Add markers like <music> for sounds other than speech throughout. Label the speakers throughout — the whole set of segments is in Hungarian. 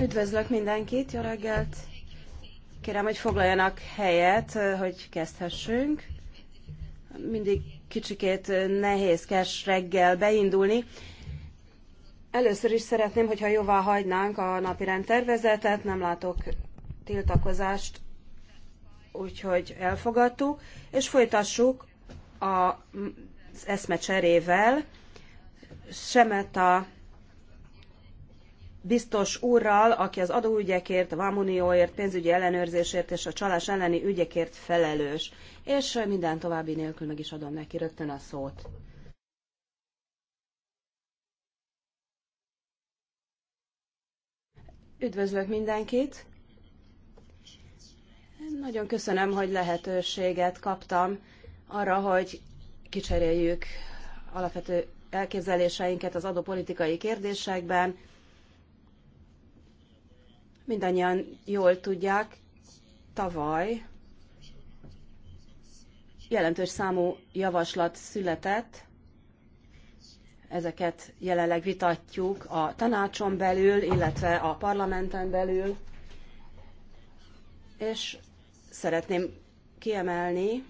Speaker 1: Üdvözlök mindenkit, jó reggelt! Kérem, hogy foglaljanak helyet, hogy kezdhessünk. Mindig kicsikét nehézkes reggel beindulni. Először is szeretném, hogyha jóvá hagynánk a napirend tervezetet, nem látok tiltakozást, úgyhogy elfogadtuk, és folytassuk az eszmecserével. Semeta biztos úrral, aki az adóügyekért, a vámunióért, pénzügyi ellenőrzésért és a csalás elleni ügyekért felelős. És minden további nélkül meg is adom neki rögtön a szót. Üdvözlök mindenkit! Nagyon köszönöm, hogy lehetőséget kaptam arra, hogy kicseréljük alapvető elképzeléseinket az adópolitikai kérdésekben Mindannyian jól tudják, tavaly jelentős számú javaslat született, ezeket jelenleg vitatjuk a tanácson belül, illetve a parlamenten belül, és szeretném kiemelni,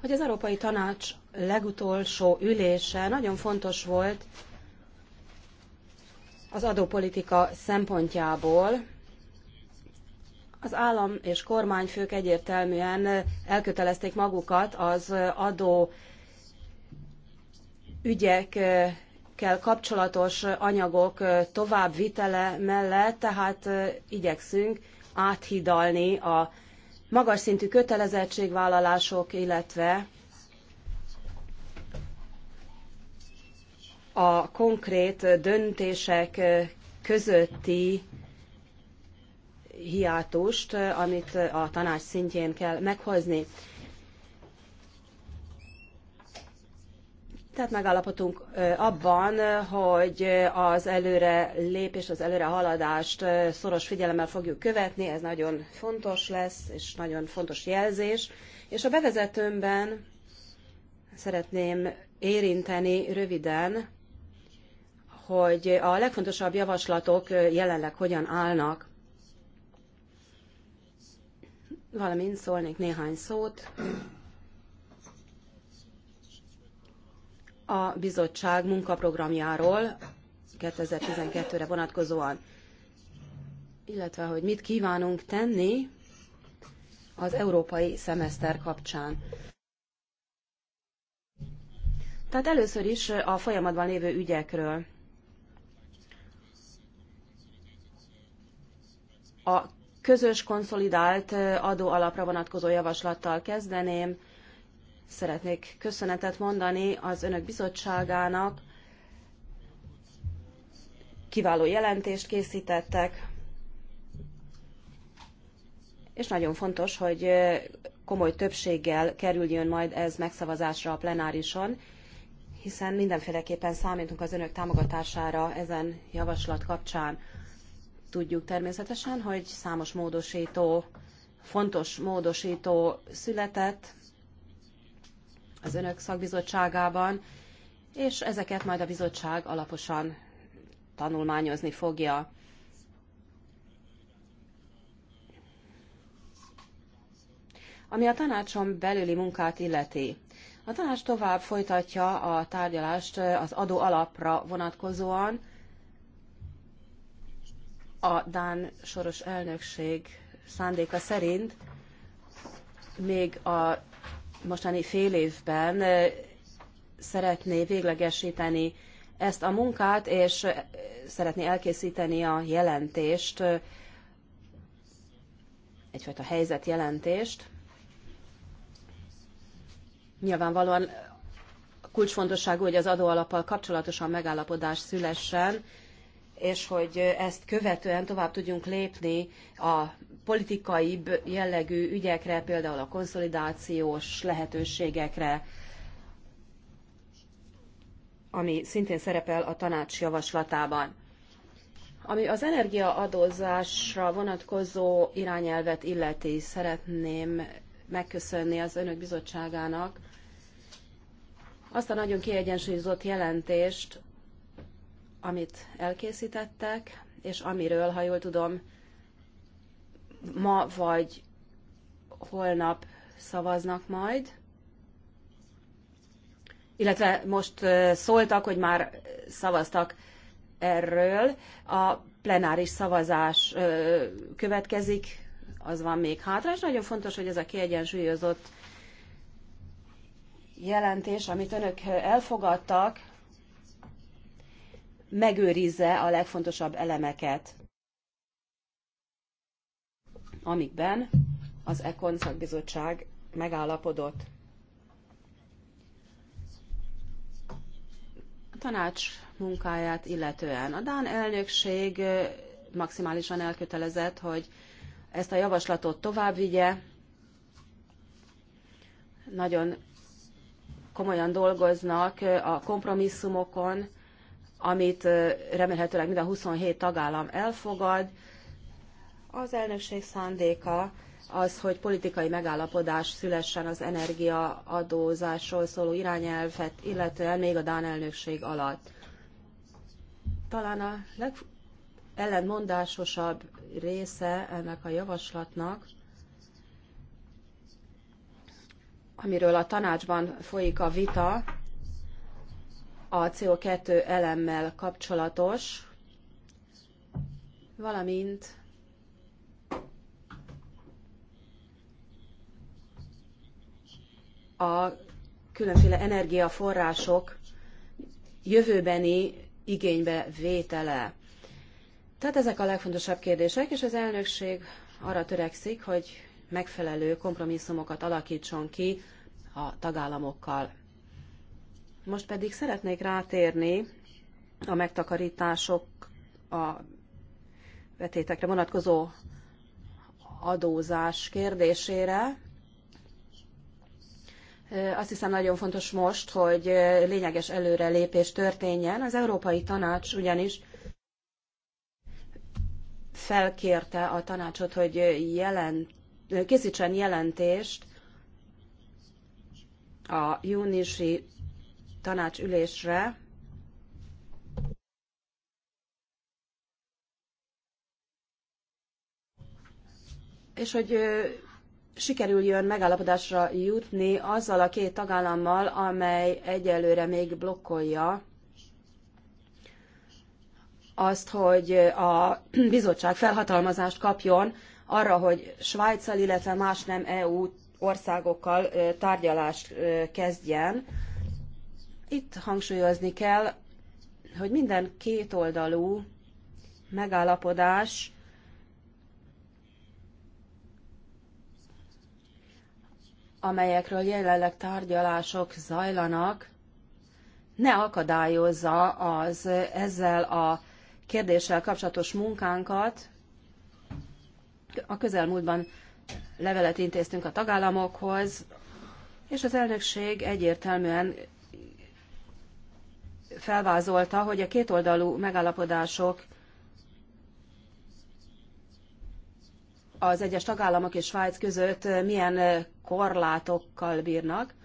Speaker 1: hogy az Európai Tanács legutolsó ülése nagyon fontos volt az adópolitika szempontjából az állam és kormányfők egyértelműen elkötelezték magukat az adó ügyekkel kapcsolatos anyagok továbbvitele mellett, tehát igyekszünk áthidalni a magas szintű kötelezettségvállalások, illetve a konkrét döntések közötti hiátust, amit a tanács szintjén kell meghozni. Tehát megállapodtunk abban, hogy az előre lépés, az előre haladást szoros figyelemmel fogjuk követni, ez nagyon fontos lesz, és nagyon fontos jelzés. És a bevezetőmben szeretném érinteni röviden hogy a legfontosabb javaslatok jelenleg hogyan állnak, valamint szólnék néhány szót a bizottság munkaprogramjáról 2012-re vonatkozóan, illetve hogy mit kívánunk tenni az európai szemeszter kapcsán. Tehát először is a folyamatban lévő ügyekről A közös konszolidált adóalapra vonatkozó javaslattal kezdeném. Szeretnék köszönetet mondani az Önök bizottságának. Kiváló jelentést készítettek, és nagyon fontos, hogy komoly többséggel kerüljön majd ez megszavazásra a plenárison, hiszen mindenféleképpen számítunk az önök támogatására ezen javaslat kapcsán. Tudjuk természetesen, hogy számos módosító, fontos módosító született az önök szakbizottságában, és ezeket majd a bizottság alaposan tanulmányozni fogja. Ami a tanácson belüli munkát illeti, a tanács tovább folytatja a tárgyalást az adó alapra vonatkozóan, a Dán soros elnökség szándéka szerint még a mostani fél évben szeretné véglegesíteni ezt a munkát, és szeretné elkészíteni a jelentést, egyfajta helyzetjelentést. Nyilvánvalóan kulcsfontosságú, hogy az adóalappal kapcsolatosan megállapodás szülessen, és hogy ezt követően tovább tudjunk lépni a politikai jellegű ügyekre, például a konszolidációs lehetőségekre, ami szintén szerepel a tanács javaslatában. Ami az energiaadózásra vonatkozó irányelvet illeti, szeretném megköszönni az Önök bizottságának azt a nagyon kiegyensúlyozott jelentést, amit elkészítettek, és amiről, ha jól tudom, ma vagy holnap szavaznak majd. Illetve most szóltak, hogy már szavaztak erről. A plenáris szavazás következik, az van még hátra, és nagyon fontos, hogy ez a kiegyensúlyozott jelentés, amit önök elfogadtak, megőrizze a legfontosabb elemeket, amikben az ECON szakbizottság megállapodott. A tanács munkáját illetően a Dán elnökség maximálisan elkötelezett, hogy ezt a javaslatot tovább vigye. Nagyon komolyan dolgoznak a kompromisszumokon, amit remélhetőleg mind a 27 tagállam elfogad. Az elnökség szándéka az, hogy politikai megállapodás szülessen az energiaadózásról szóló irányelvet, illetően még a Dán elnökség alatt. Talán a legellenmondásosabb része ennek a javaslatnak, amiről a tanácsban folyik a vita, a CO2 elemmel kapcsolatos, valamint a különféle energiaforrások jövőbeni igénybe vétele. Tehát ezek a legfontosabb kérdések, és az elnökség arra törekszik, hogy megfelelő kompromisszumokat alakítson ki a tagállamokkal. Most pedig szeretnék rátérni a megtakarítások a vetétekre vonatkozó adózás kérdésére. Azt hiszem nagyon fontos most, hogy lényeges előrelépés történjen. Az Európai Tanács ugyanis felkérte a tanácsot, hogy jelent, készítsen jelentést a júniusi tanácsülésre, és hogy sikerüljön megállapodásra jutni azzal a két tagállammal, amely egyelőre még blokkolja azt, hogy a bizottság felhatalmazást kapjon arra, hogy Svájccal, illetve más nem EU országokkal tárgyalást kezdjen itt hangsúlyozni kell, hogy minden kétoldalú megállapodás amelyekről jelenleg tárgyalások zajlanak, ne akadályozza az ezzel a kérdéssel kapcsolatos munkánkat. A közelmúltban levelet intéztünk a tagállamokhoz, és az elnökség egyértelműen felvázolta, hogy a kétoldalú megállapodások az egyes tagállamok és Svájc között milyen korlátokkal bírnak.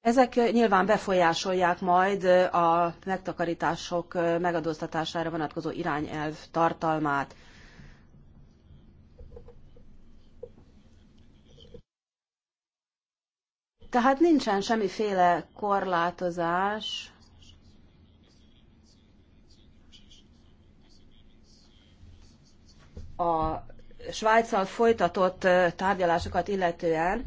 Speaker 1: Ezek nyilván befolyásolják majd a megtakarítások megadóztatására vonatkozó irányelv tartalmát. Tehát nincsen semmiféle korlátozás. A Svájccal folytatott tárgyalásokat illetően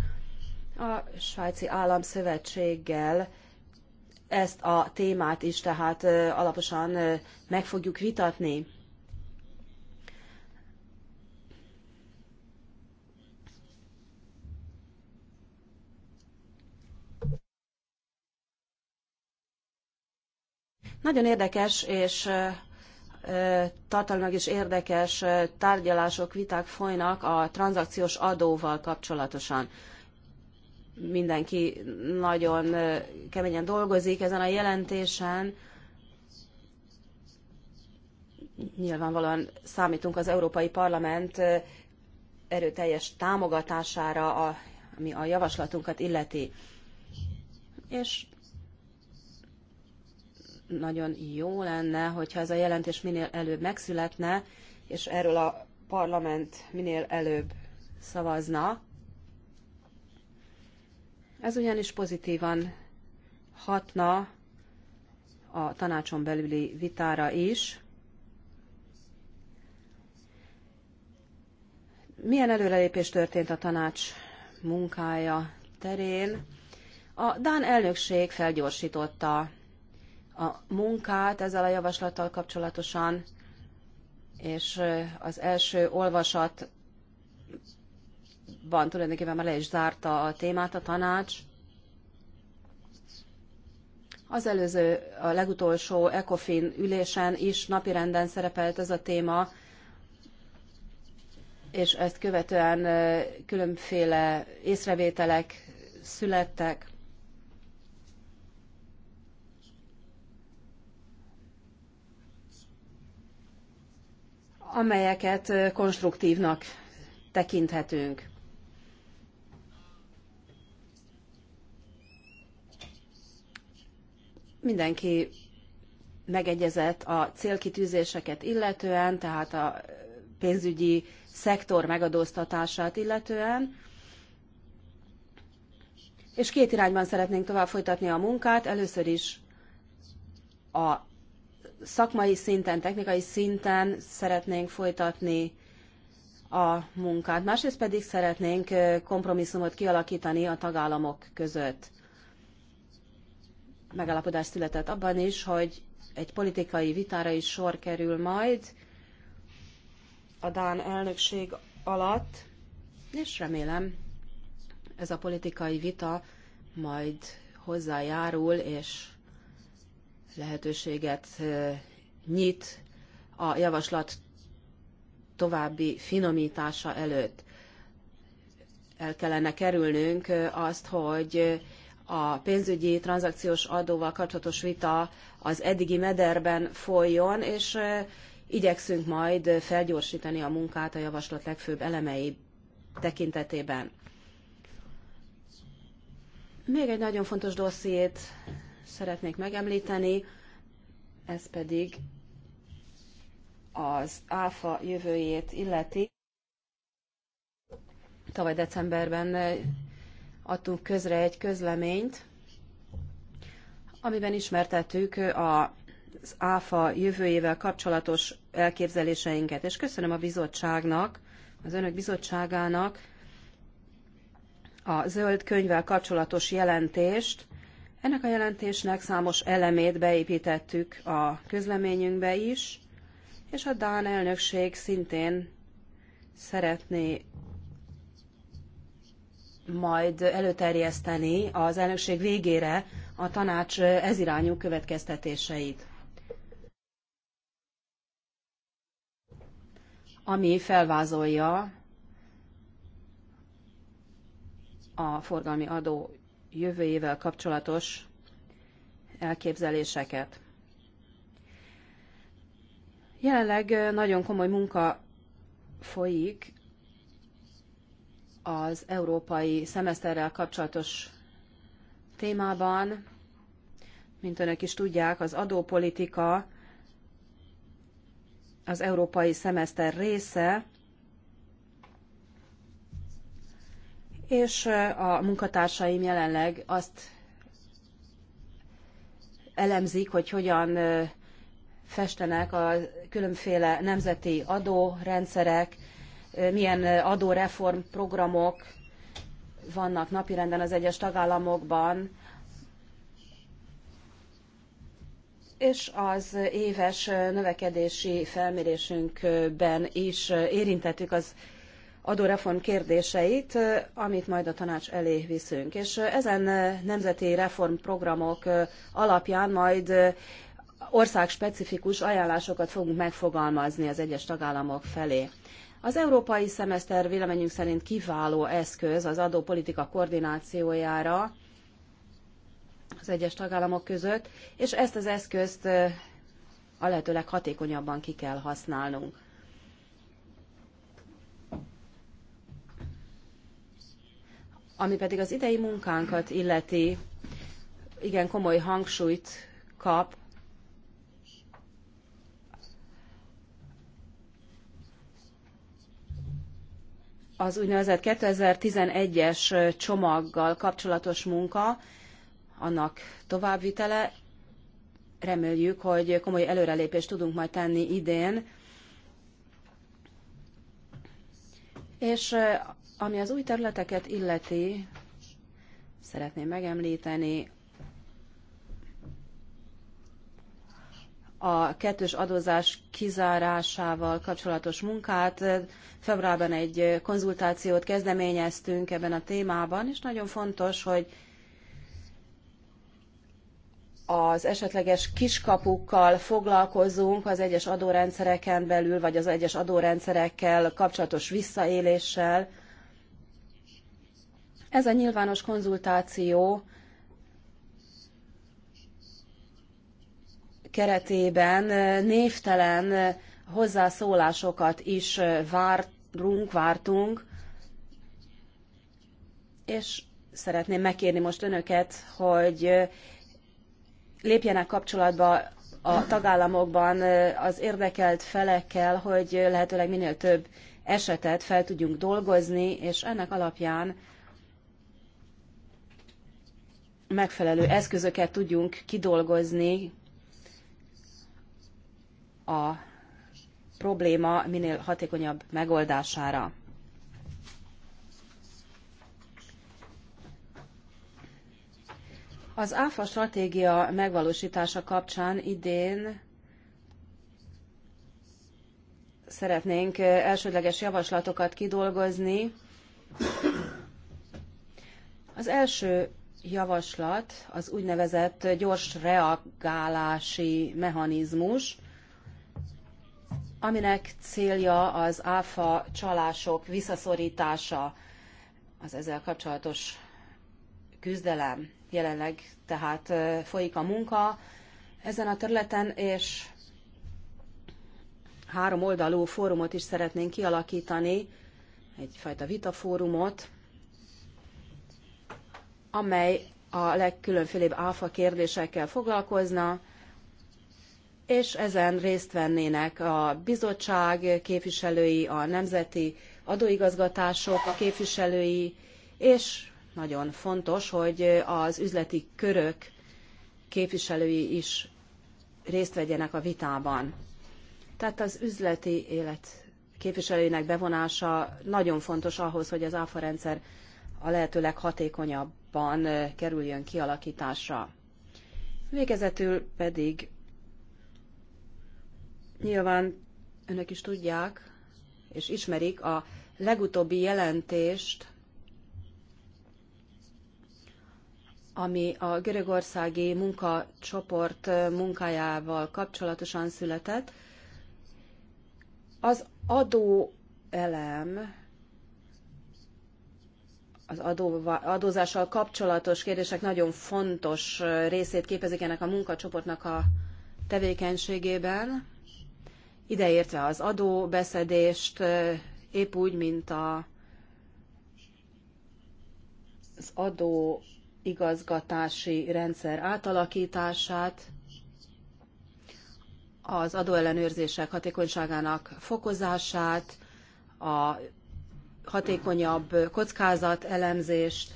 Speaker 1: a Svájci Államszövetséggel ezt a témát is tehát alaposan meg fogjuk vitatni. Nagyon érdekes és tartalmilag is érdekes tárgyalások, viták folynak a tranzakciós adóval kapcsolatosan. Mindenki nagyon keményen dolgozik ezen a jelentésen. Nyilvánvalóan számítunk az Európai Parlament erőteljes támogatására, ami a javaslatunkat illeti. És nagyon jó lenne, hogyha ez a jelentés minél előbb megszületne, és erről a parlament minél előbb szavazna. Ez ugyanis pozitívan hatna a tanácson belüli vitára is. Milyen előrelépés történt a tanács munkája terén? A Dán elnökség felgyorsította a munkát ezzel a javaslattal kapcsolatosan, és az első olvasat van tulajdonképpen már le is zárta a témát a tanács. Az előző, a legutolsó ECOFIN ülésen is napirenden szerepelt ez a téma, és ezt követően különféle észrevételek születtek. amelyeket konstruktívnak tekinthetünk. Mindenki megegyezett a célkitűzéseket illetően, tehát a pénzügyi szektor megadóztatását illetően. És két irányban szeretnénk tovább folytatni a munkát. Először is a szakmai szinten, technikai szinten szeretnénk folytatni a munkát, másrészt pedig szeretnénk kompromisszumot kialakítani a tagállamok között. Megállapodás született abban is, hogy egy politikai vitára is sor kerül majd a Dán elnökség alatt, és remélem ez a politikai vita majd hozzájárul, és lehetőséget nyit a javaslat további finomítása előtt. El kellene kerülnünk azt, hogy a pénzügyi tranzakciós adóval kapcsolatos vita az eddigi mederben folyjon, és igyekszünk majd felgyorsítani a munkát a javaslat legfőbb elemei tekintetében. Még egy nagyon fontos dossziét szeretnék megemlíteni, ez pedig az ÁFA jövőjét illeti. Tavaly decemberben eh, adtunk közre egy közleményt, amiben ismertettük eh, az ÁFA jövőjével kapcsolatos elképzeléseinket. És köszönöm a bizottságnak, az önök bizottságának a zöld könyvvel kapcsolatos jelentést, ennek a jelentésnek számos elemét beépítettük a közleményünkbe is, és a Dán elnökség szintén szeretné majd előterjeszteni az elnökség végére a tanács ezirányú következtetéseit. ami felvázolja a forgalmi adó jövőjével kapcsolatos elképzeléseket. Jelenleg nagyon komoly munka folyik az európai szemeszterrel kapcsolatos témában. Mint önök is tudják, az adópolitika az európai szemeszter része, és a munkatársaim jelenleg azt elemzik, hogy hogyan festenek a különféle nemzeti adórendszerek, milyen adóreformprogramok vannak napirenden az egyes tagállamokban, és az éves növekedési felmérésünkben is érintettük az adóreform kérdéseit, amit majd a tanács elé viszünk. És ezen nemzeti reformprogramok alapján majd országspecifikus ajánlásokat fogunk megfogalmazni az egyes tagállamok felé. Az európai szemeszter véleményünk szerint kiváló eszköz az adópolitika koordinációjára az egyes tagállamok között, és ezt az eszközt a lehető leghatékonyabban ki kell használnunk. Ami pedig az idei munkánkat illeti, igen komoly hangsúlyt kap az úgynevezett 2011-es csomaggal kapcsolatos munka, annak továbbvitele. Reméljük, hogy komoly előrelépést tudunk majd tenni idén. És ami az új területeket illeti, szeretném megemlíteni a kettős adózás kizárásával kapcsolatos munkát. Februárban egy konzultációt kezdeményeztünk ebben a témában, és nagyon fontos, hogy az esetleges kiskapukkal foglalkozunk az egyes adórendszereken belül, vagy az egyes adórendszerekkel kapcsolatos visszaéléssel, ez a nyilvános konzultáció keretében eh, névtelen eh, hozzászólásokat is eh, várunk, vártunk, és szeretném megkérni most önöket, hogy lépjenek kapcsolatba a tagállamokban az érdekelt felekkel, hogy lehetőleg minél több esetet fel tudjunk dolgozni, és ennek alapján megfelelő eszközöket tudjunk kidolgozni a probléma minél hatékonyabb megoldására. Az ÁFA stratégia megvalósítása kapcsán idén szeretnénk eh, elsődleges javaslatokat kidolgozni. Az első javaslat az úgynevezett gyors reagálási mechanizmus, aminek célja az áfa csalások visszaszorítása, az ezzel kapcsolatos küzdelem. Jelenleg tehát folyik a munka ezen a területen, és három oldalú fórumot is szeretnénk kialakítani, egyfajta vitafórumot, amely a legkülönfélebb áfa kérdésekkel foglalkozna, és ezen részt vennének a bizottság képviselői, a nemzeti adóigazgatások képviselői, és nagyon fontos, hogy az üzleti körök képviselői is részt vegyenek a vitában. Tehát az üzleti élet képviselőinek bevonása nagyon fontos ahhoz, hogy az áfa rendszer a lehető leghatékonyabb hónapban kerüljön kialakításra. Végezetül pedig nyilván önök is tudják és ismerik a legutóbbi jelentést, ami a görögországi munkacsoport munkájával kapcsolatosan született. Az adóelem elem az adóva, adózással kapcsolatos kérdések nagyon fontos részét képezik ennek a munkacsoportnak a tevékenységében, ideértve az adóbeszedést, épp úgy, mint a, az adó igazgatási rendszer átalakítását, az adóellenőrzések hatékonyságának fokozását, a hatékonyabb kockázat elemzést,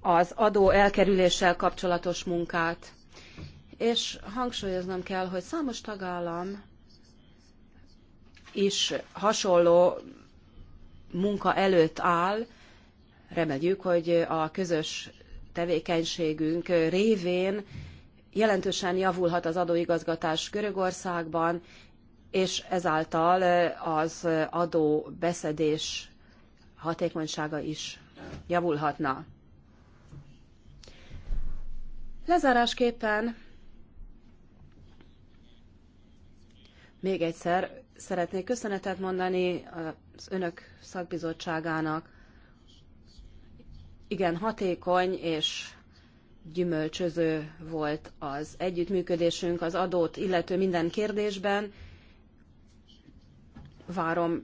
Speaker 1: az adó elkerüléssel kapcsolatos munkát. És hangsúlyoznom kell, hogy számos tagállam is hasonló munka előtt áll. Reméljük, hogy a közös tevékenységünk révén jelentősen javulhat az adóigazgatás Görögországban, és ezáltal az adó beszedés hatékonysága is javulhatna. Lezárásképpen még egyszer szeretnék köszönetet mondani az önök szakbizottságának. Igen, hatékony és gyümölcsöző volt az együttműködésünk az adót illető minden kérdésben, várom,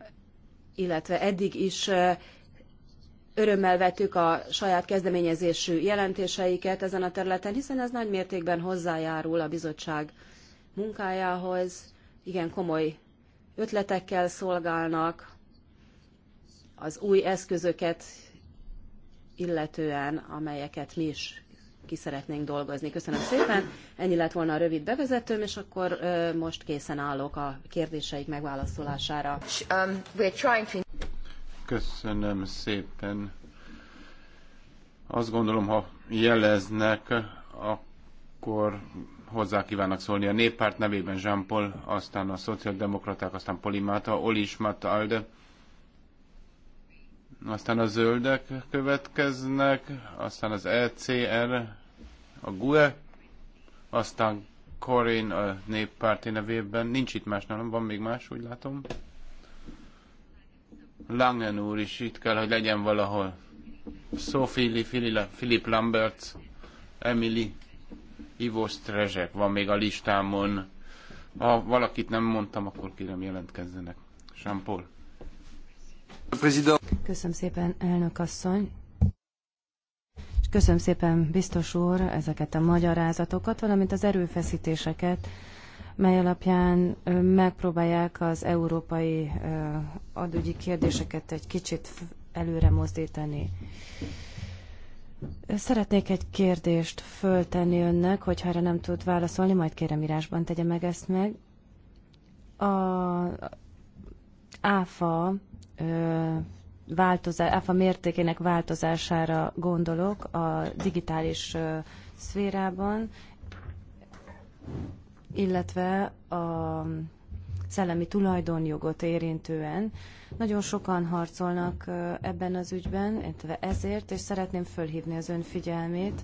Speaker 1: illetve eddig is eh, örömmel vettük a saját kezdeményezésű jelentéseiket ezen a területen, hiszen ez nagy mértékben hozzájárul a bizottság munkájához, igen komoly ötletekkel szolgálnak az új eszközöket illetően, amelyeket mi is ki szeretnénk dolgozni. Köszönöm szépen, ennyi lett volna a rövid bevezetőm, és akkor most készen állok a kérdéseik megválaszolására. Um,
Speaker 2: Köszönöm szépen. Azt gondolom, ha jeleznek, akkor hozzá kívánnak szólni a néppárt nevében Jean-Paul, aztán a szociáldemokraták, aztán Polimáta, Oli Ismat, Alde, aztán a zöldek következnek, aztán az ECR, a GUE, aztán Corin a néppárti nevében. Nincs itt más, nem? Van még más, úgy látom. Langen úr is itt kell, hogy legyen valahol. Sophie, Philip Lambert, Emily, Ivo Strezsek van még a listámon. Ha valakit nem mondtam, akkor kérem jelentkezzenek. Jean-Paul.
Speaker 3: Köszönöm szépen, elnök asszony. Köszönöm szépen, biztos úr, ezeket a magyarázatokat, valamint az erőfeszítéseket, mely alapján megpróbálják az európai adügyi kérdéseket egy kicsit előre mozdítani. Szeretnék egy kérdést föltenni önnek, hogyha erre nem tud válaszolni, majd kérem írásban tegye meg ezt meg. A áfa változás, áfa mértékének változására gondolok a digitális szférában, illetve a szellemi tulajdonjogot érintően. Nagyon sokan harcolnak ebben az ügyben, illetve ezért, és szeretném fölhívni az ön figyelmét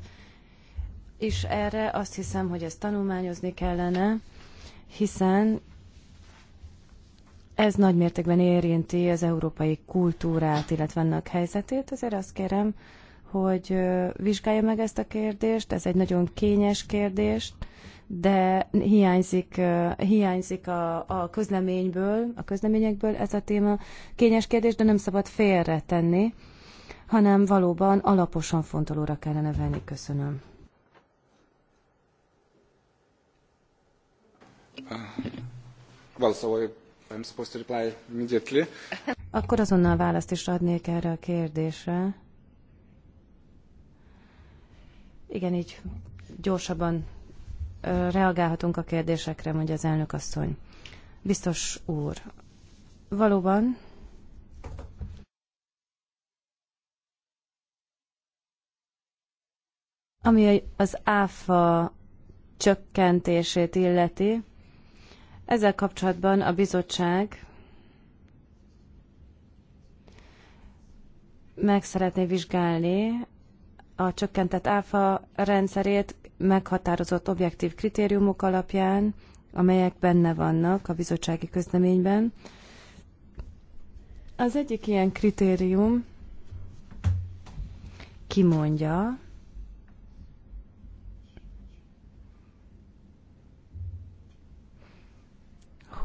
Speaker 3: és erre. Azt hiszem, hogy ezt tanulmányozni kellene, hiszen ez nagy mértékben érinti az európai kultúrát, illetve annak helyzetét, ezért azt kérem, hogy vizsgálja meg ezt a kérdést, ez egy nagyon kényes kérdés, de hiányzik, hiányzik a, a közleményből, a közleményekből ez a téma. Kényes kérdés, de nem szabad félretenni, hanem valóban alaposan fontolóra kellene venni. Köszönöm.
Speaker 2: well, so I I'm supposed to reply immediately.
Speaker 3: Akkor azonnal választ is adnék erre a kérdésre. Igen, így gyorsabban reagálhatunk a kérdésekre, mondja az elnök asszony. Biztos úr, valóban ami az áfa csökkentését illeti, ezzel kapcsolatban a bizottság meg szeretné vizsgálni a csökkentett áfa rendszerét meghatározott objektív kritériumok alapján, amelyek benne vannak a bizottsági közleményben. Az egyik ilyen kritérium kimondja,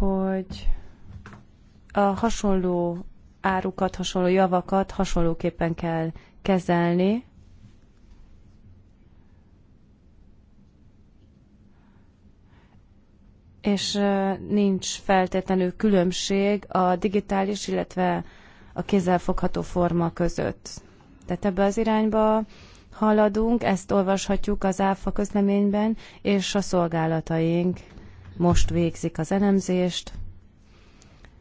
Speaker 3: hogy a hasonló árukat, hasonló javakat hasonlóképpen kell kezelni. És nincs feltétlenül különbség a digitális, illetve a kézzelfogható forma között. Tehát ebbe az irányba haladunk, ezt olvashatjuk az ÁFA közleményben, és a szolgálataink most végzik az elemzést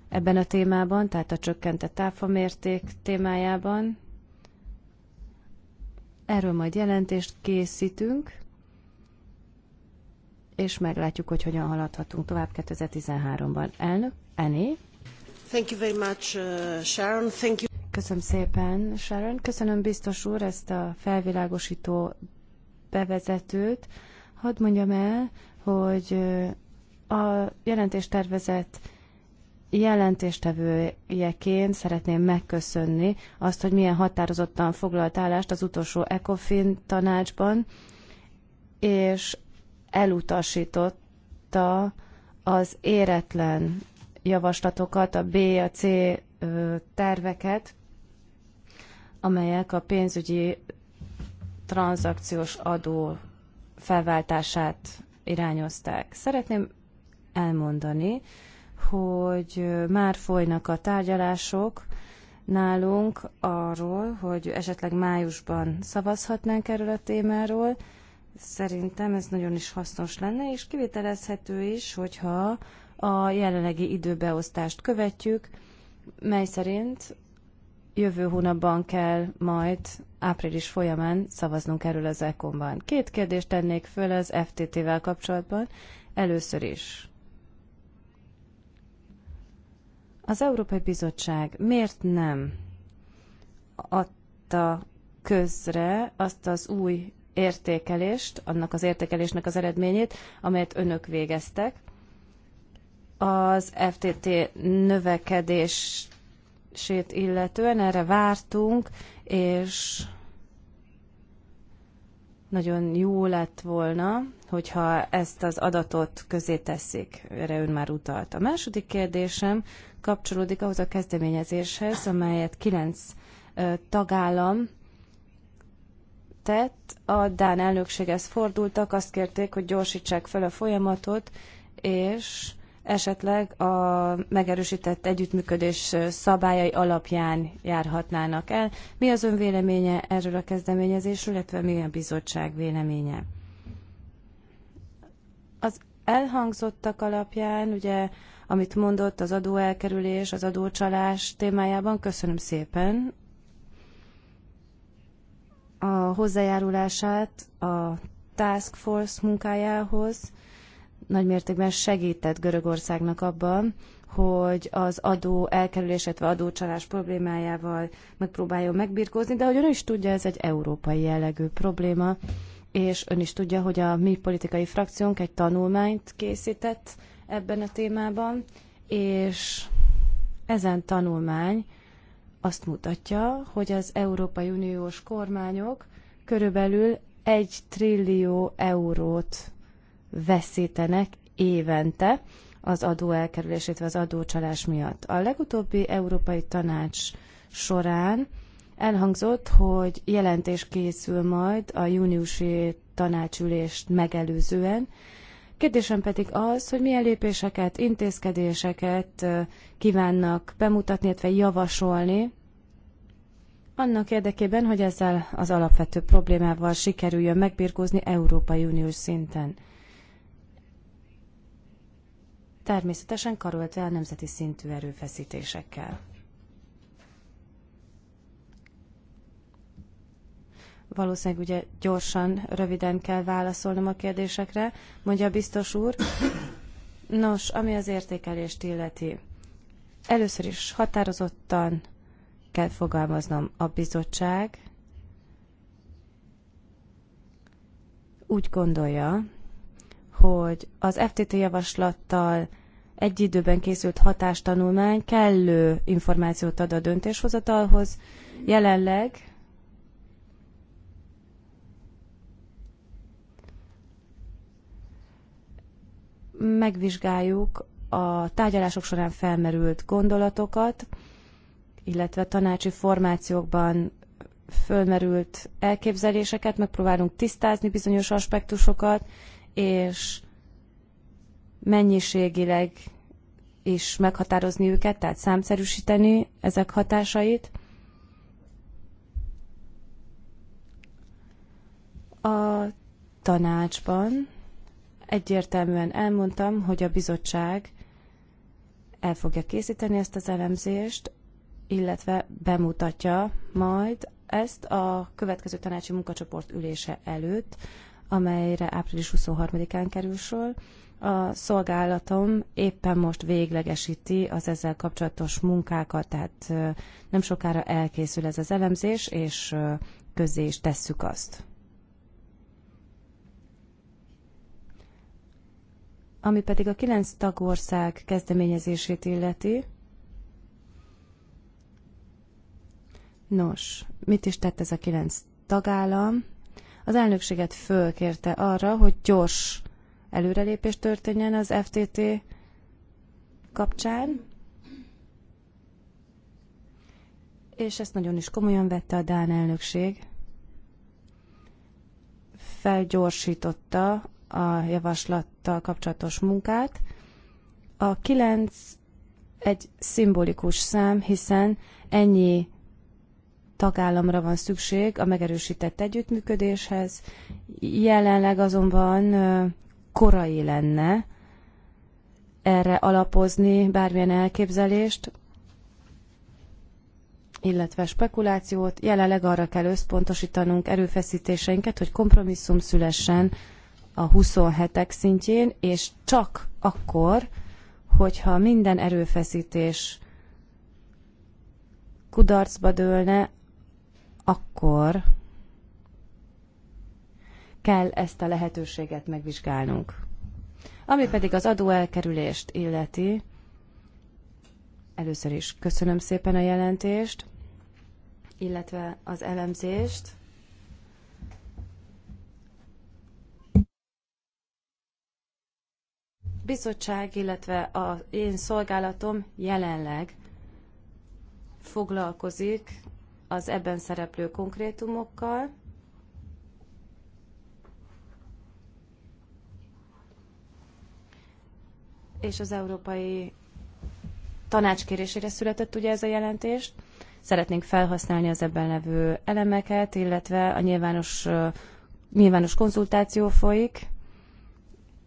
Speaker 3: ebben a témában, tehát a csökkentett áfamérték témájában. Erről majd jelentést készítünk, és meglátjuk, hogy hogyan haladhatunk tovább 2013-ban. Elnök, Eni. Thank you very much, uh, Sharon. Thank you. Köszönöm szépen, Sharon. Köszönöm, biztos úr, ezt a felvilágosító bevezetőt. Hadd mondjam el, hogy uh, a jelentéstervezet jelentéstevőjeként szeretném megköszönni azt, hogy milyen határozottan foglalt állást az utolsó ECOFIN tanácsban, és elutasította az éretlen javaslatokat, a B, a C terveket, amelyek a pénzügyi tranzakciós adó felváltását irányozták. Szeretném elmondani, hogy már folynak a tárgyalások nálunk arról, hogy esetleg májusban szavazhatnánk erről a témáról. Szerintem ez nagyon is hasznos lenne, és kivitelezhető is, hogyha a jelenlegi időbeosztást követjük, mely szerint jövő hónapban kell majd április folyamán szavaznunk erről az ekonban. Két kérdést tennék föl az FTT-vel kapcsolatban. Először is, Az Európai Bizottság miért nem adta közre azt az új értékelést, annak az értékelésnek az eredményét, amelyet önök végeztek. Az FTT növekedését illetően erre vártunk, és nagyon jó lett volna, hogyha ezt az adatot közé teszik. Erre ön már utalt. A második kérdésem kapcsolódik ahhoz a kezdeményezéshez, amelyet kilenc tagállam tett. A Dán elnökséghez fordultak, azt kérték, hogy gyorsítsák fel a folyamatot, és esetleg a megerősített együttműködés szabályai alapján járhatnának el. Mi az ön véleménye erről a kezdeményezésről, illetve mi a bizottság véleménye? Az elhangzottak alapján ugye amit mondott az adóelkerülés, az adócsalás témájában. Köszönöm szépen a hozzájárulását a Task Force munkájához. Nagy mértékben segített Görögországnak abban, hogy az adó elkerülés, illetve adócsalás problémájával megpróbáljon megbirkózni, de hogy ön is tudja, ez egy európai jellegű probléma, és ön is tudja, hogy a mi politikai frakciónk egy tanulmányt készített ebben a témában, és ezen tanulmány azt mutatja, hogy az Európai Uniós kormányok körülbelül egy trillió eurót veszítenek évente az adó elkerülését, az adócsalás miatt. A legutóbbi Európai Tanács során elhangzott, hogy jelentés készül majd a júniusi tanácsülést megelőzően, Kérdésem pedig az, hogy milyen lépéseket, intézkedéseket kívánnak bemutatni, illetve javasolni annak érdekében, hogy ezzel az alapvető problémával sikerüljön megbirkózni Európai Uniós szinten. Természetesen karolt a nemzeti szintű erőfeszítésekkel. valószínűleg ugye gyorsan, röviden kell válaszolnom a kérdésekre, mondja a biztos úr. Nos, ami az értékelést illeti. Először is határozottan kell fogalmaznom a bizottság. Úgy gondolja, hogy az FTT javaslattal egy időben készült hatástanulmány kellő információt ad a döntéshozatalhoz. Jelenleg megvizsgáljuk a tárgyalások során felmerült gondolatokat, illetve tanácsi formációkban fölmerült elképzeléseket, megpróbálunk tisztázni bizonyos aspektusokat, és mennyiségileg is meghatározni őket, tehát számszerűsíteni ezek hatásait. A tanácsban Egyértelműen elmondtam, hogy a bizottság el fogja készíteni ezt az elemzést, illetve bemutatja majd ezt a következő tanácsi munkacsoport ülése előtt, amelyre április 23-án kerül sor. A szolgálatom éppen most véglegesíti az ezzel kapcsolatos munkákat, tehát nem sokára elkészül ez az elemzés, és közzé is tesszük azt. Ami pedig a kilenc tagország kezdeményezését illeti. Nos, mit is tett ez a kilenc tagállam? Az elnökséget fölkérte arra, hogy gyors előrelépés történjen az FTT kapcsán, és ezt nagyon is komolyan vette a Dán elnökség. Felgyorsította a javaslattal kapcsolatos munkát. A 9 egy szimbolikus szám, hiszen ennyi tagállamra van szükség a megerősített együttműködéshez. Jelenleg azonban korai lenne erre alapozni bármilyen elképzelést, illetve spekulációt. Jelenleg arra kell összpontosítanunk erőfeszítéseinket, hogy kompromisszum szülessen a 27-ek szintjén, és csak akkor, hogyha minden erőfeszítés kudarcba dőlne, akkor kell ezt a lehetőséget megvizsgálnunk. Ami pedig az adóelkerülést illeti, először is köszönöm szépen a jelentést, illetve az elemzést. bizottság, illetve a én szolgálatom jelenleg foglalkozik az ebben szereplő konkrétumokkal, és az Európai Tanács kérésére született ugye ez a jelentést. Szeretnénk felhasználni az ebben levő elemeket, illetve a nyilvános, nyilvános konzultáció folyik,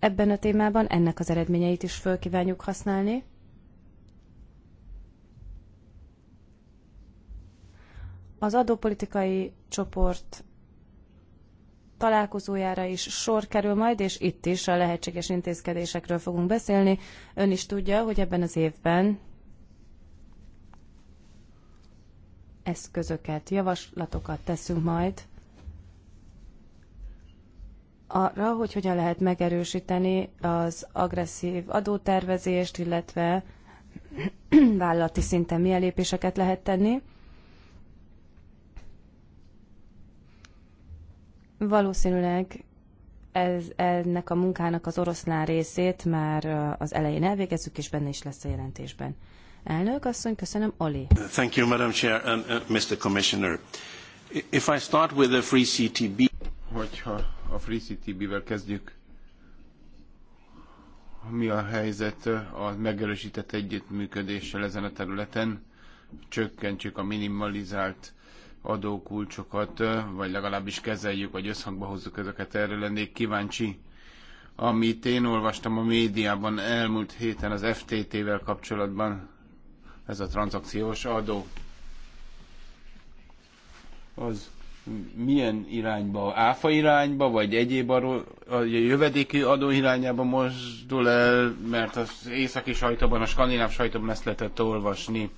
Speaker 3: ebben a témában, ennek az eredményeit is föl kívánjuk használni. Az adópolitikai csoport találkozójára is sor kerül majd, és itt is a lehetséges intézkedésekről fogunk beszélni. Ön is tudja, hogy ebben az évben eszközöket, javaslatokat teszünk majd arra, hogy hogyan lehet megerősíteni az agresszív adótervezést, illetve <clears throat> vállalati szinten milyen lépéseket lehet tenni. Valószínűleg ez, ennek a munkának az oroszlán részét már az elején elvégezzük, és benne is lesz a jelentésben. Elnök asszony, köszönöm, Oli.
Speaker 2: Thank you, Madam Chair and uh, Mr. Commissioner. If I start with the free CTB... Hogyha a Free City-vel kezdjük. Mi a helyzet a megerősített együttműködéssel ezen a területen? Csökkentsük a minimalizált adókulcsokat, vagy legalábbis kezeljük, vagy összhangba hozzuk ezeket. Erre lennék kíváncsi. Amit én olvastam a médiában elmúlt héten az FTT-vel kapcsolatban, ez a tranzakciós adó, az milyen irányba, áfa irányba, vagy egyéb arról, a jövedéki adó irányába mozdul el, mert az északi sajtóban, a skandináv sajtóban ezt lehetett olvasni.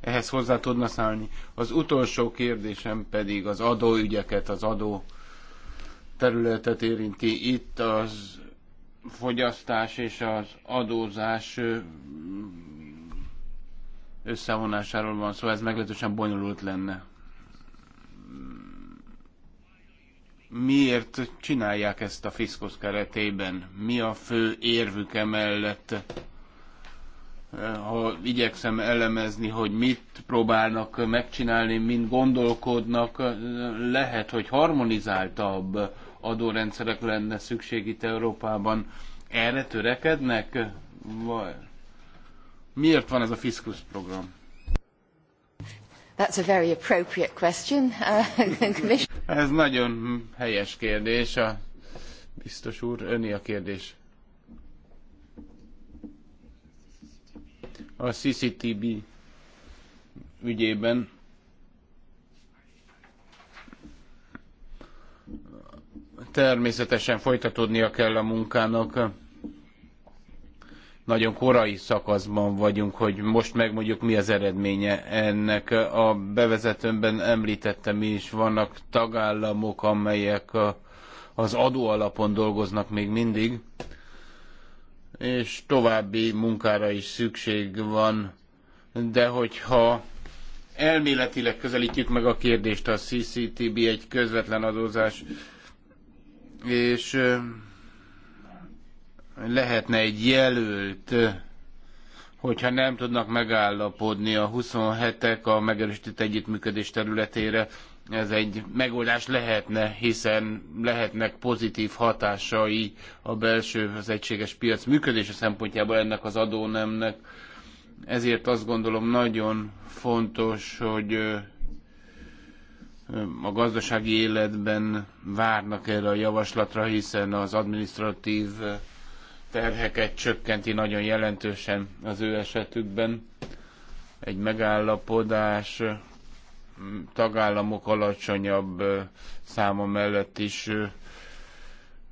Speaker 2: Ehhez hozzá tudna szállni. Az utolsó kérdésem pedig az adóügyeket, az adó területet érinti. Itt az fogyasztás és az adózás összevonásáról van szó, szóval ez meglehetősen bonyolult lenne miért csinálják ezt a Fiszkusz keretében? Mi a fő érvük emellett? Ha igyekszem elemezni, hogy mit próbálnak megcsinálni, mint gondolkodnak, lehet, hogy harmonizáltabb adórendszerek lenne szükség itt Európában. Erre törekednek? Vaj. Miért van ez a Fiskus program?
Speaker 1: That's a very appropriate question. Uh, <laughs>
Speaker 2: Ez nagyon helyes kérdés. A biztos úr, öné a kérdés. A CCTB ügyében természetesen folytatódnia kell a munkának nagyon korai szakaszban vagyunk, hogy most megmondjuk mi az eredménye ennek. A bevezetőmben említettem mi is, vannak tagállamok, amelyek az adóalapon dolgoznak még mindig, és további munkára is szükség van, de hogyha elméletileg közelítjük meg a kérdést, a CCTB egy közvetlen adózás, és lehetne egy jelölt, hogyha nem tudnak megállapodni a 27-ek a megerősített együttműködés területére, ez egy megoldás lehetne, hiszen lehetnek pozitív hatásai a belső, az egységes piac működése szempontjából ennek az adónemnek. Ezért azt gondolom nagyon fontos, hogy a gazdasági életben várnak erre a javaslatra, hiszen az administratív terheket csökkenti nagyon jelentősen az ő esetükben. Egy megállapodás mm, tagállamok alacsonyabb száma mellett is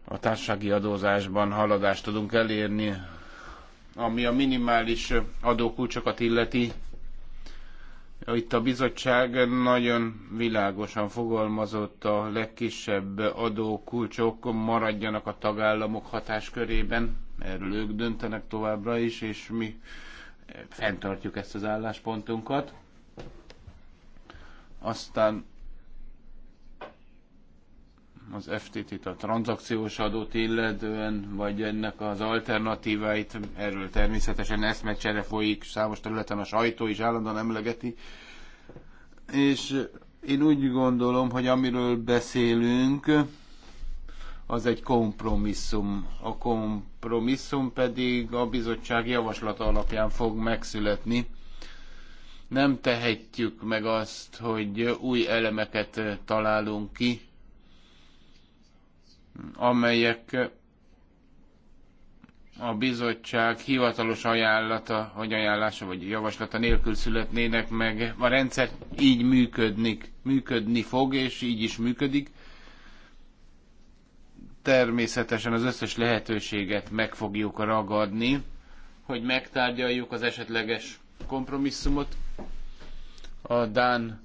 Speaker 2: a társasági adózásban haladást tudunk elérni, ami a minimális adókulcsokat illeti. Itt a bizottság nagyon világosan fogalmazott a legkisebb adókulcsok maradjanak a tagállamok hatáskörében erről ők döntenek továbbra is, és mi fenntartjuk ezt az álláspontunkat. Aztán az FTT-t, a tranzakciós adót illetően, vagy ennek az alternatíváit, erről természetesen eszmecsere folyik, számos területen a sajtó is állandóan emlegeti. És én úgy gondolom, hogy amiről beszélünk, az egy kompromisszum. A kompromisszum pedig a bizottság javaslata alapján fog megszületni. Nem tehetjük meg azt, hogy új elemeket találunk ki, amelyek a bizottság hivatalos ajánlata, vagy ajánlása, vagy javaslata nélkül születnének meg. A rendszer így működnik, működni fog, és így is működik természetesen az összes lehetőséget meg fogjuk ragadni, hogy megtárgyaljuk az esetleges kompromisszumot. A Dán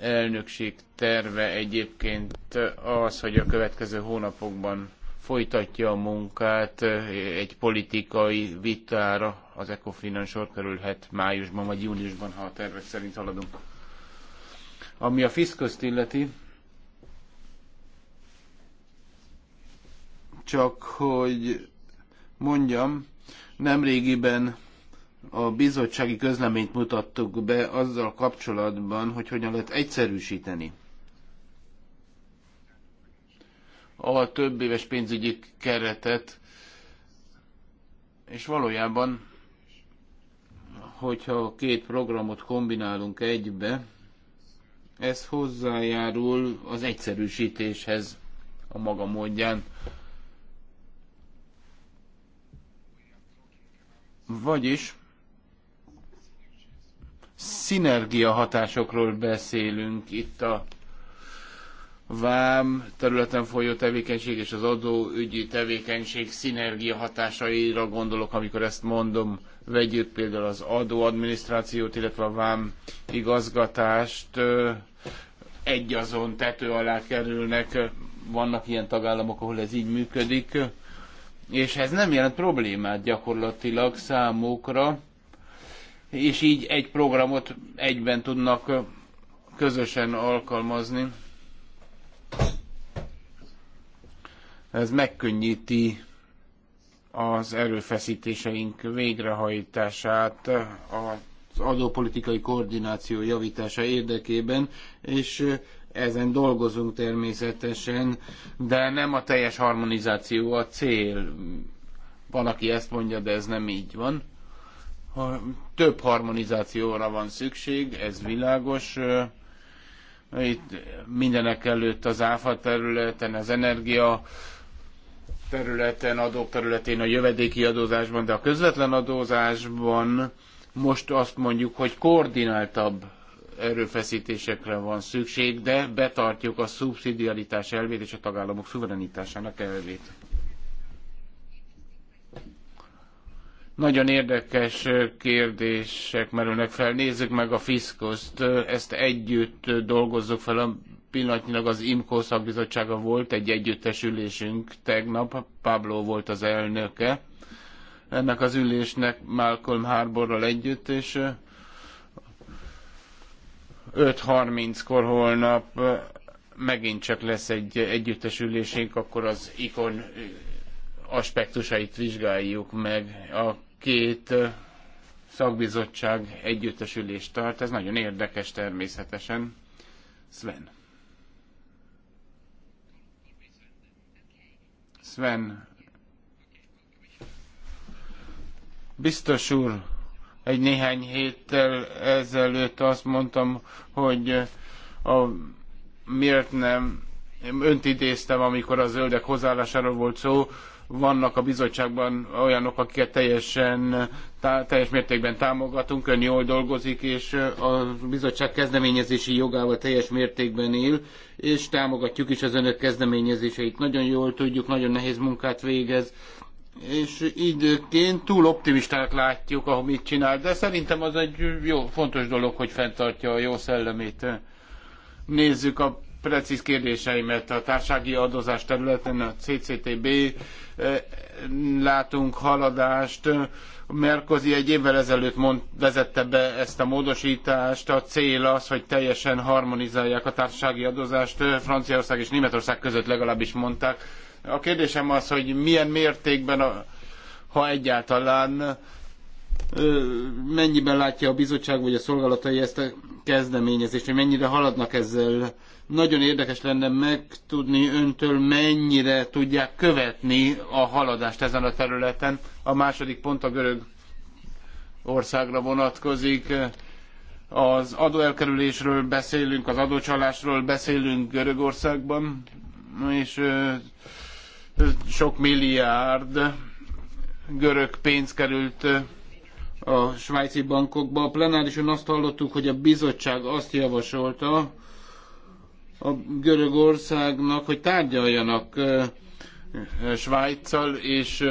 Speaker 2: elnökség terve egyébként az, hogy a következő hónapokban folytatja a munkát, egy politikai vitára az ecofin sor kerülhet májusban vagy júniusban, ha a tervek szerint haladunk. Ami a fiszközt illeti, csak hogy mondjam, nemrégiben a bizottsági közleményt mutattuk be azzal kapcsolatban, hogy hogyan lehet egyszerűsíteni a több éves pénzügyi keretet, és valójában, hogyha a két programot kombinálunk egybe, ez hozzájárul az egyszerűsítéshez a maga módján. Vagyis szinergia hatásokról beszélünk itt a vám területen folyó tevékenység és az adóügyi tevékenység szinergia hatásaira gondolok, amikor ezt mondom. Vegyük például az adóadminisztrációt, illetve a vám igazgatást egy azon tető alá kerülnek. Vannak ilyen tagállamok, ahol ez így működik. És ez nem jelent problémát gyakorlatilag számukra, és így egy programot egyben tudnak közösen alkalmazni. Ez megkönnyíti az erőfeszítéseink végrehajtását az adópolitikai koordináció javítása érdekében, és ezen dolgozunk természetesen, de nem a teljes harmonizáció a cél. Van, aki ezt mondja, de ez nem így van. több harmonizációra van szükség, ez világos. Itt mindenek előtt az áfa területen, az energia területen, adók területén, a jövedéki adózásban, de a közvetlen adózásban most azt mondjuk, hogy koordináltabb erőfeszítésekre van szükség, de betartjuk a szubszidiaritás elvét és a tagállamok szuverenitásának elvét. Nagyon érdekes kérdések merülnek fel. Nézzük meg a fiszkoszt. Ezt együtt dolgozzuk fel. A pillanatnyilag az IMCO szakbizottsága volt egy együttes ülésünk tegnap. Pablo volt az elnöke ennek az ülésnek Malcolm Harborral együtt, és 5.30-kor holnap megint csak lesz egy együttesülésünk, akkor az ikon aspektusait vizsgáljuk meg. A két szakbizottság együttesülést tart, ez nagyon érdekes természetesen. Sven. Sven. Biztos úr, egy néhány héttel ezelőtt azt mondtam, hogy a, miért nem önt idéztem, amikor a zöldek hozzáállásáról volt szó, vannak a bizottságban olyanok, akiket teljesen, tá, teljes mértékben támogatunk, ön jól dolgozik, és a bizottság kezdeményezési jogával teljes mértékben él, és támogatjuk is az önök kezdeményezéseit. Nagyon jól tudjuk, nagyon nehéz munkát végez, és időként túl optimistának látjuk, ahogy mit csinál, de szerintem az egy jó, fontos dolog, hogy fenntartja a jó szellemét. Nézzük a precíz kérdéseimet a társági adózás területen, a CCTB, eh, látunk haladást, Merkozi egy évvel ezelőtt mond, vezette be ezt a módosítást. A cél az, hogy teljesen harmonizálják a társasági adózást. Franciaország és Németország között legalábbis mondták. A kérdésem az, hogy milyen mértékben, a, ha egyáltalán mennyiben látja a bizottság vagy a szolgálatai ezt a kezdeményezést, hogy mennyire haladnak ezzel. Nagyon érdekes lenne megtudni öntől, mennyire tudják követni a haladást ezen a területen. A második pont a görög országra vonatkozik. Az adóelkerülésről beszélünk, az adócsalásról beszélünk Görögországban, és sok milliárd görög pénz került a svájci bankokba. A plenárison azt hallottuk, hogy a bizottság azt javasolta a Görögországnak, hogy tárgyaljanak Svájccal, és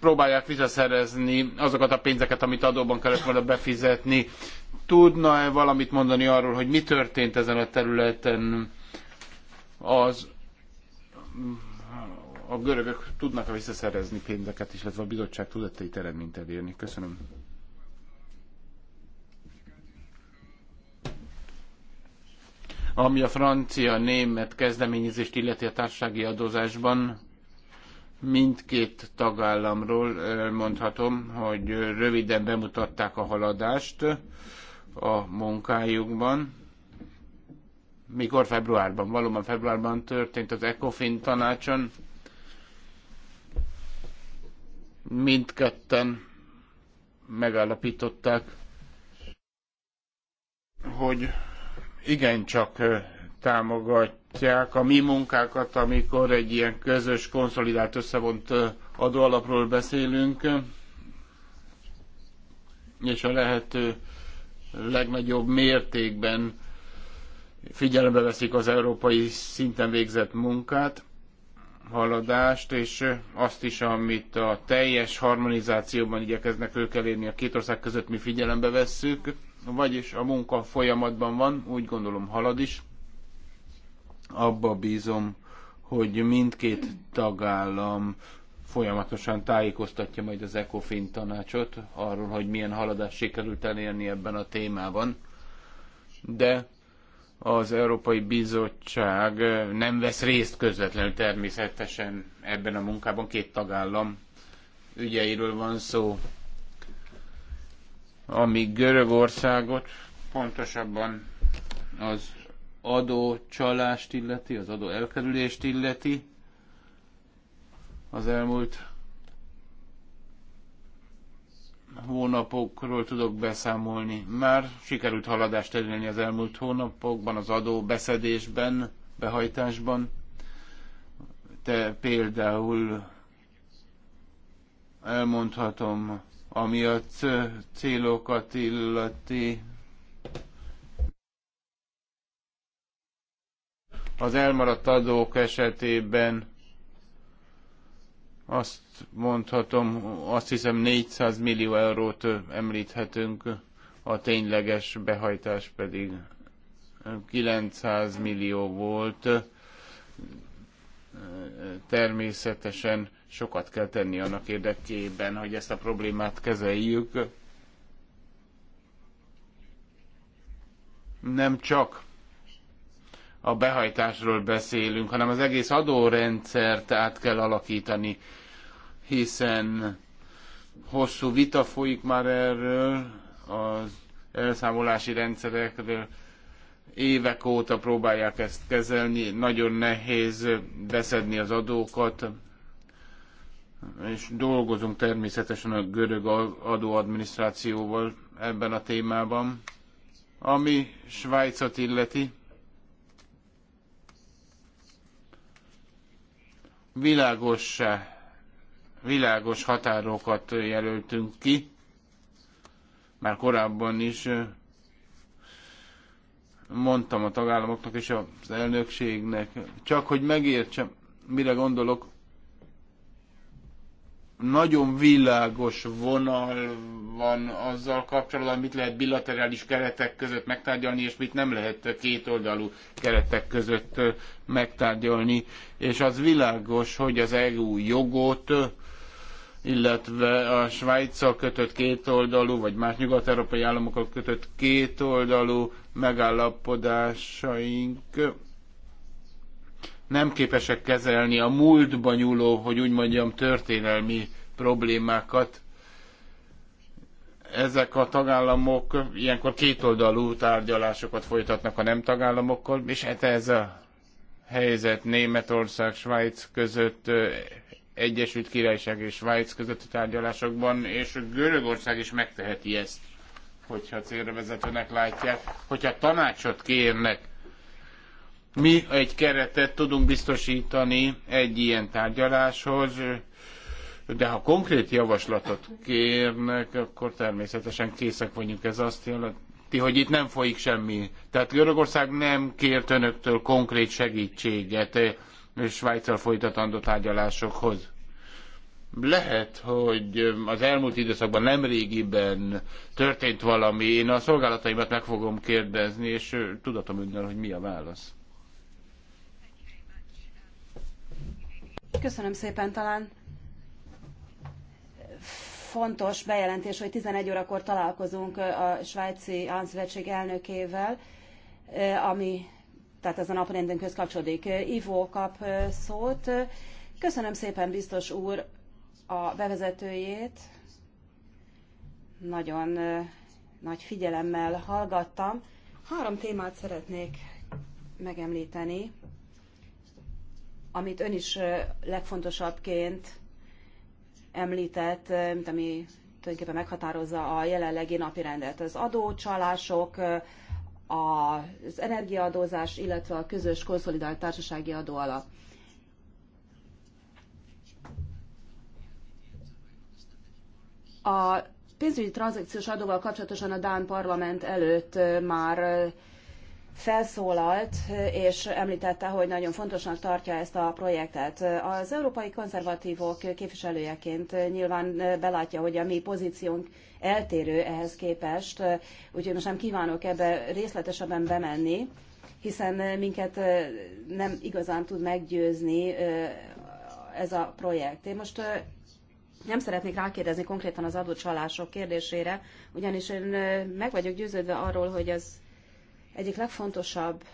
Speaker 2: próbálják visszaszerezni azokat a pénzeket, amit adóban kellett volna befizetni. Tudna-e valamit mondani arról, hogy mi történt ezen a területen az a görögök tudnak-e visszaszerezni pénzeket, illetve a bizottság tudott egy eredményt elérni? Köszönöm. Ami a francia-német kezdeményezést illeti a társasági adózásban, mindkét tagállamról mondhatom, hogy röviden bemutatták a haladást a munkájukban mikor februárban, valóban februárban történt az ECOFIN tanácson, mindketten megállapították, hogy igencsak támogatják a mi munkákat, amikor egy ilyen közös, konszolidált, összevont adóalapról beszélünk, és a lehető legnagyobb mértékben figyelembe veszik az európai szinten végzett munkát, haladást, és azt is, amit a teljes harmonizációban igyekeznek ők elérni a két ország között, mi figyelembe vesszük, vagyis a munka folyamatban van, úgy gondolom halad is. Abba bízom, hogy mindkét tagállam folyamatosan tájékoztatja majd az ECOFIN tanácsot arról, hogy milyen haladást sikerült elérni ebben a témában. De az Európai Bizottság nem vesz részt közvetlenül természetesen ebben a munkában, két tagállam ügyeiről van szó. Ami Görögországot, pontosabban az adócsalást illeti, az adó elkerülést illeti, az elmúlt hónapokról tudok beszámolni. Már sikerült haladást elérni az elmúlt hónapokban, az adó beszedésben, behajtásban. Te például elmondhatom, ami a célokat illeti, az elmaradt adók esetében azt mondhatom, azt hiszem 400 millió eurót említhetünk, a tényleges behajtás pedig 900 millió volt. Természetesen sokat kell tenni annak érdekében, hogy ezt a problémát kezeljük. Nem csak a behajtásról beszélünk, hanem az egész adórendszert át kell alakítani, hiszen hosszú vita folyik már erről, az elszámolási rendszerekről évek óta próbálják ezt kezelni, nagyon nehéz beszedni az adókat, és dolgozunk természetesen a görög adóadminisztrációval ebben a témában. Ami Svájcot illeti, világos, világos határokat jelöltünk ki, már korábban is mondtam a tagállamoknak és az elnökségnek, csak hogy megértsem, mire gondolok, nagyon világos vonal van azzal kapcsolatban, mit lehet bilaterális keretek között megtárgyalni, és mit nem lehet kétoldalú keretek között megtárgyalni. És az világos, hogy az EU jogot, illetve a Svájccal kötött kétoldalú, vagy más nyugat-európai államokkal kötött kétoldalú megállapodásaink nem képesek kezelni a múltba nyúló, hogy úgy mondjam, történelmi problémákat. Ezek a tagállamok ilyenkor kétoldalú tárgyalásokat folytatnak a nem tagállamokkal, és hát ez a helyzet Németország, Svájc között, Egyesült Királyság és Svájc közötti tárgyalásokban, és Görögország is megteheti ezt, hogyha célra vezetőnek látják. Hogyha tanácsot kérnek mi egy keretet tudunk biztosítani egy ilyen tárgyaláshoz, de ha konkrét javaslatot kérnek, akkor természetesen készek vagyunk. Ez azt jelenti, hogy itt nem folyik semmi. Tehát Görögország nem kért önöktől konkrét segítséget Svájccal folytatandó tárgyalásokhoz. Lehet, hogy az elmúlt időszakban nem régiben történt valami. Én a szolgálataimat meg fogom kérdezni, és tudatom önnel, hogy mi a válasz.
Speaker 1: Köszönöm szépen, talán fontos bejelentés, hogy 11 órakor találkozunk a svájci államszövetség elnökével, ami, tehát ez a naprendünkhöz kapcsolódik. Ivo kap szót. Köszönöm szépen, biztos úr, a bevezetőjét. Nagyon nagy figyelemmel hallgattam. Három témát szeretnék megemlíteni, amit ön is legfontosabbként említett, mint ami tulajdonképpen meghatározza a jelenlegi rendet. Az adócsalások, az energiaadózás, illetve a közös konszolidált társasági adóalap. A pénzügyi tranzakciós adóval kapcsolatosan a Dán parlament előtt már felszólalt, és említette, hogy nagyon fontosnak tartja ezt a projektet. Az európai konzervatívok képviselőjeként nyilván belátja, hogy a mi pozíciónk eltérő ehhez képest, úgyhogy most nem kívánok ebbe részletesebben bemenni, hiszen minket nem igazán tud meggyőzni ez a projekt. Én most nem szeretnék rákérdezni konkrétan az adócsalások kérdésére, ugyanis én meg vagyok győződve arról, hogy az egyik legfontosabb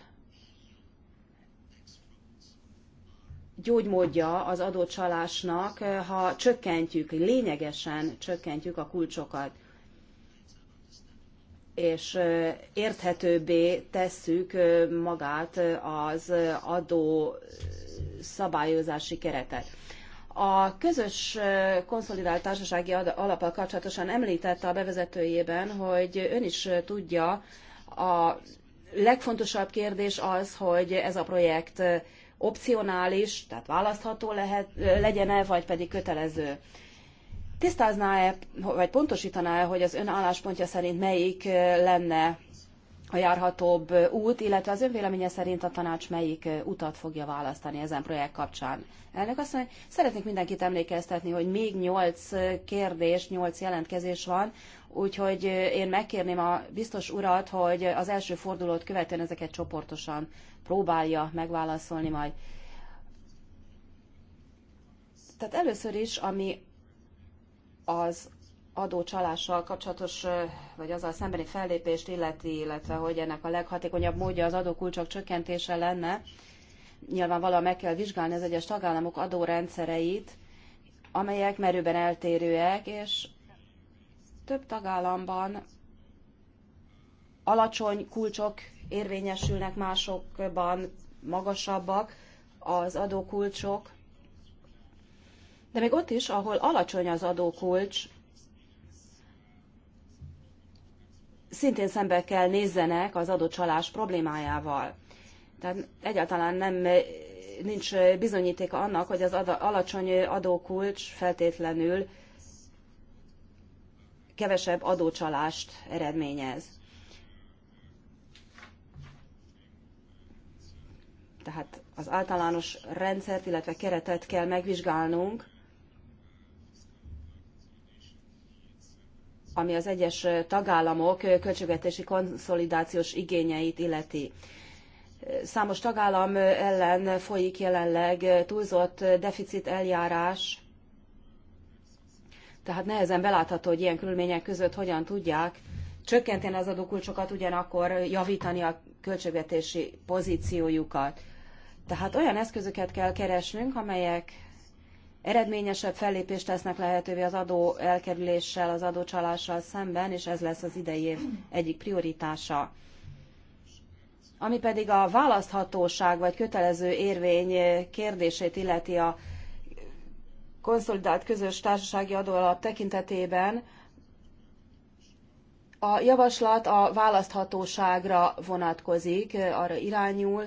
Speaker 1: gyógymódja az adócsalásnak, ha csökkentjük, lényegesen csökkentjük a kulcsokat, és érthetőbbé tesszük magát az adó szabályozási keretet. A közös konszolidált társasági alapkal kapcsolatosan említette a bevezetőjében, hogy ön is tudja a legfontosabb kérdés az, hogy ez a projekt opcionális, tehát választható lehet, legyen-e, vagy pedig kötelező. Tisztázná-e, vagy pontosítaná-e, hogy az ön álláspontja szerint melyik lenne a járhatóbb út, illetve az önvéleménye szerint a tanács melyik utat fogja választani ezen projekt kapcsán. Elnök azt mondja, hogy szeretnék mindenkit emlékeztetni, hogy még nyolc kérdés, nyolc jelentkezés van, Úgyhogy én megkérném a biztos urat, hogy az első fordulót követően ezeket csoportosan próbálja megválaszolni majd. Tehát először is, ami az adócsalással kapcsolatos, vagy azzal szembeni fellépést illeti, illetve hogy ennek a leghatékonyabb módja az adókulcsok csökkentése lenne. Nyilvánvalóan meg kell vizsgálni az egyes tagállamok adórendszereit, amelyek merőben eltérőek, és több tagállamban alacsony kulcsok érvényesülnek, másokban magasabbak az adókulcsok, de még ott is, ahol alacsony az adókulcs, szintén szembe kell nézzenek az adócsalás problémájával. Tehát egyáltalán nem nincs bizonyítéka annak, hogy az alacsony adókulcs feltétlenül kevesebb adócsalást eredményez. Tehát az általános rendszert, illetve keretet kell megvizsgálnunk, ami az egyes tagállamok költségvetési konszolidációs igényeit illeti. Számos tagállam ellen folyik jelenleg túlzott deficit eljárás, tehát nehezen belátható, hogy ilyen körülmények között hogyan tudják csökkenteni az adókulcsokat, ugyanakkor javítani a költségvetési pozíciójukat. Tehát olyan eszközöket kell keresnünk, amelyek eredményesebb fellépést tesznek lehetővé az adó elkerüléssel, az adócsalással szemben, és ez lesz az idei év egyik prioritása. Ami pedig a választhatóság vagy kötelező érvény kérdését illeti a konszolidált közös társasági adóalap tekintetében a javaslat a választhatóságra vonatkozik, arra irányul,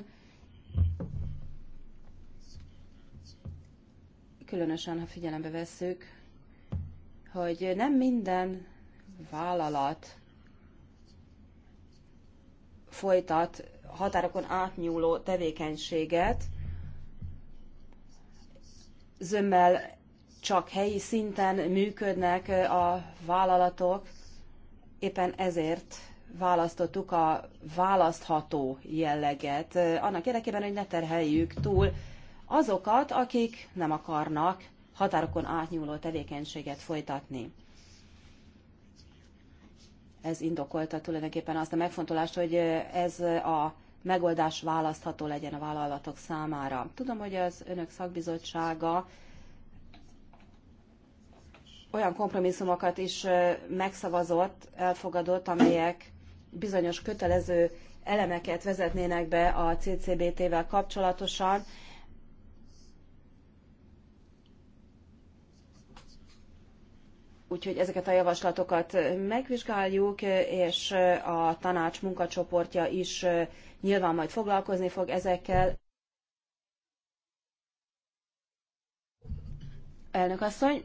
Speaker 1: különösen ha figyelembe vesszük, hogy nem minden vállalat folytat határokon átnyúló tevékenységet, zömmel csak helyi szinten működnek a vállalatok, éppen ezért választottuk a választható jelleget, annak érdekében, hogy ne terheljük túl azokat, akik nem akarnak határokon átnyúló tevékenységet folytatni. Ez indokolta tulajdonképpen azt a megfontolást, hogy ez a megoldás választható legyen a vállalatok számára. Tudom, hogy az önök szakbizottsága olyan kompromisszumokat is megszavazott, elfogadott, amelyek bizonyos kötelező elemeket vezetnének be a CCBT-vel kapcsolatosan. Úgyhogy ezeket a javaslatokat megvizsgáljuk, és a tanács munkacsoportja is nyilván majd foglalkozni fog ezekkel. Elnök asszony,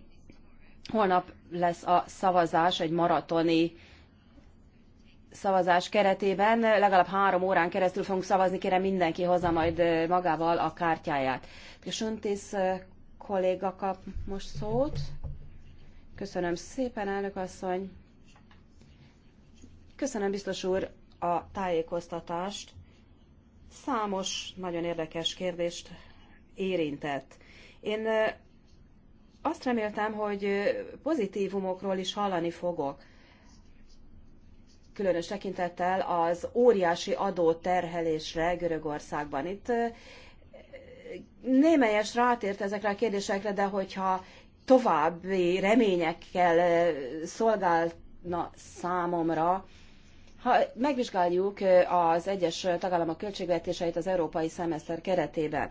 Speaker 1: Holnap lesz a szavazás, egy maratoni szavazás keretében. Legalább három órán keresztül fogunk szavazni, kérem mindenki hozza majd magával a kártyáját. Söntész kolléga kap most szót. Köszönöm szépen, elnök asszony. Köszönöm, biztos úr, a tájékoztatást. Számos, nagyon érdekes kérdést érintett. Én azt reméltem, hogy pozitívumokról is hallani fogok, különös tekintettel az óriási terhelésre Görögországban. Itt némelyes rátért ezekre a kérdésekre, de hogyha további reményekkel szolgálna számomra, ha megvizsgáljuk az egyes tagállamok költségvetéseit az európai szemeszter keretében,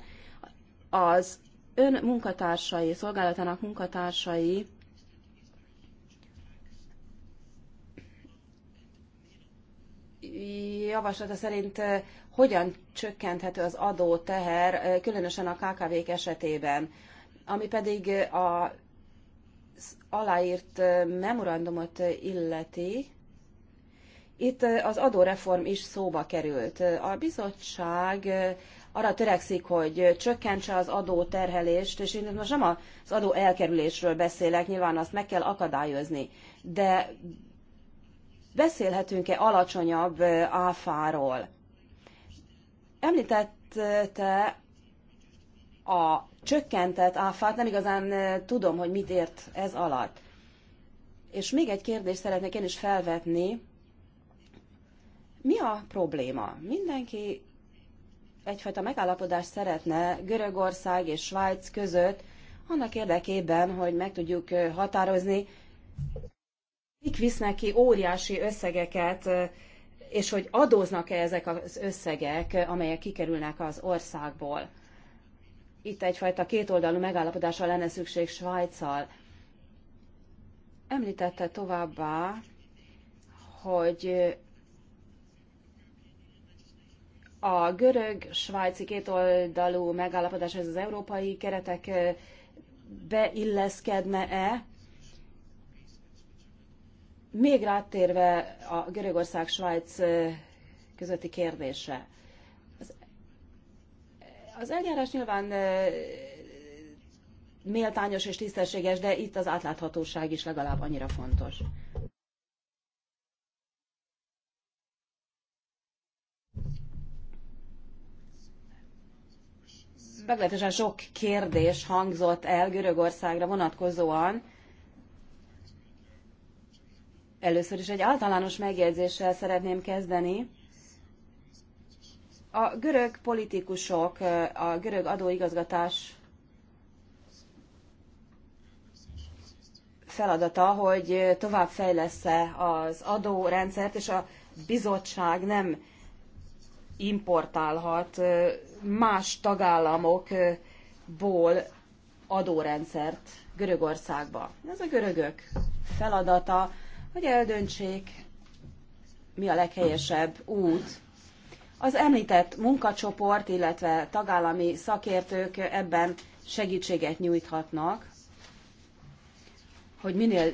Speaker 1: az ön munkatársai, szolgálatának munkatársai javaslata szerint eh, hogyan csökkenthető az adó teher, eh, különösen a KKV-k esetében, ami pedig eh, a aláírt memorandumot illeti. Itt az adóreform is szóba került. A bizottság arra törekszik, hogy csökkentse az adó terhelést, és én most nem az adó elkerülésről beszélek, nyilván azt meg kell akadályozni, de beszélhetünk-e alacsonyabb áfáról? Említette a csökkentett áfát, nem igazán tudom, hogy mit ért ez alatt. És még egy kérdést szeretnék én is felvetni. Mi a probléma? Mindenki egyfajta megállapodást szeretne Görögország és Svájc között, annak érdekében, hogy meg tudjuk határozni, mik visznek ki óriási összegeket, és hogy adóznak-e ezek az összegek, amelyek kikerülnek az országból. Itt egyfajta kétoldalú megállapodásra lenne szükség Svájccal. Említette továbbá, hogy a görög-svájci kétoldalú megállapodás ez az európai keretek beilleszkedne-e? Még rátérve a Görögország-Svájc közötti kérdése. Az, az eljárás nyilván méltányos és tisztességes, de itt az átláthatóság is legalább annyira fontos. meglehetősen sok kérdés hangzott el Görögországra vonatkozóan. Először is egy általános megjegyzéssel szeretném kezdeni. A görög politikusok, a görög adóigazgatás feladata, hogy tovább fejlesz-e az adórendszert, és a bizottság nem importálhat más tagállamokból adórendszert Görögországba. Ez a görögök feladata, hogy eldöntsék, mi a leghelyesebb út. Az említett munkacsoport, illetve tagállami szakértők ebben segítséget nyújthatnak, hogy minél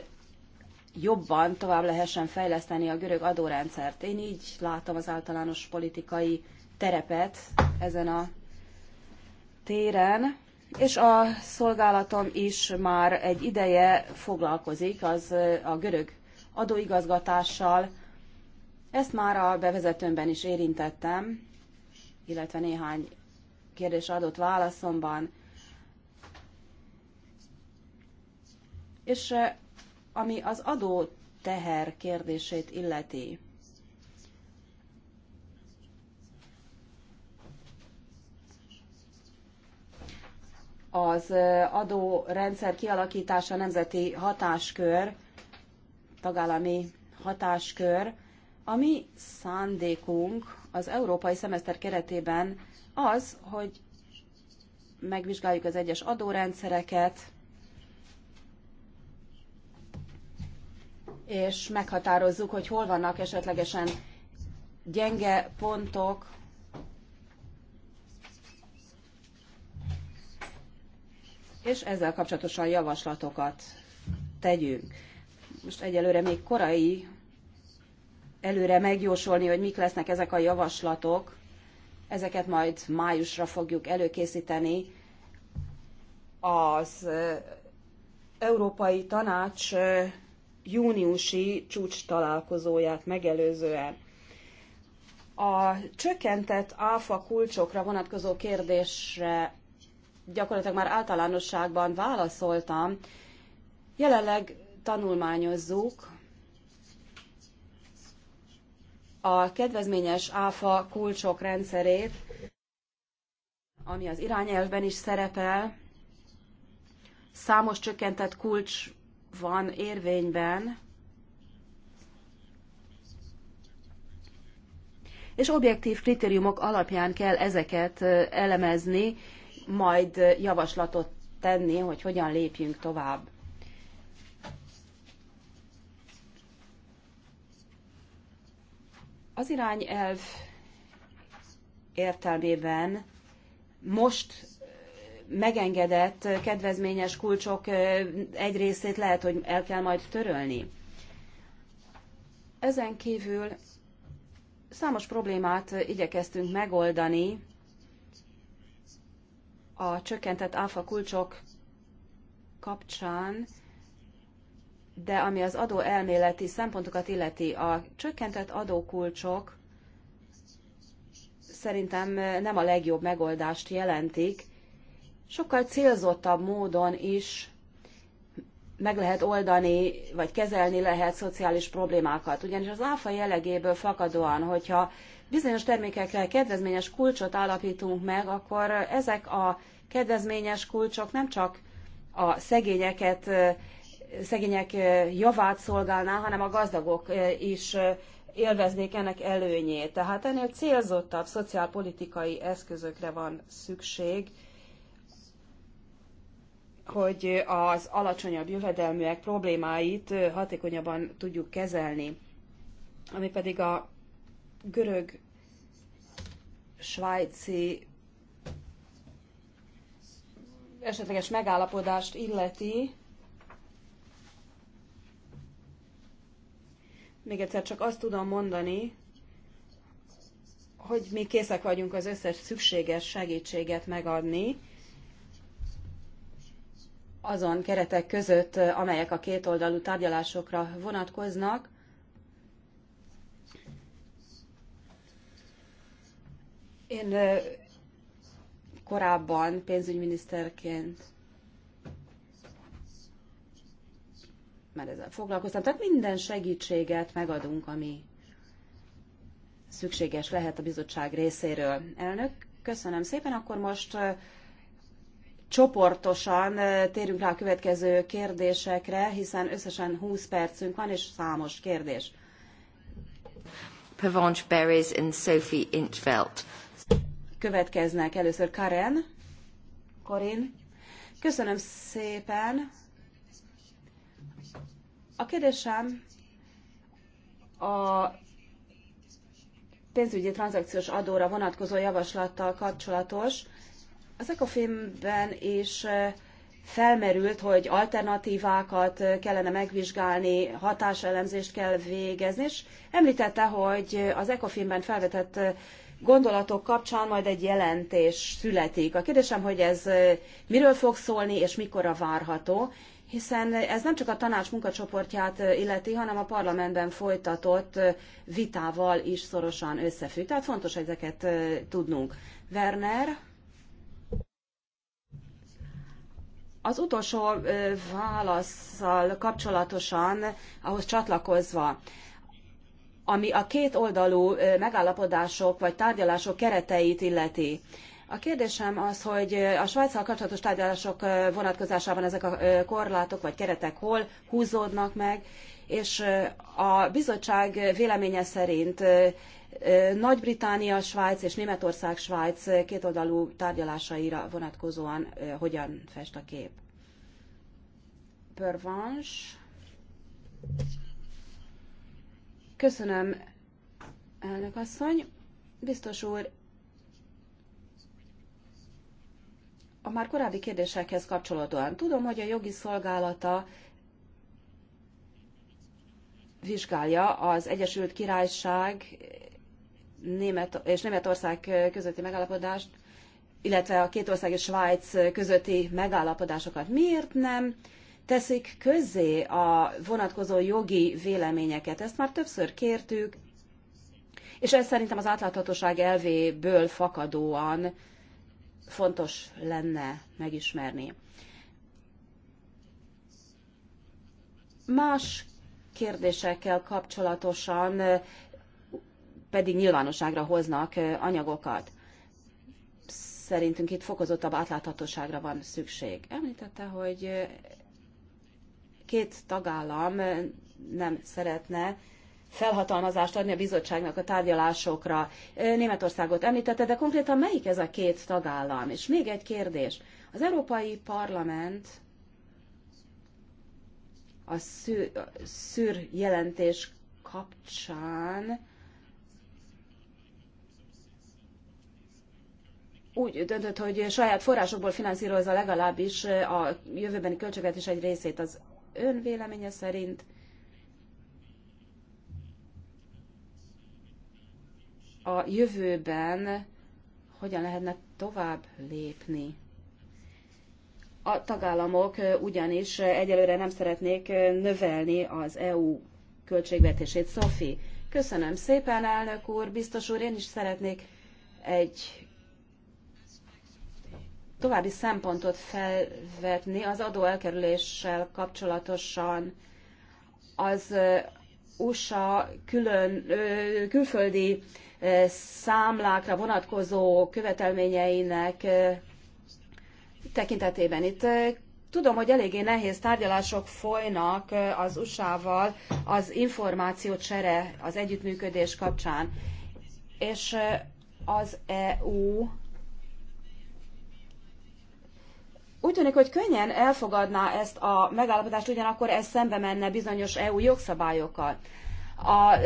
Speaker 1: jobban tovább lehessen fejleszteni a görög adórendszert. Én így látom az általános politikai terepet ezen a téren, és a szolgálatom is már egy ideje foglalkozik az a görög adóigazgatással. Ezt már a bevezetőmben is érintettem, illetve néhány kérdés adott válaszomban. És ami az adó teher kérdését illeti, az adórendszer kialakítása nemzeti hatáskör, tagállami hatáskör. A mi szándékunk az európai szemeszter keretében az, hogy megvizsgáljuk az egyes adórendszereket, és meghatározzuk, hogy hol vannak esetlegesen gyenge pontok, és ezzel kapcsolatosan javaslatokat tegyünk. Most egyelőre még korai előre megjósolni, hogy mik lesznek ezek a javaslatok. Ezeket majd májusra fogjuk előkészíteni. Az Európai Tanács júniusi csúcs találkozóját megelőzően. A csökkentett áfa kulcsokra vonatkozó kérdésre gyakorlatilag már általánosságban válaszoltam. Jelenleg tanulmányozzuk a kedvezményes áfa kulcsok rendszerét, ami az irányelvben is szerepel. Számos csökkentett kulcs van érvényben, és objektív kritériumok alapján kell ezeket elemezni, majd javaslatot tenni, hogy hogyan lépjünk tovább. Az irányelv értelmében most megengedett kedvezményes kulcsok egy részét lehet, hogy el kell majd törölni. Ezen kívül számos problémát igyekeztünk megoldani, a csökkentett áfa kulcsok kapcsán, de ami az adó elméleti szempontokat illeti, a csökkentett adókulcsok szerintem nem a legjobb megoldást jelentik. Sokkal célzottabb módon is meg lehet oldani, vagy kezelni lehet szociális problémákat. Ugyanis az áfa jellegéből fakadóan, hogyha bizonyos termékekre kedvezményes kulcsot állapítunk meg, akkor ezek a kedvezményes kulcsok nem csak a szegényeket, szegények javát szolgálná, hanem a gazdagok is élveznék ennek előnyét. Tehát ennél célzottabb szociálpolitikai eszközökre van szükség, hogy az alacsonyabb jövedelműek problémáit hatékonyabban tudjuk kezelni. Ami pedig a görög svájci esetleges megállapodást illeti, még egyszer csak azt tudom mondani, hogy mi készek vagyunk az összes szükséges segítséget megadni azon keretek között, amelyek a kétoldalú tárgyalásokra vonatkoznak. Én korábban pénzügyminiszterként mert ezzel foglalkoztam. Tehát minden segítséget megadunk, ami szükséges lehet a bizottság részéről. Elnök, köszönöm szépen. Akkor most csoportosan térünk rá a következő kérdésekre, hiszen összesen 20 percünk van, és számos kérdés. Pavanch Beres and Sophie Inchfeldt következnek. Először Karen. Karin. Köszönöm szépen. A kérdésem a pénzügyi tranzakciós adóra vonatkozó javaslattal kapcsolatos. Az ECOFIN-ben is felmerült, hogy alternatívákat kellene megvizsgálni, hatáselemzést kell végezni, és említette, hogy az ECOFIN-ben felvetett gondolatok kapcsán majd egy jelentés születik. A kérdésem, hogy ez miről fog szólni, és mikorra várható, hiszen ez nem csak a tanács munkacsoportját illeti, hanem a parlamentben folytatott vitával is szorosan összefügg. Tehát fontos ezeket tudnunk. Werner? Az utolsó válaszsal kapcsolatosan, ahhoz csatlakozva, ami a két oldalú megállapodások vagy tárgyalások kereteit illeti. A kérdésem az, hogy a Svájccal kapcsolatos tárgyalások vonatkozásában ezek a korlátok vagy keretek hol húzódnak meg, és a bizottság véleménye szerint Nagy-Británia, Svájc és Németország, Svájc kétoldalú tárgyalásaira vonatkozóan hogyan fest a kép? Pörvans. Köszönöm, elnök asszony. Biztos úr, a már korábbi kérdésekhez kapcsolódóan tudom, hogy a jogi szolgálata vizsgálja az Egyesült Királyság Német és Németország közötti megállapodást, illetve a két ország és Svájc közötti megállapodásokat. Miért nem teszik közzé a vonatkozó jogi véleményeket. Ezt már többször kértük, és ez szerintem az átláthatóság elvéből fakadóan fontos lenne megismerni. Más kérdésekkel kapcsolatosan pedig nyilvánosságra hoznak anyagokat. Szerintünk itt fokozottabb átláthatóságra van szükség. Említette, hogy két tagállam nem szeretne felhatalmazást adni a bizottságnak a tárgyalásokra. Németországot említette, de konkrétan melyik ez a két tagállam? És még egy kérdés. Az Európai Parlament a szűr, szűr jelentés kapcsán úgy döntött, hogy saját forrásokból finanszírozza legalábbis a jövőbeni költségvetés egy részét az ön véleménye szerint a jövőben hogyan lehetne tovább lépni? A tagállamok ugyanis egyelőre nem szeretnék növelni az EU költségvetését. Szofi, köszönöm szépen, elnök úr, biztos úr, én is szeretnék egy további szempontot felvetni az adóelkerüléssel kapcsolatosan. Az USA külön, külföldi számlákra vonatkozó követelményeinek tekintetében. Itt tudom, hogy eléggé nehéz tárgyalások folynak az USA-val az információcsere, az együttműködés kapcsán. És az EU Úgy tűnik, hogy könnyen elfogadná ezt a megállapodást, ugyanakkor ez szembe menne bizonyos EU jogszabályokkal. A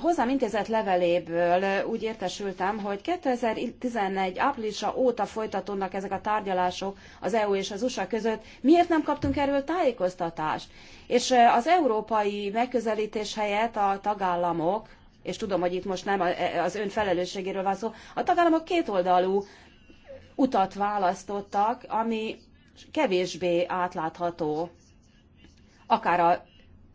Speaker 1: hozzám intézett leveléből úgy értesültem, hogy 2011 áprilisa óta folytatódnak ezek a tárgyalások az EU és az USA között. Miért nem kaptunk erről tájékoztatást? És az európai megközelítés helyett a tagállamok, és tudom, hogy itt most nem e, az ön felelősségéről van szó, a tagállamok kétoldalú utat választottak, ami kevésbé átlátható. Akár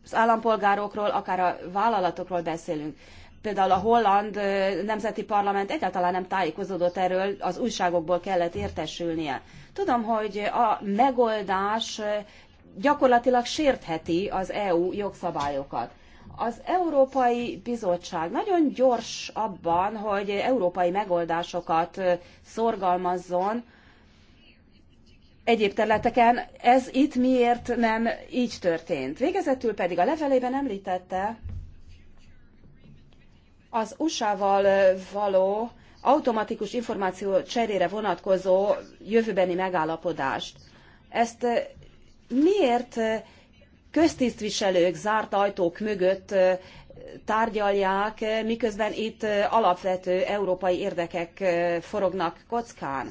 Speaker 1: az állampolgárokról, akár a vállalatokról beszélünk. Például a holland nemzeti parlament egyáltalán nem tájékozódott erről, az újságokból kellett értesülnie. Tudom, hogy a megoldás gyakorlatilag sértheti az EU jogszabályokat. Az Európai Bizottság nagyon gyors abban, hogy európai megoldásokat szorgalmazzon egyéb területeken. Ez itt miért nem így történt? Végezetül pedig a levelében említette az USA-val való automatikus információ cserére vonatkozó jövőbeni megállapodást. Ezt miért köztisztviselők zárt ajtók mögött tárgyalják, miközben itt alapvető európai érdekek forognak kockán.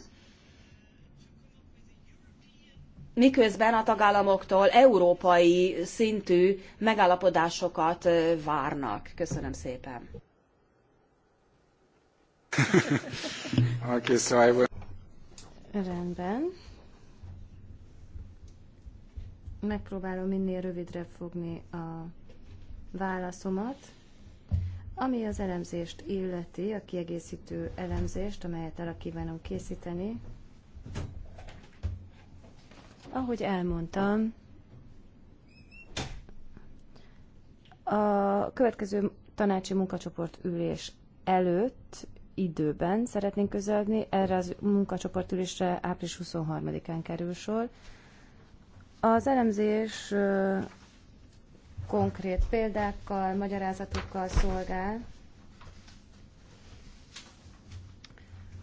Speaker 1: Miközben a tagállamoktól európai szintű megállapodásokat várnak. Köszönöm szépen.
Speaker 2: <laughs> okay, so szóval
Speaker 3: Rendben. Megpróbálom minél rövidre fogni a válaszomat. Ami az elemzést illeti, a kiegészítő elemzést, amelyet el kívánom készíteni, ahogy elmondtam, a következő tanácsi munkacsoport ülés előtt időben szeretnénk közeledni. Erre az munkacsoport ülésre április 23-án kerül sor. Az elemzés konkrét példákkal, magyarázatokkal szolgál.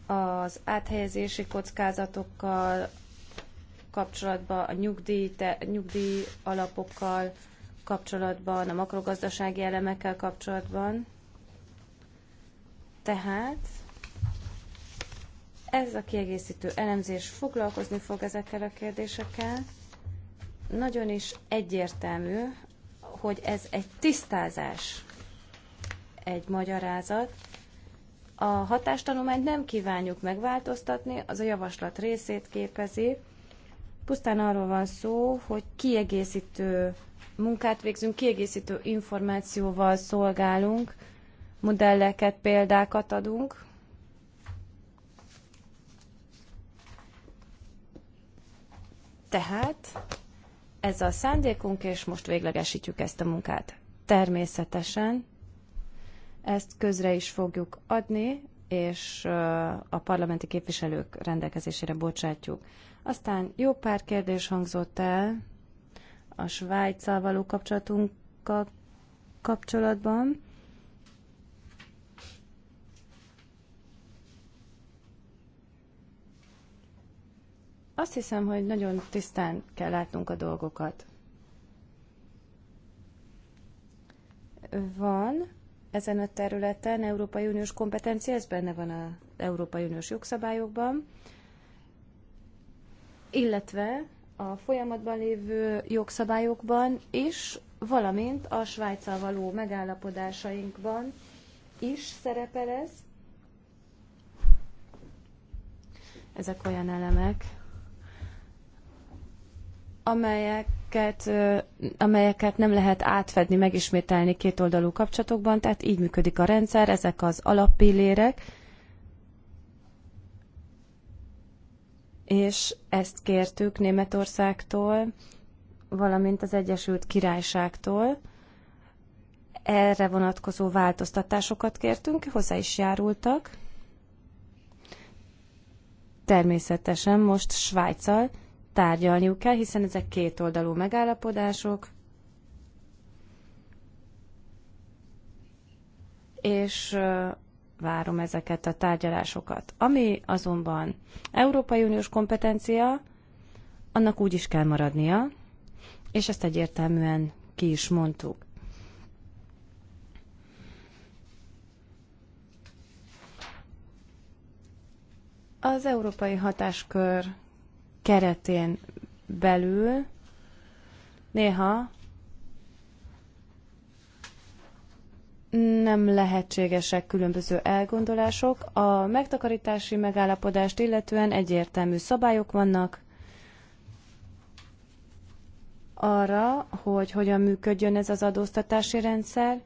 Speaker 3: Az áthelyezési kockázatokkal kapcsolatban, a nyugdíj, te, nyugdíj alapokkal kapcsolatban, a makrogazdasági elemekkel kapcsolatban. Tehát ez a kiegészítő elemzés foglalkozni fog ezekkel a kérdésekkel nagyon is egyértelmű, hogy ez egy tisztázás, egy magyarázat. A hatástanulmányt nem kívánjuk megváltoztatni, az a javaslat részét képezi. Pusztán arról van szó, hogy kiegészítő munkát végzünk, kiegészítő információval szolgálunk, modelleket, példákat adunk. Tehát ez a szándékunk, és most véglegesítjük ezt a munkát. Természetesen ezt közre is fogjuk adni, és a parlamenti képviselők rendelkezésére bocsátjuk. Aztán jó pár kérdés hangzott el a Svájccal való kapcsolatunkkal kapcsolatban. Azt hiszem, hogy nagyon tisztán kell látnunk a dolgokat. Van ezen a területen Európai Uniós kompetencia, ez benne van az Európai Uniós jogszabályokban, illetve a folyamatban lévő jogszabályokban is, valamint a Svájccal való megállapodásainkban is szerepel ez. Ezek olyan elemek, amelyeket, amelyeket nem lehet átfedni, megismételni kétoldalú kapcsolatokban, tehát így működik a rendszer, ezek az alappillérek, és ezt kértük Németországtól, valamint az Egyesült Királyságtól. Erre vonatkozó változtatásokat kértünk, hozzá is járultak. Természetesen most Svájccal, tárgyalniuk kell, hiszen ezek kétoldalú megállapodások, és várom ezeket a tárgyalásokat. Ami azonban Európai Uniós kompetencia, annak úgy is kell maradnia, és ezt egyértelműen ki is mondtuk. Az európai hatáskör keretén belül néha nem lehetségesek különböző elgondolások. A megtakarítási megállapodást illetően egyértelmű szabályok vannak arra, hogy hogyan működjön ez az adóztatási rendszer,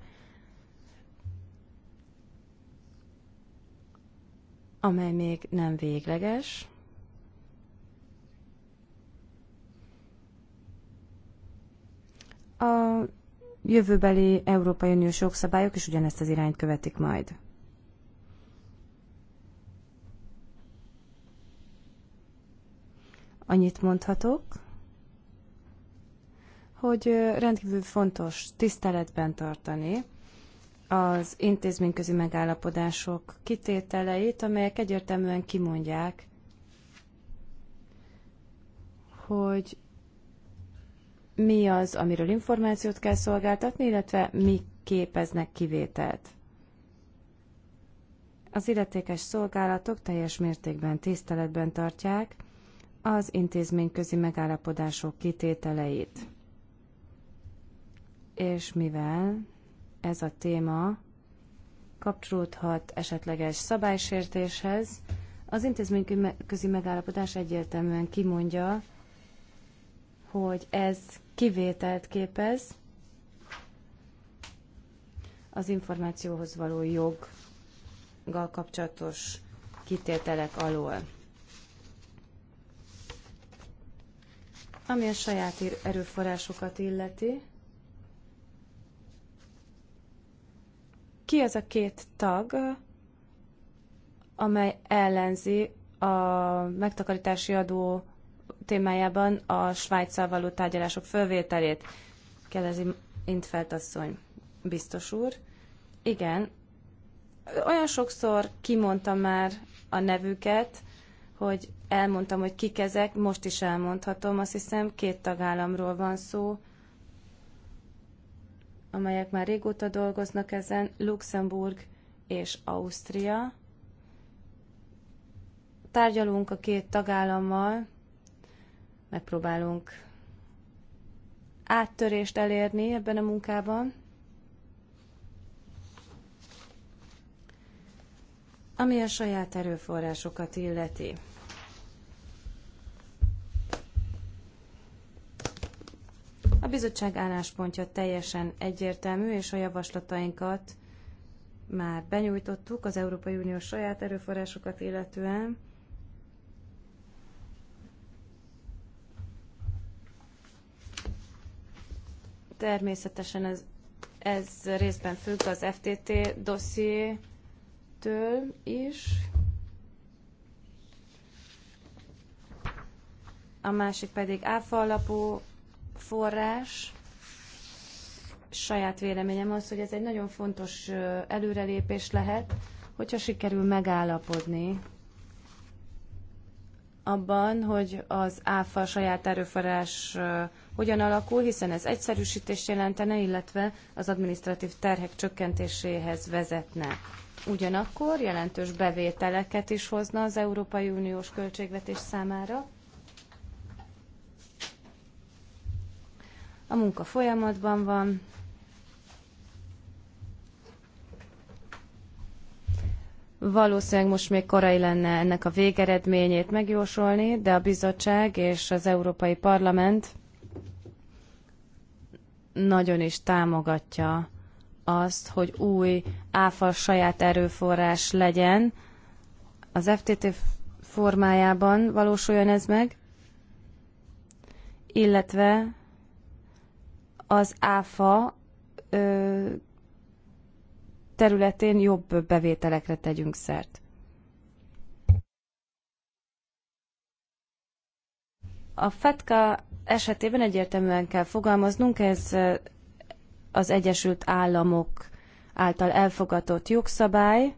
Speaker 3: amely még nem végleges. a jövőbeli Európai Uniós jogszabályok is ugyanezt az irányt követik majd. Annyit mondhatok, hogy rendkívül fontos tiszteletben tartani az intézményközi megállapodások kitételeit, amelyek egyértelműen kimondják, hogy mi az, amiről információt kell szolgáltatni, illetve mi képeznek kivételt. Az illetékes szolgálatok teljes mértékben tiszteletben tartják az intézményközi megállapodások kitételeit. És mivel ez a téma kapcsolódhat esetleges szabálysértéshez, az intézményközi megállapodás egyértelműen kimondja, hogy ez kivételt képez az információhoz való joggal kapcsolatos kitételek alól. Ami a saját erőforrásokat illeti, ki az a két tag, amely ellenzi a megtakarítási adó témájában a Svájccal való tárgyalások fölvételét. Kérdezi Intfelt asszony, biztos úr. Igen, olyan sokszor kimondtam már a nevüket, hogy elmondtam, hogy kik ezek, most is elmondhatom, azt hiszem két tagállamról van szó, amelyek már régóta dolgoznak ezen, Luxemburg és Ausztria. Tárgyalunk a két tagállammal, Megpróbálunk áttörést elérni ebben a munkában. Ami a saját erőforrásokat illeti. A bizottság álláspontja teljesen egyértelmű, és a javaslatainkat már benyújtottuk az Európai Unió saját erőforrásokat illetően. Természetesen ez, ez részben függ az FTT dossziétől is. A másik pedig áfa alapú forrás. Saját véleményem az, hogy ez egy nagyon fontos előrelépés lehet, hogyha sikerül megállapodni abban, hogy az áfa saját erőforrás hogyan alakul, hiszen ez egyszerűsítést jelentene, illetve az administratív terhek csökkentéséhez vezetne. Ugyanakkor jelentős bevételeket is hozna az Európai Uniós költségvetés számára. A munka folyamatban van, Valószínűleg most még korai lenne ennek a végeredményét megjósolni, de a bizottság és az Európai Parlament nagyon is támogatja azt, hogy új áfa saját erőforrás legyen. Az FTT formájában valósuljon ez meg, illetve az áfa ö, területén jobb bevételekre tegyünk szert. A FETKA esetében egyértelműen kell fogalmaznunk, ez az Egyesült Államok által elfogadott jogszabály,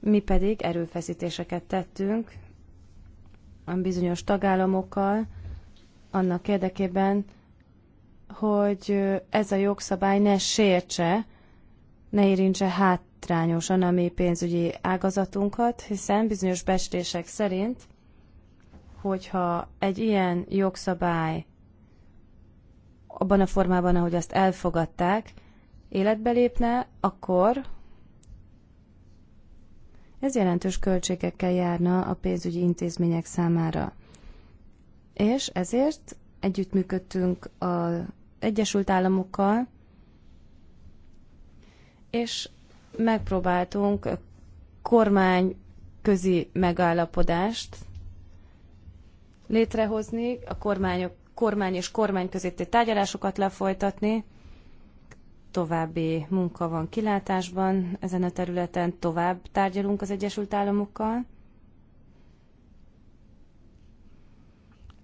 Speaker 3: mi pedig erőfeszítéseket tettünk a bizonyos tagállamokkal annak érdekében, hogy ez a jogszabály ne sértse, ne érintse hátrányosan a mi pénzügyi ágazatunkat, hiszen bizonyos bestések szerint hogyha egy ilyen jogszabály abban a formában, ahogy azt elfogadták, életbe lépne, akkor ez jelentős költségekkel járna a pénzügyi intézmények számára. És ezért együttműködtünk az Egyesült Államokkal, és megpróbáltunk kormányközi megállapodást létrehozni, a kormányok, kormány és kormány közötti tárgyalásokat lefolytatni. További munka van kilátásban ezen a területen, tovább tárgyalunk az Egyesült Államokkal.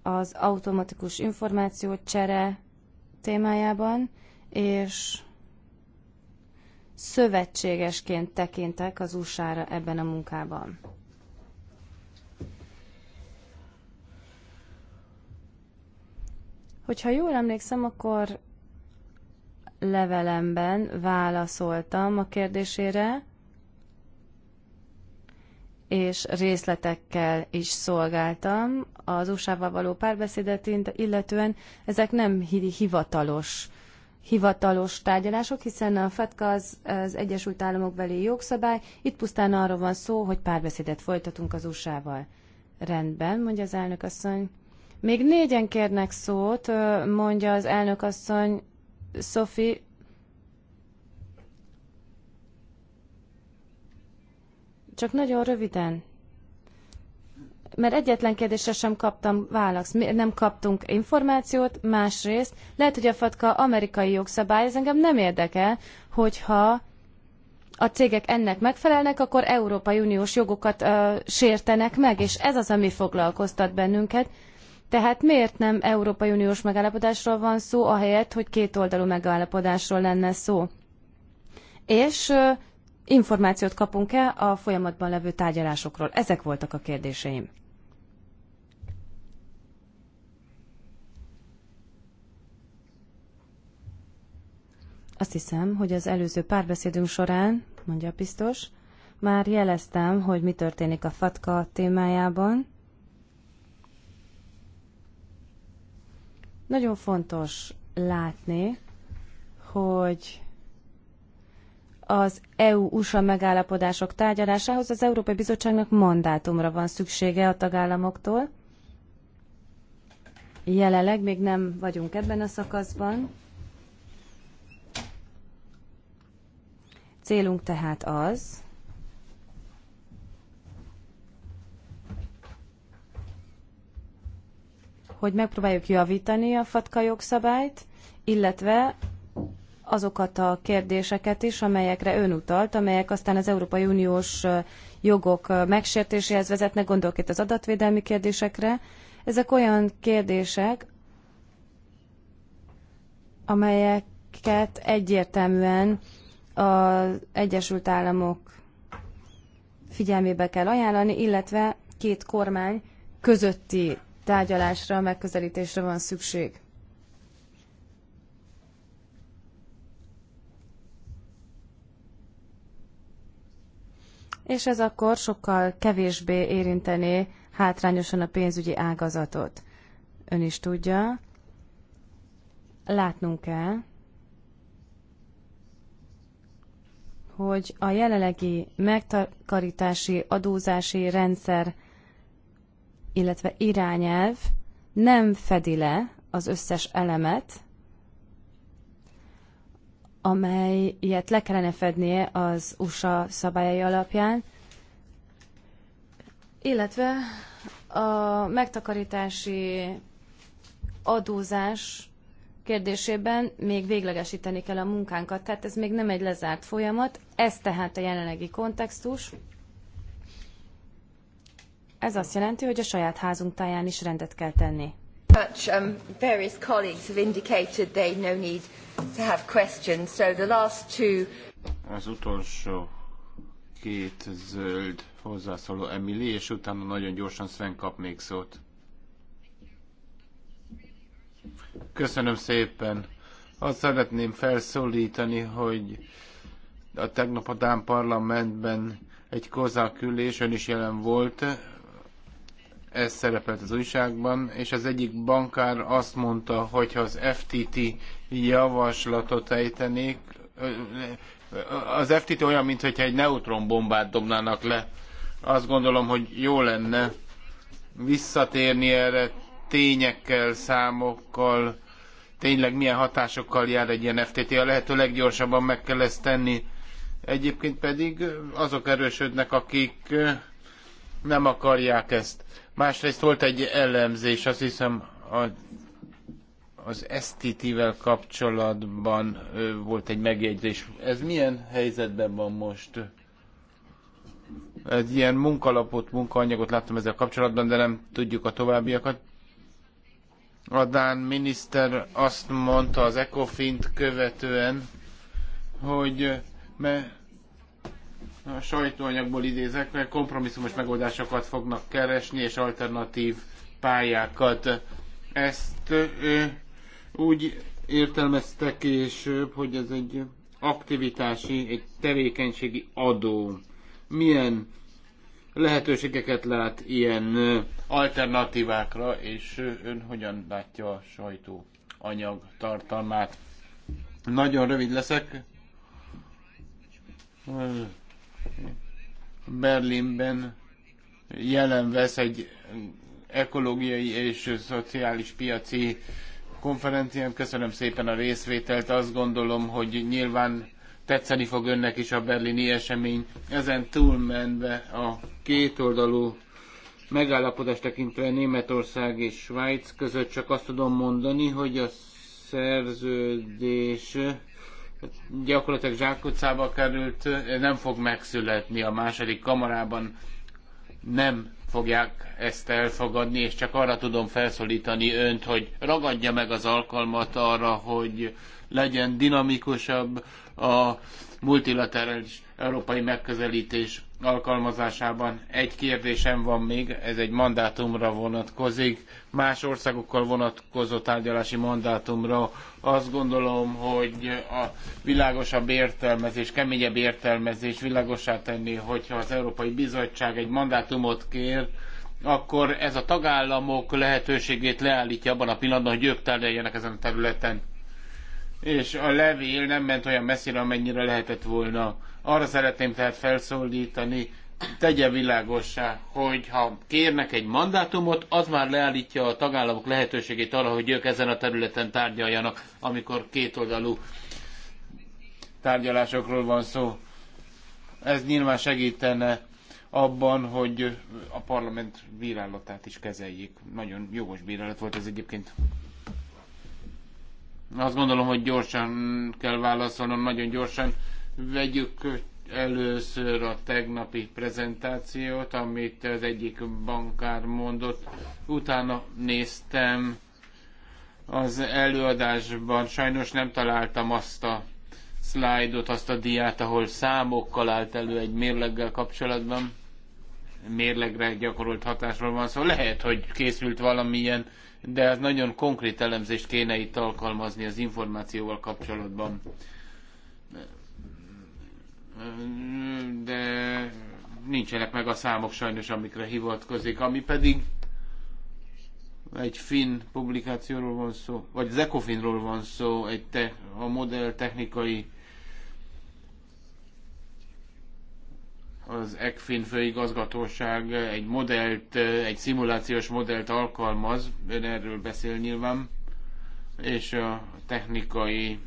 Speaker 3: Az automatikus csere témájában, és szövetségesként tekintek az USA-ra ebben a munkában. Hogyha jól emlékszem, akkor levelemben válaszoltam a kérdésére, és részletekkel is szolgáltam az USA-val való párbeszédet, illetően ezek nem hivatalos hivatalos tárgyalások, hiszen a FATCA az, az Egyesült Államok belé jogszabály, itt pusztán arról van szó, hogy párbeszédet folytatunk az USA-val. Rendben, mondja az elnök asszony. Még négyen kérnek szót, mondja az elnök asszony Sophie. Csak nagyon röviden. Mert egyetlen kérdésre sem kaptam választ. nem kaptunk információt? Másrészt, lehet, hogy a FATKA amerikai jogszabály, ez engem nem érdekel, hogyha a cégek ennek megfelelnek, akkor Európai Uniós jogokat ö, sértenek meg, és ez az, ami foglalkoztat bennünket. Tehát miért nem Európai Uniós megállapodásról van szó, ahelyett, hogy kétoldalú megállapodásról lenne szó? És információt kapunk-e a folyamatban levő tárgyalásokról? Ezek voltak a kérdéseim. Azt hiszem, hogy az előző párbeszédünk során, mondja a biztos, már jeleztem, hogy mi történik a FATKA témájában, Nagyon fontos látni, hogy az EU-USA megállapodások tárgyalásához az Európai Bizottságnak mandátumra van szüksége a tagállamoktól. Jelenleg még nem vagyunk ebben a szakaszban. Célunk tehát az, hogy megpróbáljuk javítani a fatka jogszabályt, illetve azokat a kérdéseket is, amelyekre ön utalt, amelyek aztán az Európai Uniós jogok megsértéséhez vezetnek, gondolok itt az adatvédelmi kérdésekre. Ezek olyan kérdések, amelyeket egyértelműen az Egyesült Államok figyelmébe kell ajánlani, illetve két kormány közötti tárgyalásra, megközelítésre van szükség. És ez akkor sokkal kevésbé érintené hátrányosan a pénzügyi ágazatot. Ön is tudja, látnunk kell, hogy a jelenlegi megtakarítási adózási rendszer illetve irányelv nem fedi le az összes elemet, amelyet le kellene fednie az USA szabályai alapján, illetve a megtakarítási adózás kérdésében még véglegesíteni kell a munkánkat, tehát ez még nem egy lezárt folyamat, ez tehát a jelenlegi kontextus. Ez azt jelenti, hogy a saját házunk táján is rendet kell tenni.
Speaker 1: Much, um, various colleagues have indicated they no need to have questions, so the last two...
Speaker 2: Az utolsó két zöld hozzászóló Emily, és utána nagyon gyorsan Sven kap még szót. Köszönöm szépen. Azt szeretném felszólítani, hogy a tegnap a Dán parlamentben egy kozák ülés, ön is jelen volt, ez szerepelt az újságban, és az egyik bankár azt mondta, hogy ha az FTT javaslatot ejtenék, az FTT olyan, mintha egy neutronbombát dobnának le. Azt gondolom, hogy jó lenne visszatérni erre tényekkel, számokkal, tényleg milyen hatásokkal jár egy ilyen FTT. A lehető leggyorsabban meg kell ezt tenni. Egyébként pedig azok erősödnek, akik nem akarják ezt. Másrészt volt egy elemzés, azt hiszem a, az STT-vel kapcsolatban volt egy megjegyzés. Ez milyen helyzetben van most? Egy ilyen munkalapot, munkaanyagot láttam ezzel kapcsolatban, de nem tudjuk a továbbiakat. A Dán miniszter azt mondta az Ecofint követően, hogy mert a sajtóanyagból idézek, kompromisszumos megoldásokat fognak keresni, és alternatív pályákat. Ezt ö, úgy értelmezte később, hogy ez egy aktivitási, egy tevékenységi adó. Milyen lehetőségeket lát ilyen alternatívákra, és ön hogyan látja a sajtó anyag tartalmát? Nagyon rövid leszek. Berlinben jelen vesz egy ekológiai és szociális piaci konferencián. Köszönöm szépen a részvételt. Azt gondolom, hogy nyilván tetszeni fog önnek is a berlini esemény. Ezen túlmenve a kétoldalú megállapodást tekintve Németország és Svájc között csak azt tudom mondani, hogy a szerződés gyakorlatilag zsákutcába került, nem fog megszületni a második kamarában, nem fogják ezt elfogadni, és csak arra tudom felszólítani önt, hogy ragadja meg az alkalmat arra, hogy legyen dinamikusabb a multilaterális európai megközelítés alkalmazásában. Egy kérdésem van még, ez egy mandátumra vonatkozik, más országokkal vonatkozó tárgyalási mandátumra. Azt gondolom, hogy a világosabb értelmezés, keményebb értelmezés világosá tenni, hogyha az Európai Bizottság egy mandátumot kér, akkor ez a tagállamok lehetőségét leállítja abban a pillanatban, hogy ők tárgyaljanak ezen a területen. És a levél nem ment olyan messzire, amennyire lehetett volna arra szeretném tehát felszólítani, tegye világossá, hogy ha kérnek egy mandátumot, az már leállítja a tagállamok lehetőségét arra, hogy ők ezen a területen tárgyaljanak, amikor kétoldalú tárgyalásokról van szó. Ez nyilván segítene abban, hogy a parlament bírálatát is kezeljék. Nagyon jogos bírálat volt ez egyébként. Azt gondolom, hogy gyorsan kell válaszolnom, nagyon gyorsan. Vegyük először a tegnapi prezentációt, amit az egyik bankár mondott. Utána néztem az előadásban, sajnos nem találtam azt a szlájdot, azt a diát, ahol számokkal állt elő egy mérleggel kapcsolatban. Mérlegre gyakorolt hatásról van szó. Szóval lehet, hogy készült valamilyen, de az nagyon konkrét elemzést kéne itt alkalmazni az információval kapcsolatban de nincsenek meg a számok sajnos, amikre hivatkozik, ami pedig egy finn publikációról van szó, vagy az Ecofinról van szó, egy te, a modell technikai az ECFIN főigazgatóság egy modellt, egy szimulációs modellt alkalmaz, ön erről beszél nyilván, és a technikai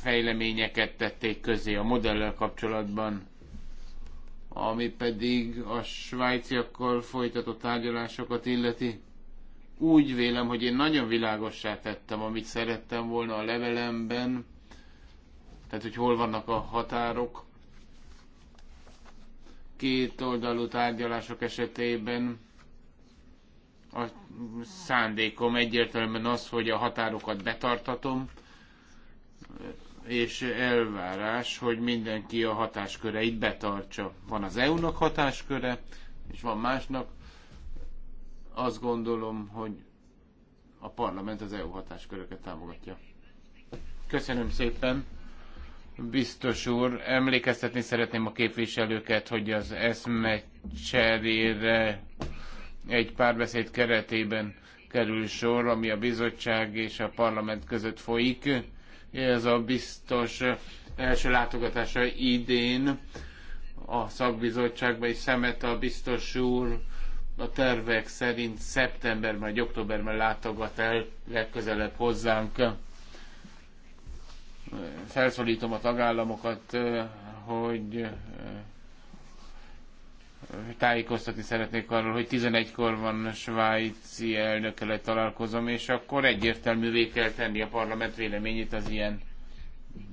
Speaker 2: fejleményeket tették közé a modellel kapcsolatban, ami pedig a svájciakkal folytatott tárgyalásokat illeti. Úgy vélem, hogy én nagyon világossá tettem, amit szerettem volna a levelemben, tehát hogy hol vannak a határok. Két oldalú tárgyalások esetében a szándékom egyértelműen az, hogy a határokat betartatom, és elvárás, hogy mindenki a hatásköreit betartsa. Van az EU-nak hatásköre, és van másnak. Azt gondolom, hogy a parlament az EU hatásköröket támogatja. Köszönöm szépen! Biztos úr, emlékeztetni szeretném a képviselőket, hogy az eszme cserére egy párbeszéd keretében kerül sor, ami a bizottság és a parlament között folyik ez a biztos első látogatása idén a szakbizottságban is szemet a biztos úr a tervek szerint szeptemberben vagy októberben látogat el legközelebb hozzánk. Felszólítom a tagállamokat, hogy tájékoztatni szeretnék arról, hogy 11-kor van a svájci elnökkel találkozom, és akkor egyértelművé kell tenni a parlament véleményét az ilyen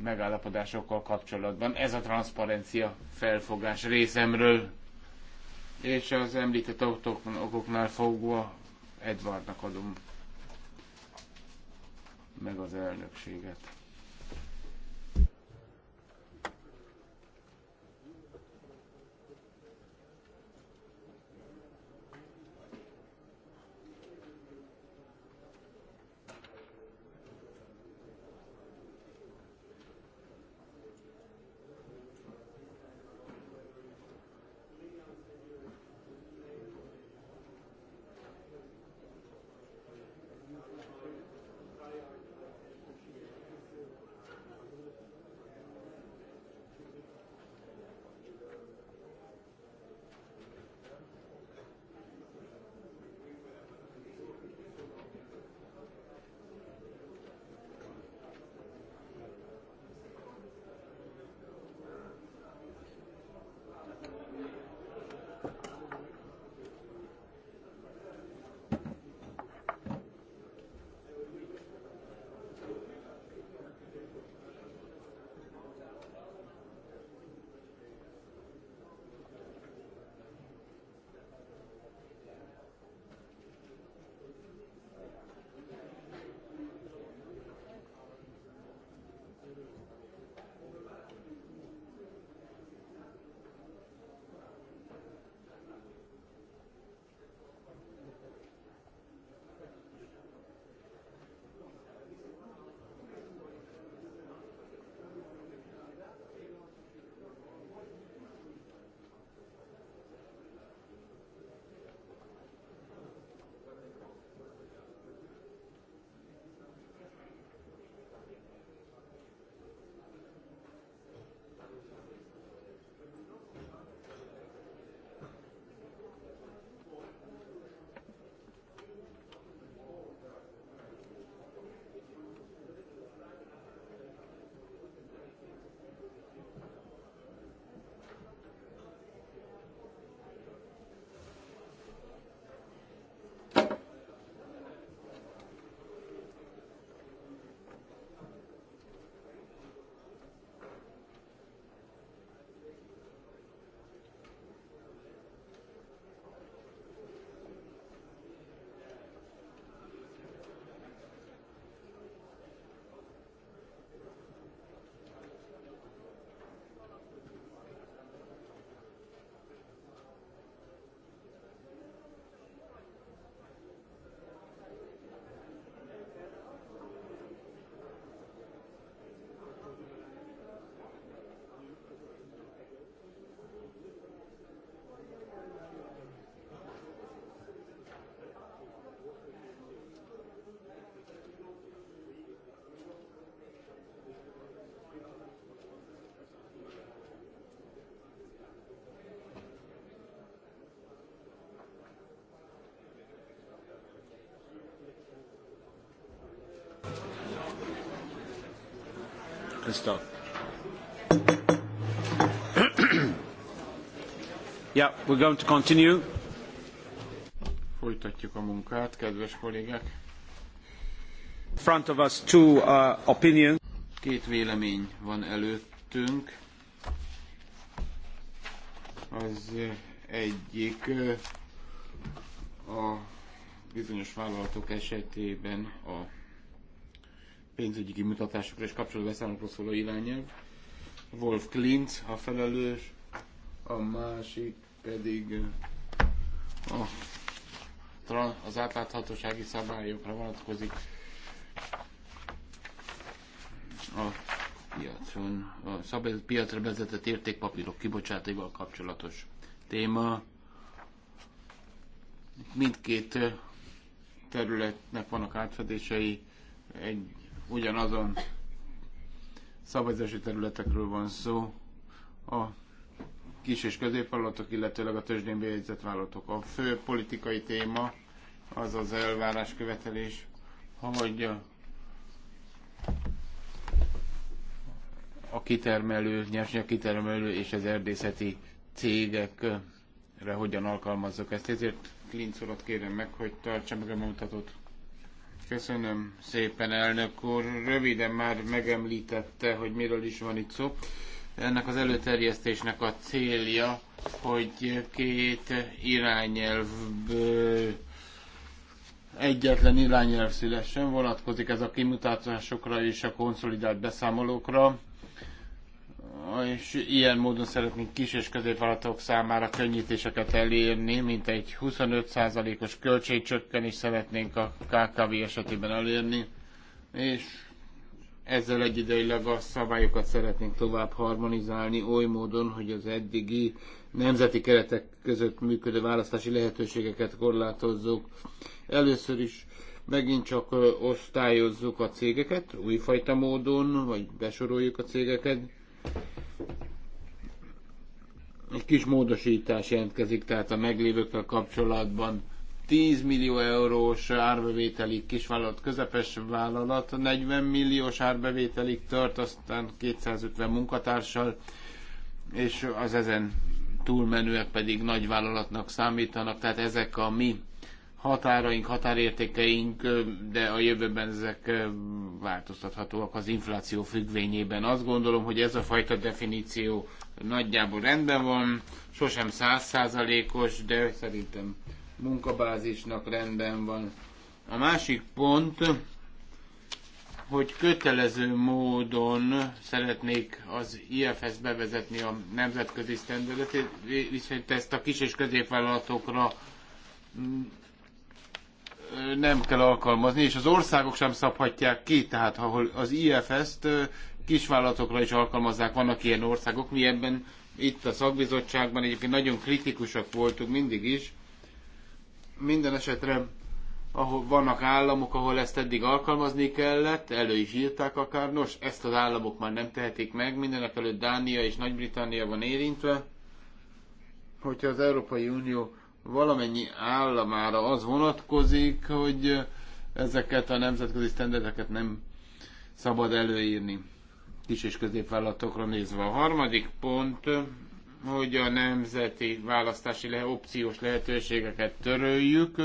Speaker 2: megállapodásokkal kapcsolatban. Ez a transzparencia felfogás részemről, és az említett okoknál fogva Edwardnak adom meg az elnökséget. Christoph. yeah, we're going to continue. Folytatjuk a munkát, kedves kollégák. Front of us two uh, opinions. Két vélemény van előttünk. Az egyik uh, a bizonyos vállalatok esetében a pénzügyi kimutatásokra és kapcsolódó beszámokról szóló irányelv. Wolf Klintz a felelős, a másik pedig a, az átláthatósági szabályokra vonatkozik a piacon, a szabályozott piacra vezetett értékpapírok kibocsátéval kapcsolatos téma. Mindkét területnek vannak átfedései, egy ugyanazon szabályozási területekről van szó. A kis és középvállalatok, illetőleg a tőzsdén bejegyzett vállalatok. A fő politikai téma az az elvárás követelés, ha hogy a kitermelő, nyersanyag kitermelő és az erdészeti cégekre hogyan alkalmazzuk ezt. Ezért Klincorot kérem meg, hogy tartsa meg a bemutatót. Köszönöm szépen, elnök úr. Röviden már megemlítette, hogy miről is van itt szó. Ennek az előterjesztésnek a célja, hogy két irányelv egyetlen irányelv szülessen, vonatkozik ez a kimutatásokra és a konszolidált beszámolókra és ilyen módon szeretnénk kis és középvállalatok számára könnyítéseket elérni, mint egy 25%-os költségcsökkenés szeretnénk a KKV esetében elérni, és ezzel egyidejűleg a szabályokat szeretnénk tovább harmonizálni oly módon, hogy az eddigi nemzeti keretek között működő választási lehetőségeket korlátozzuk. Először is megint csak osztályozzuk a cégeket újfajta módon, vagy besoroljuk a cégeket, egy kis módosítás jelentkezik, tehát a meglévőkkel kapcsolatban 10 millió eurós árbevételig kisvállalat, közepes vállalat, 40 milliós árbevételig tört, aztán 250 munkatársal, és az ezen túlmenőek pedig nagy vállalatnak számítanak, tehát ezek a mi határaink, határértékeink, de a jövőben ezek változtathatóak az infláció függvényében. Azt gondolom, hogy ez a fajta definíció nagyjából rendben van, sosem százszázalékos, de szerintem munkabázisnak rendben van. A másik pont, hogy kötelező módon szeretnék az IFS bevezetni a nemzetközi sztenderdet, viszont ezt a kis és középvállalatokra nem kell alkalmazni, és az országok sem szabhatják ki, tehát ahol az IFS-t kisvállalatokra is alkalmazzák, vannak ilyen országok, mi ebben itt a szakbizottságban egyébként nagyon kritikusak voltunk mindig is. Minden esetre ahol vannak államok, ahol ezt eddig alkalmazni kellett, elő is írták akár, nos, ezt az államok már nem tehetik meg, mindenek előtt Dánia és Nagy-Britannia van érintve, hogyha az Európai Unió valamennyi államára az vonatkozik, hogy ezeket a nemzetközi sztenderdeket nem szabad előírni kis- és középvállalatokra nézve. A harmadik pont, hogy a nemzeti választási le- opciós lehetőségeket töröljük,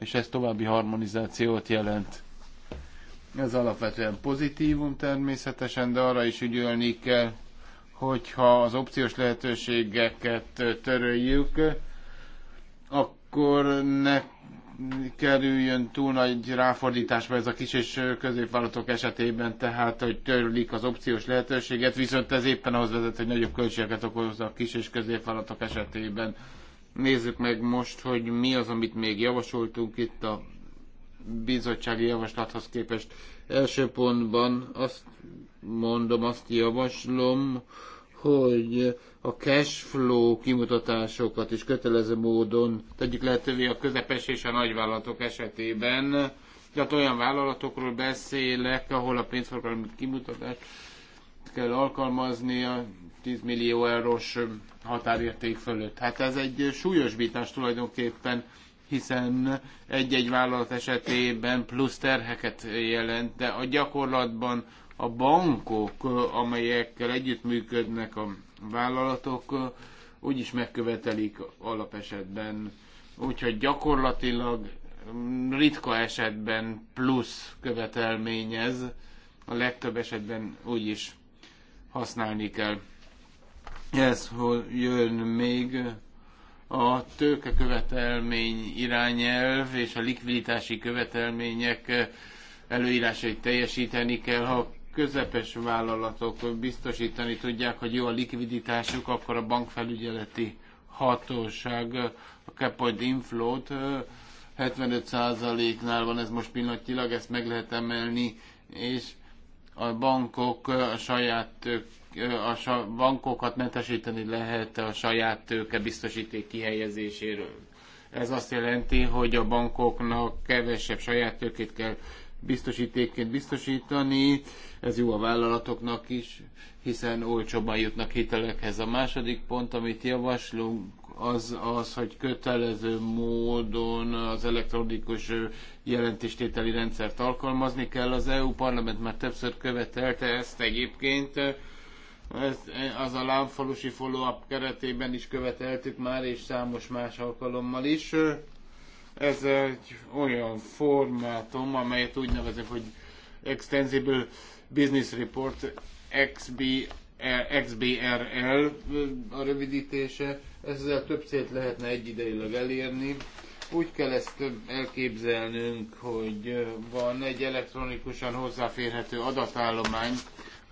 Speaker 2: és ez további harmonizációt jelent. Ez alapvetően pozitívum természetesen, de arra is ügyölni kell, hogyha az opciós lehetőségeket töröljük, akkor ne kerüljön túl nagy ráfordításba ez a kis és középvállalatok esetében, tehát hogy törlik az opciós lehetőséget, viszont ez éppen ahhoz vezet, hogy nagyobb költségeket okoz a kis és középvállalatok esetében. Nézzük meg most, hogy mi az, amit még javasoltunk itt a bizottsági javaslathoz képest. Első pontban azt mondom, azt javaslom, hogy a cash flow kimutatásokat is kötelező módon tegyük lehetővé a közepes és a nagyvállalatok esetében. Tehát olyan vállalatokról beszélek, ahol a pénzforgalmi kimutatást kell alkalmazni a 10 millió eurós határérték fölött. Hát ez egy súlyos bítás tulajdonképpen, hiszen egy-egy vállalat esetében plusz terheket jelent, de a gyakorlatban a bankok, amelyekkel együttműködnek a vállalatok, úgyis megkövetelik alapesetben. Úgyhogy gyakorlatilag mm, ritka esetben plusz követelményez, a legtöbb esetben úgyis használni kell. Ez jön még a követelmény irányelv és a likviditási követelmények előírásait teljesíteni kell, ha közepes vállalatok biztosítani tudják, hogy jó a likviditásuk, akkor a bankfelügyeleti hatóság a Capoid Inflow-t 75%-nál van ez most pillanatilag, ezt meg lehet emelni, és a bankok a saját a bankokat mentesíteni lehet a saját tőke biztosíték kihelyezéséről. Ez azt jelenti, hogy a bankoknak kevesebb saját tőkét kell biztosítékként biztosítani. Ez jó a vállalatoknak is, hiszen olcsóban jutnak hitelekhez. A második pont, amit javaslunk, az az, hogy kötelező módon az elektronikus jelentéstételi rendszert alkalmazni kell. Az EU parlament már többször követelte ezt egyébként. Ezt az a lámfalusi follow-up keretében is követeltük már, és számos más alkalommal is. Ez egy olyan formátum, amelyet úgy nevezek, hogy Extensible Business Report, XB, e, XBRL a rövidítése. Ezzel több célt lehetne egyidejűleg elérni. Úgy kell ezt elképzelnünk, hogy van egy elektronikusan hozzáférhető adatállomány,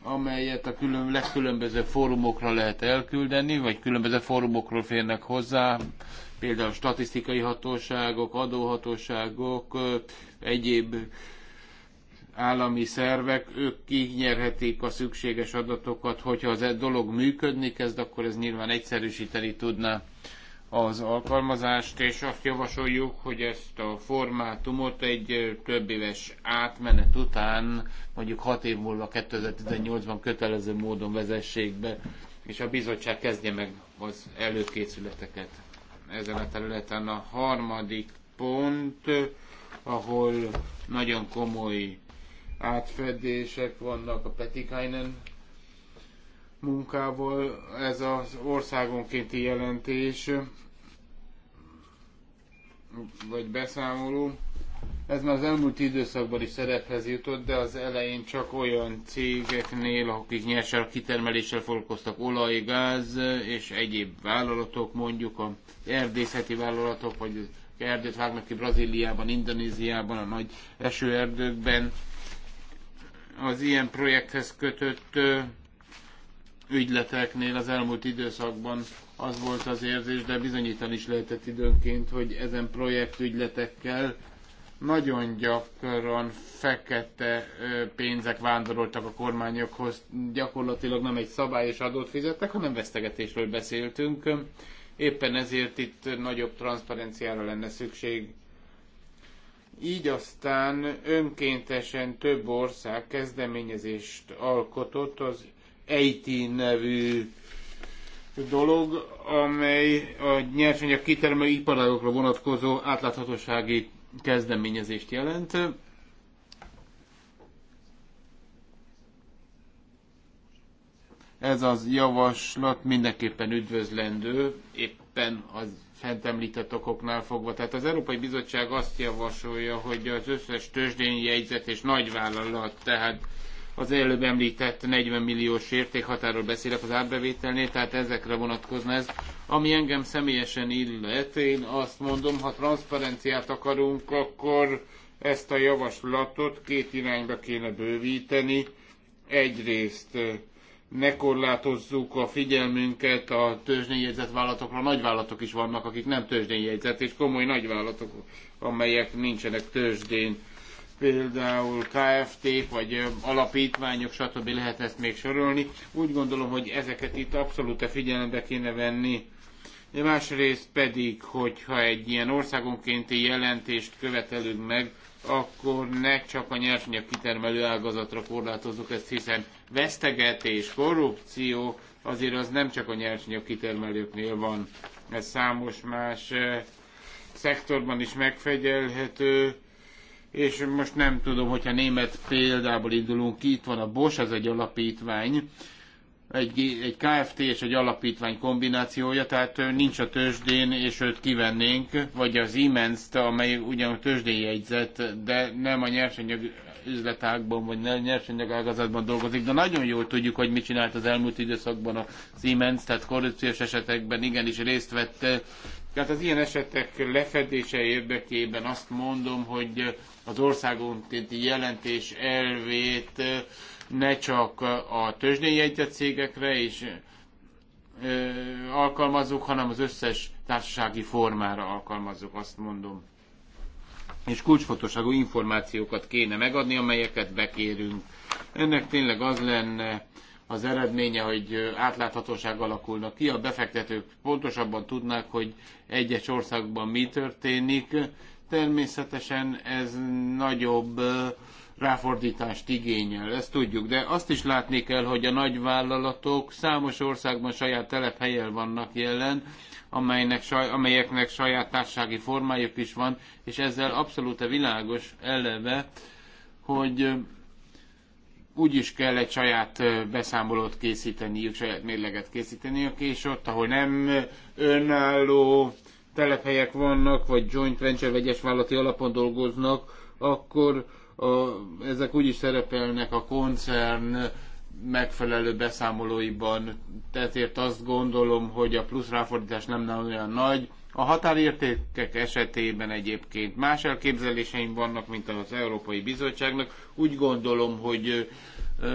Speaker 2: amelyet a külön, legkülönbözőbb fórumokra lehet elküldeni, vagy különböző fórumokról férnek hozzá például statisztikai hatóságok, adóhatóságok, egyéb állami szervek, ők kinyerhetik a szükséges adatokat, hogyha az e dolog működni kezd, akkor ez nyilván egyszerűsíteni tudná az alkalmazást, és azt javasoljuk, hogy ezt a formátumot egy több éves átmenet után, mondjuk 6 év múlva 2018-ban kötelező módon vezessék be, és a bizottság kezdje meg az előkészületeket ezen a területen. A harmadik pont, ahol nagyon komoly átfedések vannak a Petikainen munkával, ez az országonkénti jelentés, vagy beszámoló. Ez már az elmúlt időszakban is szerephez jutott, de az elején csak olyan cégeknél, akik nyersár kitermeléssel foglalkoztak, olaj, gáz és egyéb vállalatok, mondjuk a erdészeti vállalatok, vagy erdőt vágnak ki Brazíliában, Indonéziában, a nagy esőerdőkben. Az ilyen projekthez kötött ügyleteknél az elmúlt időszakban az volt az érzés, de bizonyítani is lehetett időnként, hogy ezen projektügyletekkel nagyon gyakran fekete pénzek vándoroltak a kormányokhoz, gyakorlatilag nem egy szabályos adót fizettek, hanem vesztegetésről beszéltünk. Éppen ezért itt nagyobb transzparenciára lenne szükség. Így aztán önkéntesen több ország kezdeményezést alkotott az EIT nevű dolog, amely a nyersanyag kitermelő iparágokra vonatkozó átláthatósági kezdeményezést jelent. Ez az javaslat mindenképpen üdvözlendő, éppen az fent említett okoknál fogva. Tehát az Európai Bizottság azt javasolja, hogy az összes tőzsdén jegyzet és nagyvállalat, tehát az előbb említett 40 milliós értékhatáról beszélek az árbevételnél, tehát ezekre vonatkozna ez. Ami engem személyesen illet, én azt mondom, ha transzparenciát akarunk, akkor ezt a javaslatot két irányba kéne bővíteni. Egyrészt eh, ne korlátozzuk a figyelmünket a tőzsdényjegyzett vállalatokra. Nagyvállalatok is vannak, akik nem tőzsdényjegyzett, és komoly nagyvállalatok, amelyek nincsenek tőzsdén például kft vagy alapítványok, stb. lehet ezt még sorolni. Úgy gondolom, hogy ezeket itt abszolút a figyelembe kéne venni. másrészt pedig, hogyha egy ilyen országonkénti jelentést követelünk meg, akkor ne csak a nyersanyag kitermelő ágazatra korlátozzuk ezt, hiszen vesztegetés, korrupció azért az nem csak a nyersanyag kitermelőknél van. Ez számos más szektorban is megfegyelhető és most nem tudom, hogyha német példából indulunk ki, itt van a Bosch, ez egy alapítvány, egy, egy KFT és egy alapítvány kombinációja, tehát nincs a tőzsdén, és őt kivennénk, vagy az Imens-t, amely ugyan a tőzsdén jegyzett, de nem a nyersanyag üzletágban, vagy nem nyersanyag ágazatban dolgozik, de nagyon jól tudjuk, hogy mit csinált az elmúlt időszakban a Siemens, tehát korrupciós esetekben igenis részt vett. Tehát az ilyen esetek lefedése érdekében azt mondom, hogy az országonkénti jelentés elvét ne csak a tőzsdéjegyzett cégekre és alkalmazzuk, hanem az összes társasági formára alkalmazzuk, azt mondom. És kulcsfontosságú információkat kéne megadni, amelyeket bekérünk. Ennek tényleg az lenne az eredménye, hogy átláthatóság alakulna ki, a befektetők pontosabban tudnák, hogy egyes országban mi történik, Természetesen ez nagyobb ráfordítást igényel, ezt tudjuk, de azt is látni kell, hogy a nagyvállalatok számos országban saját telephelyel vannak jelen, amelynek, saj, amelyeknek saját társági formájuk is van, és ezzel abszolút a világos eleve, hogy úgy is kell egy saját beszámolót készíteniük, saját mérleget készíteniük, és ott, ahol nem önálló telephelyek vannak, vagy joint venture vegyes vállalati alapon dolgoznak, akkor a, ezek úgy is szerepelnek a koncern megfelelő beszámolóiban. Ezért azt gondolom, hogy a plusz ráfordítás nem olyan nagy. A határértékek esetében egyébként más elképzeléseim vannak, mint az Európai Bizottságnak. Úgy gondolom, hogy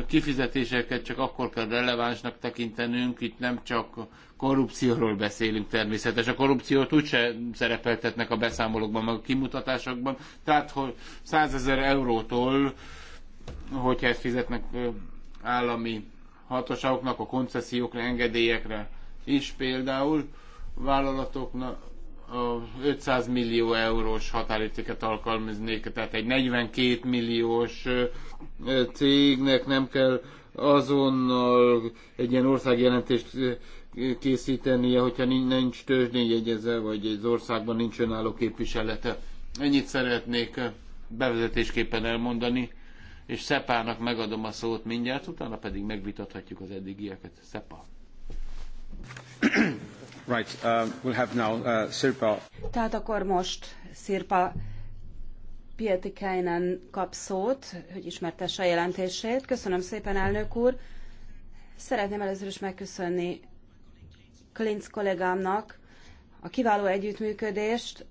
Speaker 2: kifizetéseket csak akkor kell relevánsnak tekintenünk, itt nem csak korrupcióról beszélünk természetesen A korrupciót úgyse szerepeltetnek a beszámolókban, meg a kimutatásokban. Tehát, hogy 100 ezer eurótól, hogyha ezt fizetnek állami hatóságoknak, a koncesziókra, engedélyekre is például, vállalatoknak, 500 millió eurós határértéket alkalmaznék, tehát egy 42 milliós cégnek nem kell azonnal egy ilyen országjelentést készítenie, hogyha nincs jegyezve, vagy az országban nincs önálló képviselete. Ennyit szeretnék bevezetésképpen elmondani, és Szepának megadom a szót mindjárt, utána pedig megvitathatjuk az eddigieket. Szepa. Right, uh, we'll have now uh, Sirpa.
Speaker 1: Tehát akkor most Sirpa Pietikainen kap szót, hogy ismertesse a jelentését. Köszönöm szépen, elnök úr. Szeretném először is megköszönni Klinc kollégámnak a kiváló együttműködést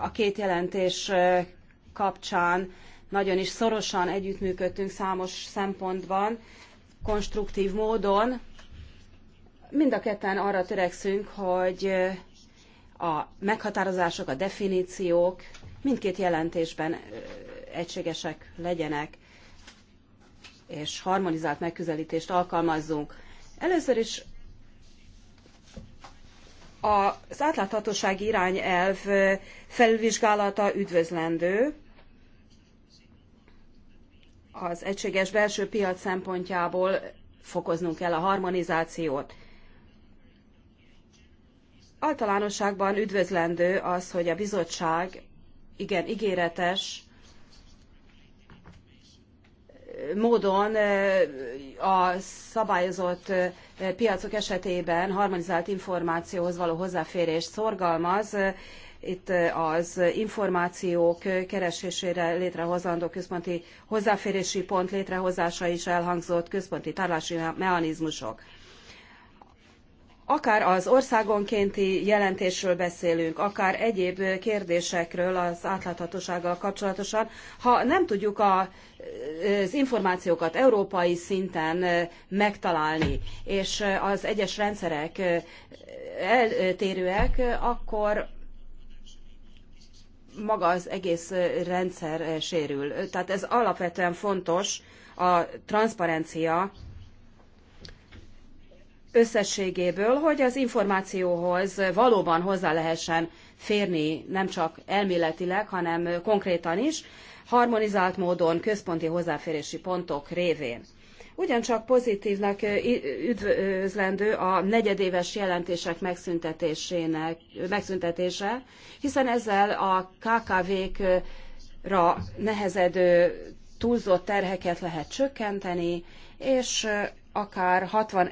Speaker 1: a két jelentés uh, kapcsán. Nagyon is szorosan együttműködtünk számos szempontban, konstruktív módon, Mind a ketten arra törekszünk, hogy a meghatározások, a definíciók mindkét jelentésben egységesek legyenek, és harmonizált megközelítést alkalmazzunk. Először is az átláthatósági irányelv felülvizsgálata üdvözlendő, az egységes belső piac szempontjából fokoznunk kell a harmonizációt. Általánosságban üdvözlendő az, hogy a bizottság igen ígéretes módon a szabályozott piacok esetében harmonizált információhoz való hozzáférést szorgalmaz. Itt az információk keresésére létrehozandó központi hozzáférési pont létrehozása is elhangzott, központi tárlási mechanizmusok akár az országonkénti jelentésről beszélünk, akár egyéb kérdésekről az átláthatósággal kapcsolatosan, ha nem tudjuk a, az információkat európai szinten megtalálni, és az egyes rendszerek eltérőek, akkor maga az egész rendszer sérül. Tehát ez alapvetően fontos, a transzparencia összességéből, hogy az információhoz valóban hozzá lehessen férni nem csak elméletileg, hanem konkrétan is, harmonizált módon központi hozzáférési pontok révén. Ugyancsak pozitívnak üdvözlendő a negyedéves jelentések megszüntetésének, megszüntetése, hiszen ezzel a KKV-kra nehezedő túlzott terheket lehet csökkenteni, és akár 60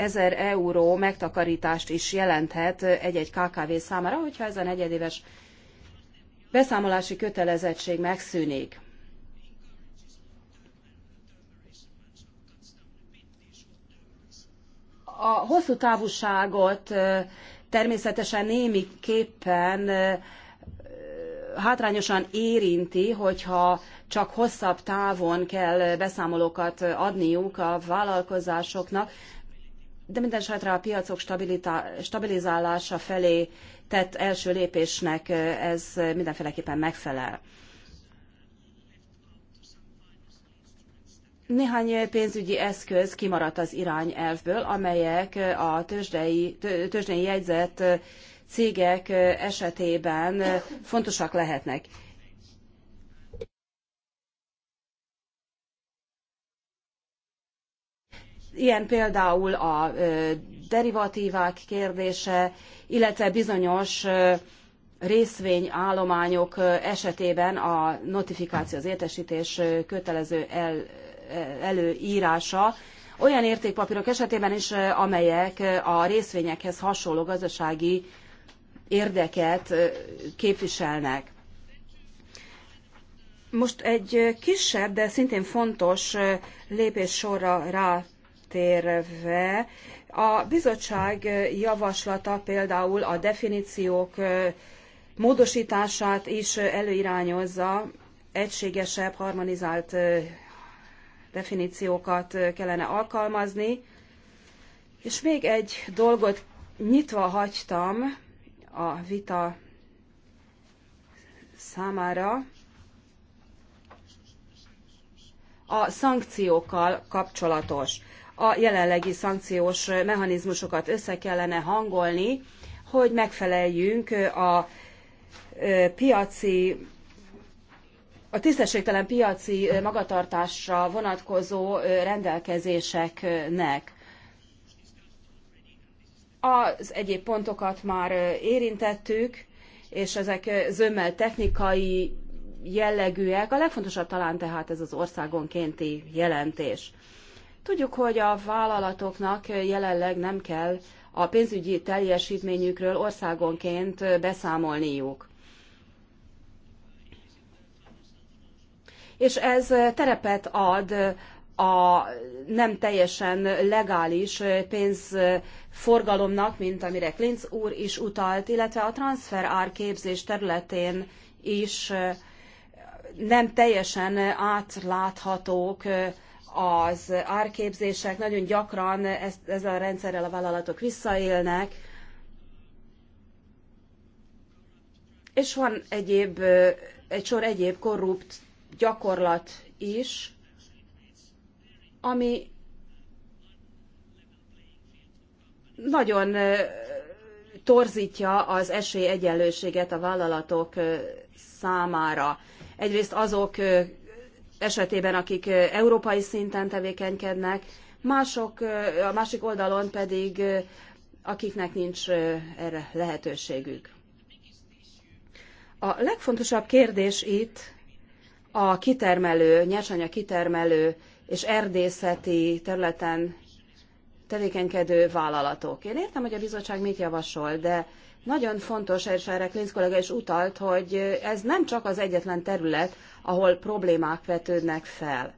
Speaker 1: 1000 euró megtakarítást is jelenthet egy-egy KKV számára, hogyha ez a negyedéves beszámolási kötelezettség megszűnik. A hosszú távúságot természetesen némiképpen hátrányosan érinti, hogyha csak hosszabb távon kell beszámolókat adniuk a vállalkozásoknak, de minden esetre a piacok stabilizálása felé tett első lépésnek ez mindenféleképpen megfelel. Néhány pénzügyi eszköz kimaradt az irányelvből, amelyek a tőzsdei, tőzsdei jegyzett cégek esetében fontosak lehetnek. ilyen például a derivatívák kérdése, illetve bizonyos részvényállományok esetében a notifikáció, az értesítés kötelező el, előírása olyan értékpapírok esetében is, amelyek a részvényekhez hasonló gazdasági érdeket képviselnek. Most egy kisebb, de szintén fontos lépéssorra rá visszatérve, a bizottság javaslata például a definíciók módosítását is előirányozza, egységesebb, harmonizált definíciókat kellene alkalmazni. És még egy dolgot nyitva hagytam a vita számára, a szankciókkal kapcsolatos a jelenlegi szankciós mechanizmusokat össze kellene hangolni, hogy megfeleljünk a piaci a tisztességtelen piaci magatartásra vonatkozó rendelkezéseknek. Az egyéb pontokat már érintettük, és ezek zömmel technikai jellegűek. A legfontosabb talán tehát ez az országonkénti jelentés. Tudjuk, hogy a vállalatoknak jelenleg nem kell a pénzügyi teljesítményükről országonként beszámolniuk. És ez terepet ad a nem teljesen legális pénzforgalomnak, mint amire Klinz úr is utalt, illetve a transfer árképzés területén is nem teljesen átláthatók az árképzések nagyon gyakran ezt, ezzel a rendszerrel a vállalatok visszaélnek, és van egyéb, egy sor egyéb korrupt gyakorlat is, ami nagyon torzítja az esélyegyenlőséget a vállalatok számára. Egyrészt azok esetében, akik európai szinten tevékenykednek, mások, a másik oldalon pedig, akiknek nincs erre lehetőségük. A legfontosabb kérdés itt a kitermelő, nyersanyag kitermelő és erdészeti területen tevékenykedő vállalatok. Én értem, hogy a bizottság mit javasol, de nagyon fontos, és erre Klinsz kollega is utalt, hogy ez nem csak az egyetlen terület, ahol problémák vetődnek fel.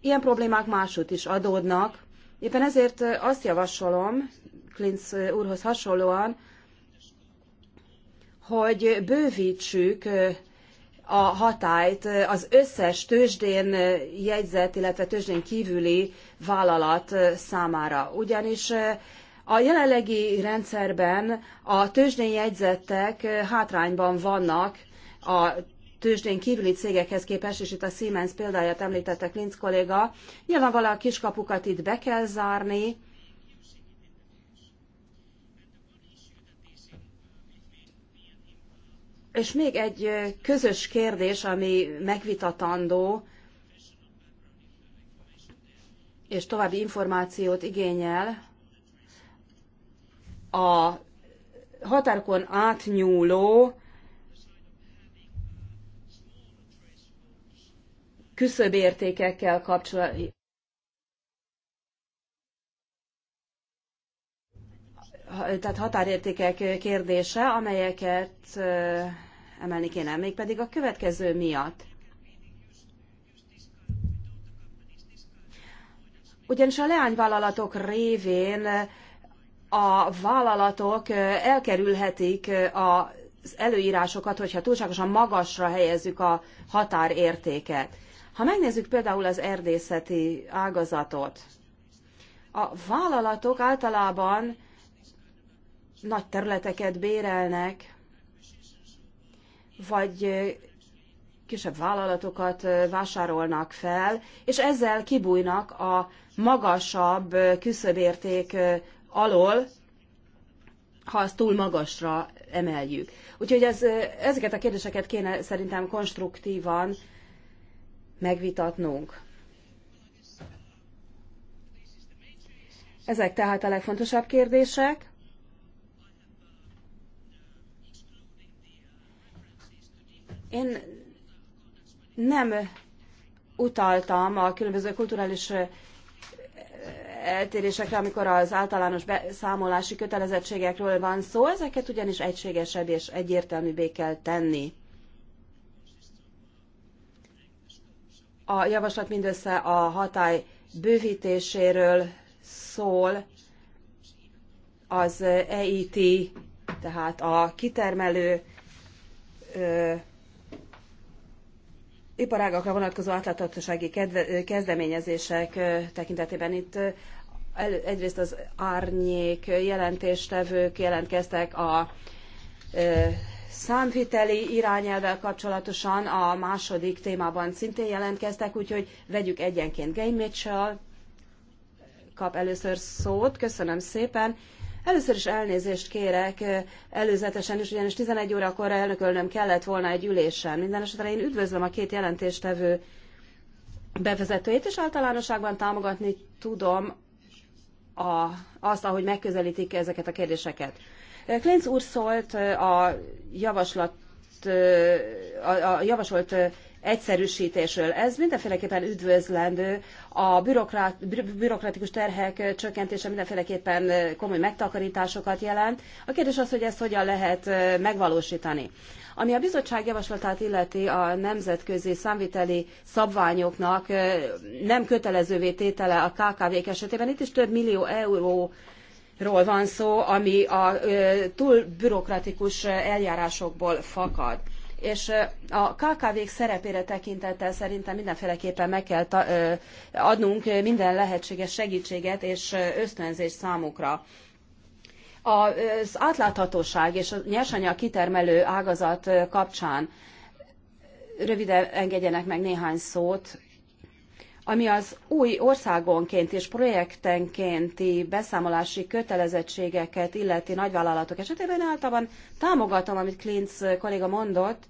Speaker 1: Ilyen problémák máshogy is adódnak, éppen ezért azt javasolom, Klinz úrhoz hasonlóan, hogy bővítsük a hatályt az összes tőzsdén jegyzett, illetve tőzsdén kívüli vállalat számára. Ugyanis a jelenlegi rendszerben a tőzsdén jegyzettek hátrányban vannak a tőzsdén kívüli cégekhez képest, és itt a Siemens példáját említette Klinc kolléga, nyilvánvalóan a kiskapukat itt be kell zárni, És még egy közös kérdés, ami megvitatandó, és további információt igényel, a határkon átnyúló küszöbértékekkel kapcsolatban. tehát határértékek kérdése, amelyeket emelni kéne, mégpedig a következő miatt. Ugyanis a leányvállalatok révén a vállalatok elkerülhetik az előírásokat, hogyha túlságosan magasra helyezzük a határértéket. Ha megnézzük például az erdészeti ágazatot, a vállalatok általában nagy területeket bérelnek, vagy kisebb vállalatokat vásárolnak fel, és ezzel kibújnak a magasabb küszöbérték alól, ha azt túl magasra emeljük. Úgyhogy ez, ezeket a kérdéseket kéne szerintem konstruktívan megvitatnunk. Ezek tehát a legfontosabb kérdések. Én nem utaltam a különböző kulturális eltérésekre, amikor az általános beszámolási kötelezettségekről van szó, ezeket ugyanis egységesebb és egyértelműbbé kell tenni. A javaslat mindössze a hatály bővítéséről szól, az EIT, tehát a kitermelő ö, iparágakra vonatkozó átláthatósági kezdeményezések tekintetében itt egyrészt az árnyék jelentéstevők jelentkeztek a számviteli irányelvvel kapcsolatosan a második témában szintén jelentkeztek, úgyhogy vegyük egyenként Gay Mitchell kap először szót. Köszönöm szépen. Először is elnézést kérek előzetesen is, ugyanis 11 órakor elnökölnöm kellett volna egy ülésen. Minden esetre én üdvözlöm a két jelentéstevő bevezetőjét, és általánosságban támogatni tudom a, azt, ahogy megközelítik ezeket a kérdéseket. Klinc úr szólt a javaslat a javasolt egyszerűsítésről. Ez mindenféleképpen üdvözlendő, a bürokrat, bürokratikus terhek csökkentése mindenféleképpen komoly megtakarításokat jelent. A kérdés az, hogy ezt hogyan lehet megvalósítani. Ami a bizottság javaslatát illeti a nemzetközi számviteli szabványoknak nem kötelezővé tétele a KKV-k esetében, itt is több millió euró ról van szó, ami a túl bürokratikus eljárásokból fakad. És a KKV-k szerepére tekintettel szerintem mindenféleképpen meg kell adnunk minden lehetséges segítséget és ösztönzést számukra. Az átláthatóság és a nyersanyag kitermelő ágazat kapcsán röviden engedjenek meg néhány szót ami az új országonként és projektenkénti beszámolási kötelezettségeket illeti nagyvállalatok esetében általában támogatom, amit Klinz kolléga mondott,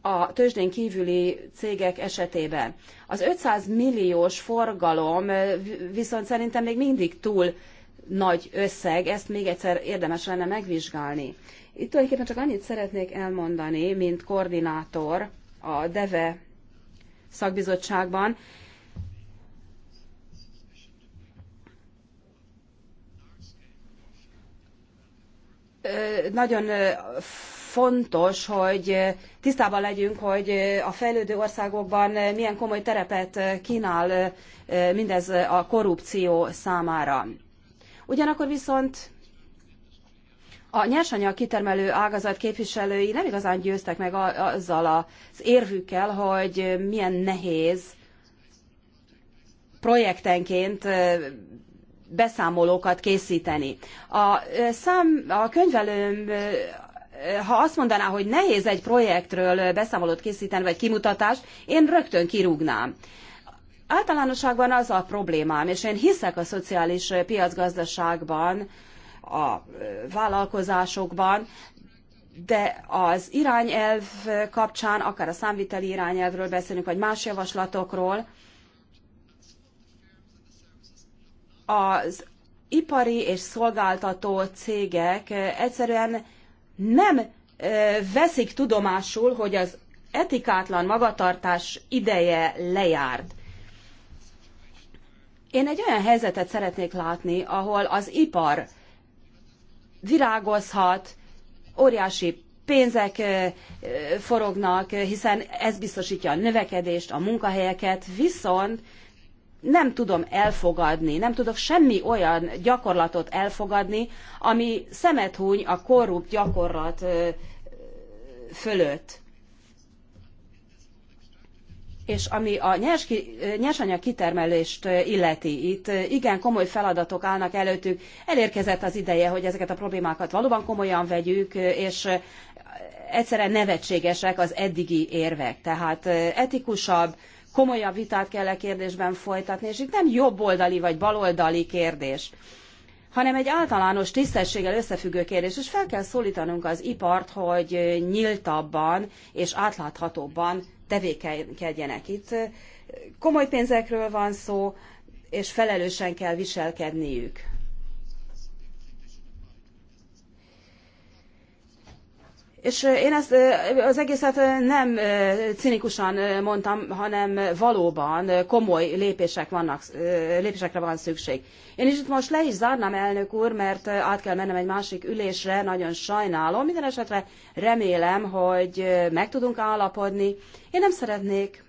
Speaker 1: a tőzsdén kívüli cégek esetében. Az 500 milliós forgalom viszont szerintem még mindig túl nagy összeg, ezt még egyszer érdemes lenne megvizsgálni. Itt tulajdonképpen csak annyit szeretnék elmondani, mint koordinátor a DEVE szakbizottságban. Nagyon fontos, hogy tisztában legyünk, hogy a fejlődő országokban milyen komoly terepet kínál mindez a korrupció számára. Ugyanakkor viszont a nyersanyag kitermelő ágazat képviselői nem igazán győztek meg azzal az érvükkel, hogy milyen nehéz projektenként beszámolókat készíteni. A, szám, a könyvelőm ha azt mondaná, hogy nehéz egy projektről beszámolót készíteni, vagy kimutatást, én rögtön kirúgnám. Általánosságban az a problémám, és én hiszek a szociális piacgazdaságban, a vállalkozásokban, de az irányelv kapcsán, akár a számviteli irányelvről beszélünk, vagy más javaslatokról, az ipari és szolgáltató cégek egyszerűen nem veszik tudomásul, hogy az etikátlan magatartás ideje lejárt. Én egy olyan helyzetet szeretnék látni, ahol az ipar virágozhat, óriási pénzek forognak, hiszen ez biztosítja a növekedést, a munkahelyeket, viszont nem tudom elfogadni, nem tudok semmi olyan gyakorlatot elfogadni, ami szemet húny a korrupt gyakorlat fölött. És ami a nyers ki, nyersanyag kitermelést illeti, itt igen komoly feladatok állnak előttünk. Elérkezett az ideje, hogy ezeket a problémákat valóban komolyan vegyük, és egyszerűen nevetségesek az eddigi érvek. Tehát etikusabb, komolyabb vitát kell a e kérdésben folytatni, és itt nem jobboldali vagy baloldali kérdés hanem egy általános tisztességgel összefüggő kérdés, és fel kell szólítanunk az ipart, hogy nyíltabban és átláthatóbban tevékenykedjenek. Itt komoly pénzekről van szó, és felelősen kell viselkedniük. És én ezt az egészet nem cinikusan mondtam, hanem valóban komoly lépések vannak, lépésekre van szükség. Én is itt most le is zárnám, elnök úr, mert át kell mennem egy másik ülésre, nagyon sajnálom. Minden esetre remélem, hogy meg tudunk állapodni. Én nem szeretnék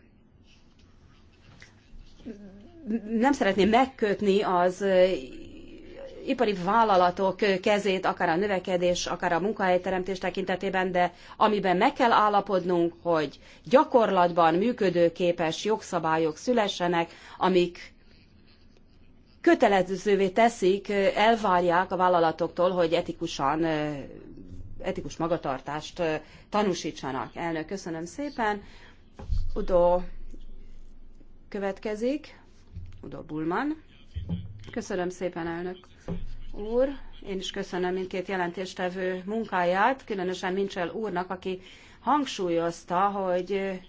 Speaker 1: nem szeretném megkötni az ipari vállalatok kezét, akár a növekedés, akár a munkahelyteremtés tekintetében, de amiben meg kell állapodnunk, hogy gyakorlatban működőképes jogszabályok szülessenek, amik kötelezővé teszik, elvárják a vállalatoktól, hogy etikusan etikus magatartást tanúsítsanak. Elnök, köszönöm szépen. Udo következik. Udo Bulman. Köszönöm szépen, elnök úr. Én is köszönöm mindkét jelentéstevő munkáját, különösen Mincsel úrnak, aki hangsúlyozta, hogy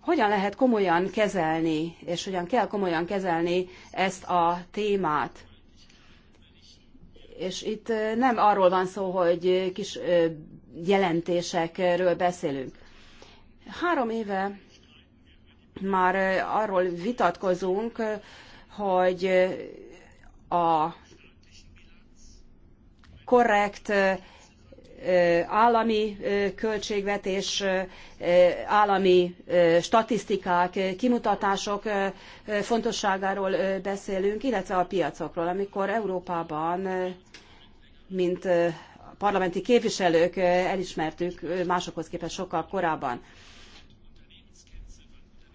Speaker 1: hogyan lehet komolyan kezelni, és hogyan kell komolyan kezelni ezt a témát. És itt nem arról van szó, hogy kis jelentésekről beszélünk. Három éve már arról vitatkozunk, hogy a korrekt állami költségvetés, állami statisztikák, kimutatások fontosságáról beszélünk, illetve a piacokról. Amikor Európában, mint parlamenti képviselők elismertük másokhoz képest sokkal korábban.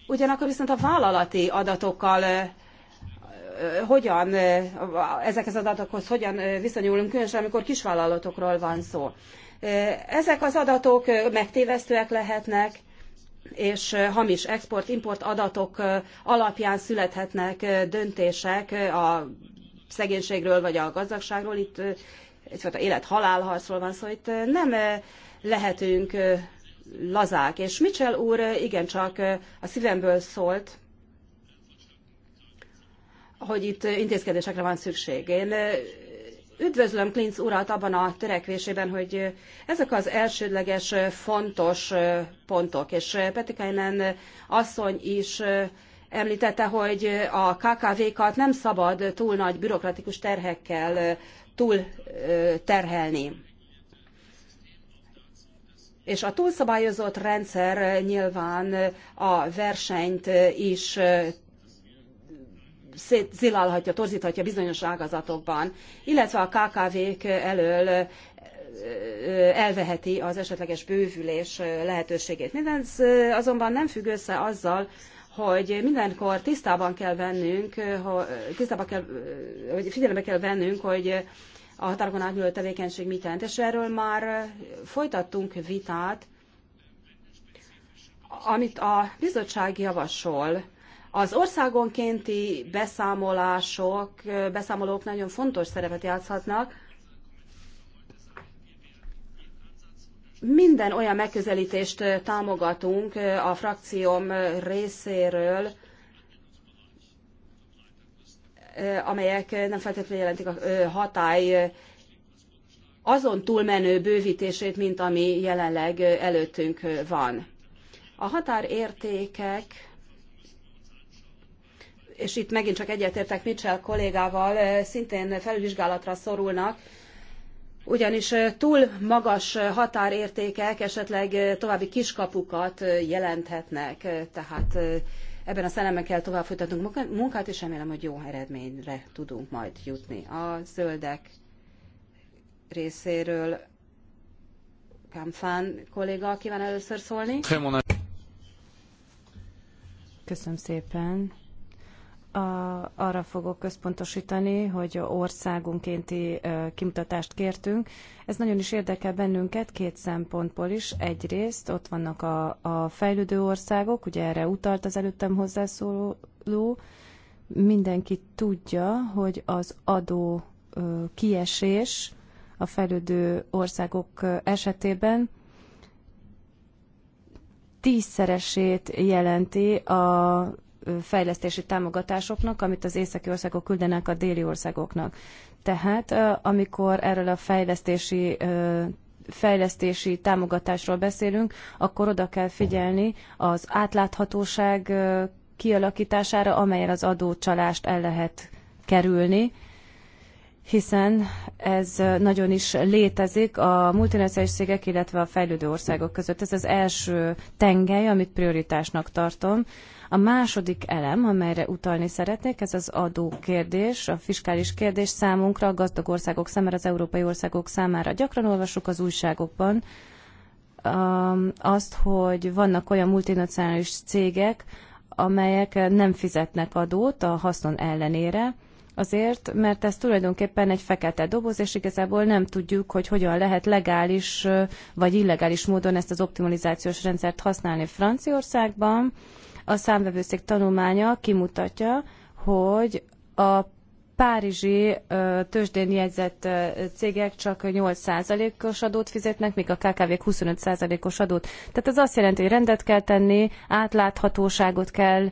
Speaker 1: Ugyanakkor viszont a vállalati adatokkal hogyan, ezekhez az adatokhoz hogyan viszonyulunk, különösen amikor kisvállalatokról van szó. Ezek az adatok megtévesztőek lehetnek, és hamis export-import adatok alapján születhetnek döntések a szegénységről vagy a gazdagságról. Itt egyfajta élet-halálharcról van szó, itt nem lehetünk lazák. És Mitchell úr igencsak a szívemből szólt, hogy itt intézkedésekre van szükség. Én üdvözlöm Klinc urat abban a törekvésében, hogy ezek az elsődleges fontos pontok, és Petikainen asszony is említette, hogy a KKV-kat nem szabad túl nagy bürokratikus terhekkel túl terhelni. És a túlszabályozott rendszer nyilván a versenyt is szétzilálhatja, torzíthatja bizonyos ágazatokban, illetve a KKV-k elől elveheti az esetleges bővülés lehetőségét. Mindez azonban nem függ össze azzal, hogy mindenkor tisztában kell vennünk, tisztában kell, vagy figyelembe kell vennünk, hogy a határokon átnyúló tevékenység mit jelent, és erről már folytattunk vitát, amit a bizottság javasol, az országonkénti beszámolások, beszámolók nagyon fontos szerepet játszhatnak. Minden olyan megközelítést támogatunk a frakcióm részéről, amelyek nem feltétlenül jelentik a hatály azon túlmenő bővítését, mint ami jelenleg előttünk van. A határértékek és itt megint csak egyetértek Mitchell kollégával, szintén felülvizsgálatra szorulnak, ugyanis túl magas határértékek esetleg további kiskapukat jelenthetnek, tehát ebben a szellemben kell tovább folytatnunk munkát, és remélem, hogy jó eredményre tudunk majd jutni. A zöldek részéről Kámfán kolléga kíván először szólni.
Speaker 3: Köszönöm szépen a, arra fogok központosítani, hogy országunkénti kimutatást kértünk. Ez nagyon is érdekel bennünket két szempontból is. Egyrészt ott vannak a, a fejlődő országok, ugye erre utalt az előttem hozzászóló. Mindenki tudja, hogy az adó kiesés a fejlődő országok esetében tízszeresét jelenti a fejlesztési támogatásoknak, amit az északi országok küldenek a déli országoknak. Tehát amikor erről a fejlesztési fejlesztési támogatásról beszélünk, akkor oda kell figyelni az átláthatóság kialakítására, amelyen az adócsalást el lehet kerülni, hiszen ez nagyon is létezik a multinacionális cégek, illetve a fejlődő országok között. Ez az első tengely, amit prioritásnak tartom. A második elem, amelyre utalni szeretnék, ez az adó kérdés, a fiskális kérdés számunkra, a gazdag országok számára, az európai országok számára. Gyakran olvasuk az újságokban um, azt, hogy vannak olyan multinacionális cégek, amelyek nem fizetnek adót a haszon ellenére, azért, mert ez tulajdonképpen egy fekete doboz, és igazából nem tudjuk, hogy hogyan lehet legális vagy illegális módon ezt az optimalizációs rendszert használni Franciaországban. A számvevőszék tanulmánya kimutatja, hogy a Párizsi tőzsdén jegyzett cégek csak 8%-os adót fizetnek, míg a KKV-k 25%-os adót. Tehát ez azt jelenti, hogy rendet kell tenni, átláthatóságot kell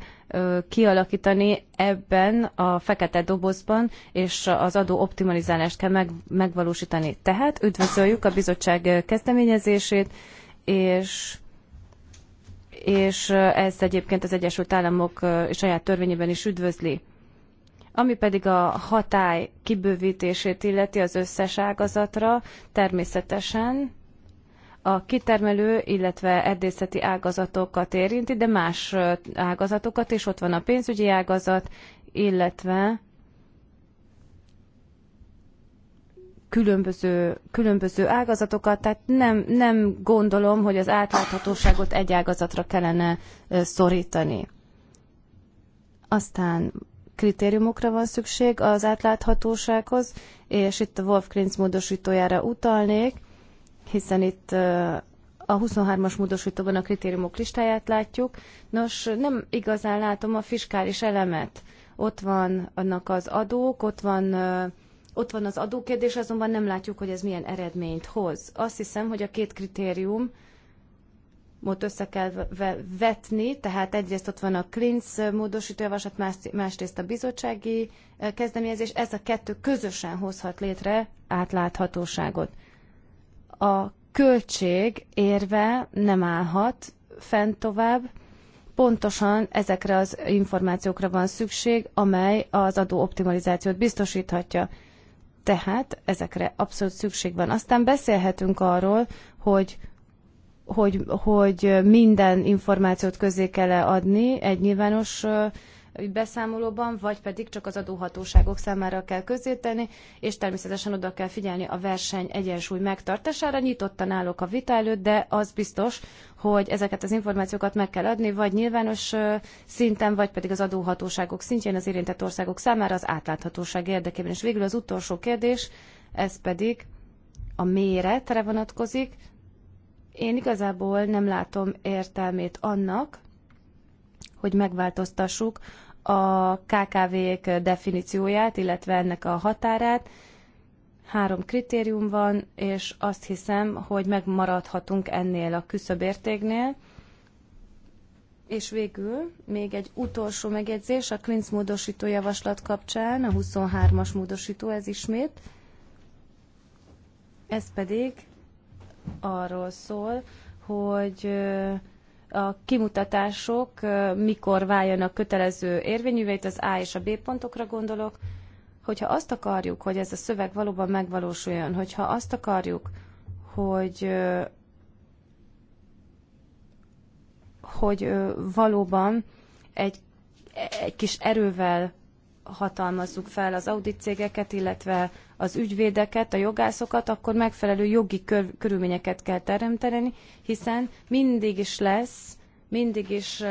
Speaker 3: kialakítani ebben a fekete dobozban, és az adó optimalizálást kell meg, megvalósítani. Tehát üdvözöljük a bizottság kezdeményezését, és és ezt egyébként az Egyesült Államok saját törvényében is üdvözli. Ami pedig a hatály kibővítését illeti az összes ágazatra, természetesen a kitermelő, illetve erdészeti ágazatokat érinti, de más ágazatokat is, ott van a pénzügyi ágazat, illetve különböző, különböző ágazatokat, tehát nem, nem gondolom, hogy az átláthatóságot egy ágazatra kellene szorítani. Aztán kritériumokra van szükség az átláthatósághoz, és itt a Wolf Klintz módosítójára utalnék, hiszen itt a 23-as módosítóban a kritériumok listáját látjuk. Nos, nem igazán látom a fiskális elemet. Ott vannak az adók, ott van ott van az adókérdés, azonban nem látjuk, hogy ez milyen eredményt hoz. Azt hiszem, hogy a két kritérium mód össze kell vetni, tehát egyrészt ott van a Klinz módosítójavaslat, más, másrészt a bizottsági eh, kezdeményezés, ez a kettő közösen hozhat létre átláthatóságot. A költség érve nem állhat fent tovább, pontosan ezekre az információkra van szükség, amely az adóoptimalizációt biztosíthatja. Tehát ezekre abszolút szükség van. Aztán beszélhetünk arról, hogy hogy, hogy minden információt közé kell adni egy nyilvános beszámolóban, vagy pedig csak az adóhatóságok számára kell közzétenni, és természetesen oda kell figyelni a verseny egyensúly megtartására. Nyitottan állok a vita előtt, de az biztos, hogy ezeket az információkat meg kell adni, vagy nyilvános szinten, vagy pedig az adóhatóságok szintjén az érintett országok számára az átláthatóság érdekében. És végül az utolsó kérdés, ez pedig a méretre vonatkozik. Én igazából nem látom értelmét annak, hogy megváltoztassuk a KKV-k definícióját, illetve ennek a határát. Három kritérium van, és azt hiszem, hogy megmaradhatunk ennél a küszöbértéknél. És végül még egy utolsó megjegyzés a Klinz módosító javaslat kapcsán, a 23-as módosító ez ismét. Ez pedig arról szól, hogy a kimutatások mikor váljanak kötelező érvényűvé, az A és a B pontokra gondolok, hogyha azt akarjuk, hogy ez a szöveg valóban megvalósuljon, hogyha azt akarjuk, hogy hogy valóban egy, egy kis erővel hatalmazzuk fel az audit cégeket, illetve az ügyvédeket, a jogászokat, akkor megfelelő jogi kör, körülményeket kell teremteni, hiszen mindig is lesz, mindig is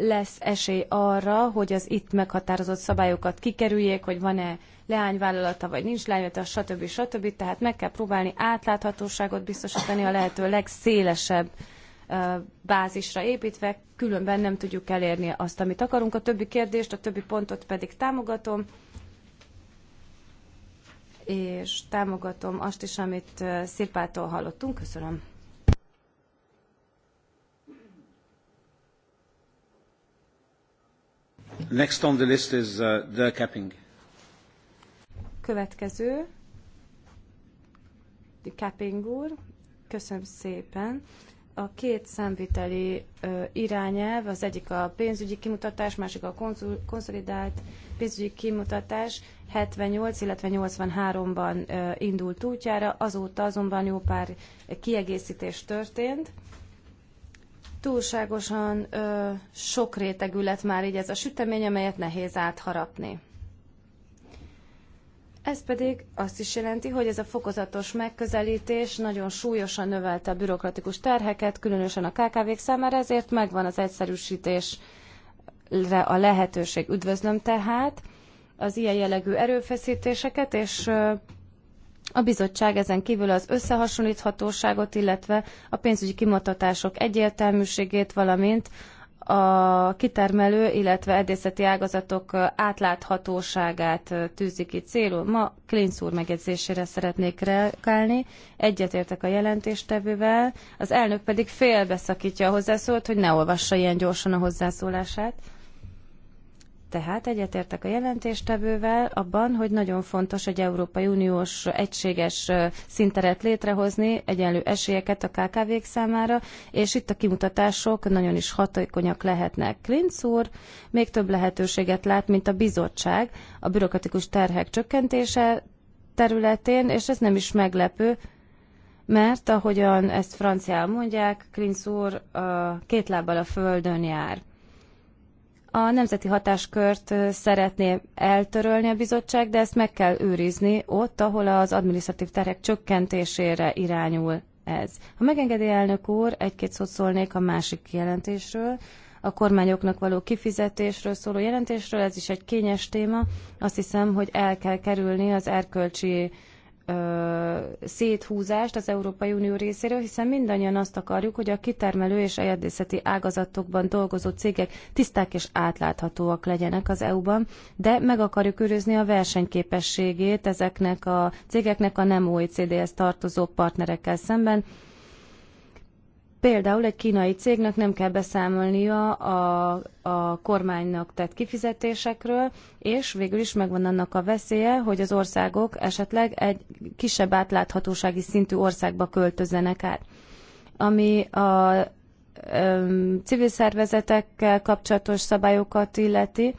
Speaker 3: lesz esély arra, hogy az itt meghatározott szabályokat kikerüljék, hogy van-e leányvállalata, vagy nincs leányvállalata, stb. stb. Tehát meg kell próbálni átláthatóságot biztosítani a lehető legszélesebb bázisra építve, különben nem tudjuk elérni azt, amit akarunk. A többi kérdést, a többi pontot pedig támogatom és támogatom azt is, amit Szirpától hallottunk. Köszönöm.
Speaker 2: Next on the list is uh, Dirk Capping.
Speaker 3: Következő. Capping úr. Köszönöm szépen. A két szemviteli ö, irányelv, az egyik a pénzügyi kimutatás, másik a konszolidált pénzügyi kimutatás. 78, illetve 83-ban indult útjára, azóta azonban jó pár kiegészítés történt. Túlságosan ö, sok rétegű lett már így ez a sütemény, amelyet nehéz átharapni. Ez pedig azt is jelenti, hogy ez a fokozatos megközelítés nagyon súlyosan növelte a bürokratikus terheket, különösen a KKV-k számára, ezért megvan az egyszerűsítésre a lehetőség. Üdvözlöm tehát, az ilyen jellegű erőfeszítéseket, és a bizottság ezen kívül az összehasonlíthatóságot, illetve a pénzügyi kimutatások egyértelműségét, valamint a kitermelő, illetve edészeti ágazatok átláthatóságát tűzi ki célul. Ma Klinz úr megjegyzésére szeretnék reagálni. Egyetértek a jelentéstevővel, az elnök pedig félbeszakítja a hozzászólt, hogy ne olvassa ilyen gyorsan a hozzászólását. Tehát egyetértek a jelentéstevővel abban, hogy nagyon fontos egy Európai Uniós egységes szinteret létrehozni, egyenlő esélyeket a KKV-k számára, és itt a kimutatások nagyon is hatékonyak lehetnek. Klinc úr még több lehetőséget lát, mint a bizottság a bürokratikus terhek csökkentése területén, és ez nem is meglepő, mert ahogyan ezt franciál mondják, Klinc úr két lábbal a földön jár. A nemzeti hatáskört szeretné eltörölni a bizottság, de ezt meg kell őrizni ott, ahol az administratív terhek csökkentésére irányul ez. Ha megengedi elnök úr, egy-két szót szólnék a másik jelentésről, a kormányoknak való kifizetésről szóló jelentésről, ez is egy kényes téma. Azt hiszem, hogy el kell kerülni az erkölcsi ö, széthúzást az Európai Unió részéről, hiszen mindannyian azt akarjuk, hogy a kitermelő és erdészeti ágazatokban dolgozó cégek tiszták és átláthatóak legyenek az EU-ban, de meg akarjuk őrizni a versenyképességét ezeknek a cégeknek a nem OECD-hez tartozó partnerekkel szemben, Például egy kínai cégnek nem kell beszámolnia a, a kormánynak tett kifizetésekről, és végül is megvan annak a veszélye, hogy az országok esetleg egy kisebb átláthatósági szintű országba költözzenek át. Ami a civil szervezetekkel kapcsolatos szabályokat illeti,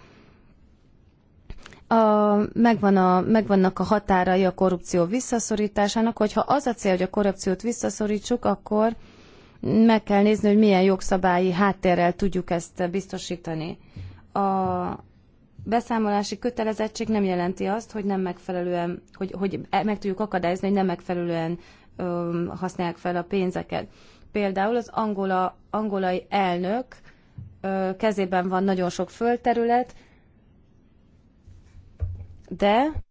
Speaker 3: a, megvan a, megvannak a határai a korrupció visszaszorításának, hogyha az a cél, hogy a korrupciót visszaszorítsuk, akkor meg kell nézni, hogy milyen jogszabályi háttérrel tudjuk ezt biztosítani. A beszámolási kötelezettség nem jelenti azt, hogy nem megfelelően, hogy, hogy e- meg tudjuk akadályozni, hogy nem megfelelően ö, használják fel a pénzeket. Például az angola, angolai elnök ö, kezében van nagyon sok földterület, de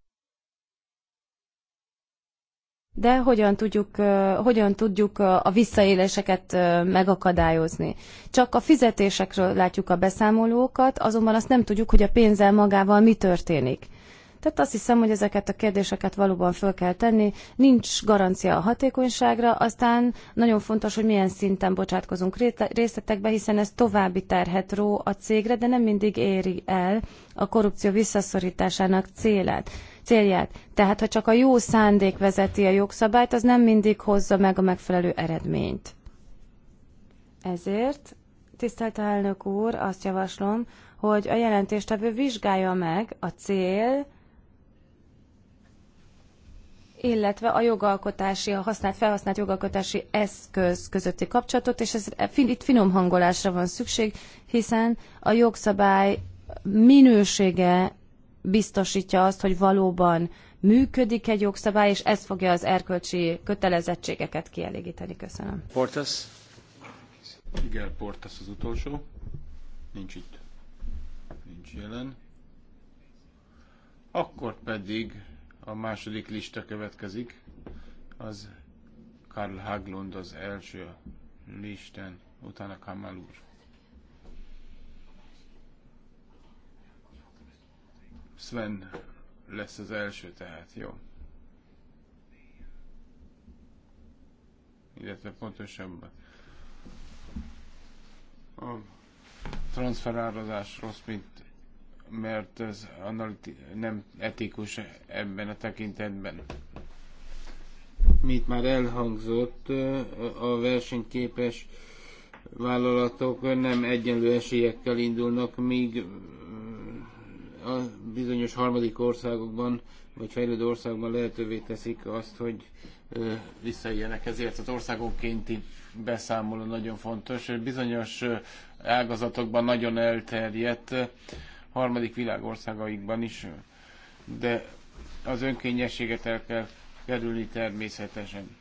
Speaker 3: de hogyan tudjuk, hogyan tudjuk a visszaéléseket megakadályozni. Csak a fizetésekről látjuk a beszámolókat, azonban azt nem tudjuk, hogy a pénzzel magával mi történik. Tehát azt hiszem, hogy ezeket a kérdéseket valóban föl kell tenni. Nincs garancia a hatékonyságra, aztán nagyon fontos, hogy milyen szinten bocsátkozunk részletekbe, hiszen ez további terhet ró a cégre, de nem mindig éri el a korrupció visszaszorításának célát célját. Tehát, ha csak a jó szándék vezeti a jogszabályt, az nem mindig hozza meg a megfelelő eredményt. Ezért, tisztelt elnök úr, azt javaslom, hogy a jelentéstevő vizsgálja meg a cél, illetve a jogalkotási, a használt, felhasznált jogalkotási eszköz közötti kapcsolatot, és ez, itt finom hangolásra van szükség, hiszen a jogszabály minősége biztosítja azt, hogy valóban működik egy jogszabály, és ez fogja az erkölcsi kötelezettségeket kielégíteni. Köszönöm.
Speaker 2: Portas. Igen, Portas az utolsó. Nincs itt. Nincs jelen. Akkor pedig a második lista következik. Az Karl Haglund az első listán, utána Kamal úr. Sven lesz az első, tehát jó. Illetve pontosabban. A transferározás rossz, mint mert ez analiti- nem etikus ebben a tekintetben. Mint már elhangzott, a versenyképes vállalatok nem egyenlő esélyekkel indulnak, míg a bizonyos harmadik országokban, vagy fejlődő országokban lehetővé teszik azt, hogy visszaéljenek. Ezért az országokénti beszámoló nagyon fontos. Bizonyos ágazatokban nagyon elterjedt, harmadik világországaikban is, de az önkényességet el kell kerülni természetesen.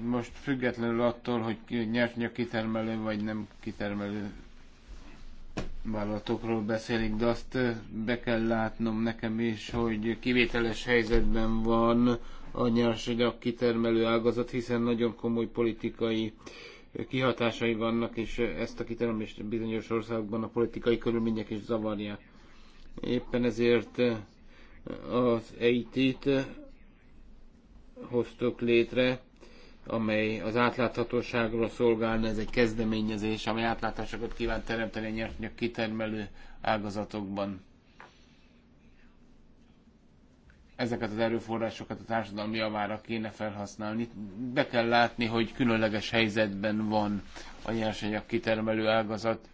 Speaker 2: Most függetlenül attól, hogy nyersanyag kitermelő vagy nem kitermelő vállalatokról beszélünk, de azt eh, be kell látnom nekem is, hogy kivételes helyzetben van a nyersanyag kitermelő ágazat, hiszen nagyon komoly politikai eh, kihatásai vannak, és eh, ezt a kitermelést bizonyos országokban a politikai körülmények is zavarják. Éppen ezért az EIT-t hoztuk létre, amely az átláthatóságról szolgálna, ez egy kezdeményezés, amely átláthatóságot kíván teremteni a nyersanyag kitermelő ágazatokban. Ezeket az erőforrásokat a társadalmi javára kéne felhasználni. Be kell látni, hogy különleges helyzetben van a nyersanyag kitermelő ágazat,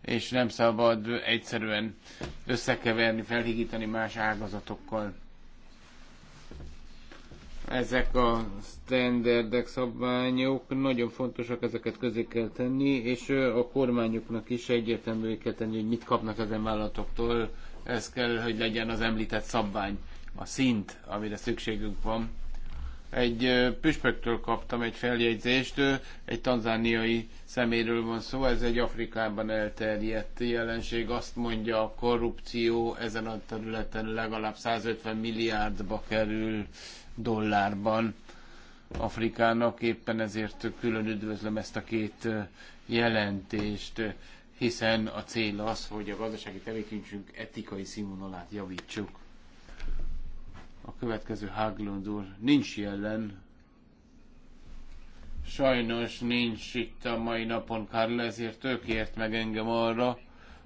Speaker 2: és nem szabad egyszerűen összekeverni, felhigítani más ágazatokkal ezek a standardek, szabványok nagyon fontosak, ezeket közé kell tenni, és a kormányoknak is egyértelművé kell tenni, hogy mit kapnak ezen vállalatoktól. Ez kell, hogy legyen az említett szabvány, a szint, amire szükségünk van egy püspöktől kaptam egy feljegyzést, egy tanzániai szeméről van szó, ez egy Afrikában elterjedt jelenség, azt mondja a korrupció ezen a területen legalább 150 milliárdba kerül dollárban Afrikának, éppen ezért külön üdvözlöm ezt a két jelentést, hiszen a cél az, hogy a gazdasági tevékenységünk etikai színvonalát javítsuk. A következő Haglund úr nincs jelen. Sajnos nincs itt a mai napon Karl, ezért ő kért meg engem arra,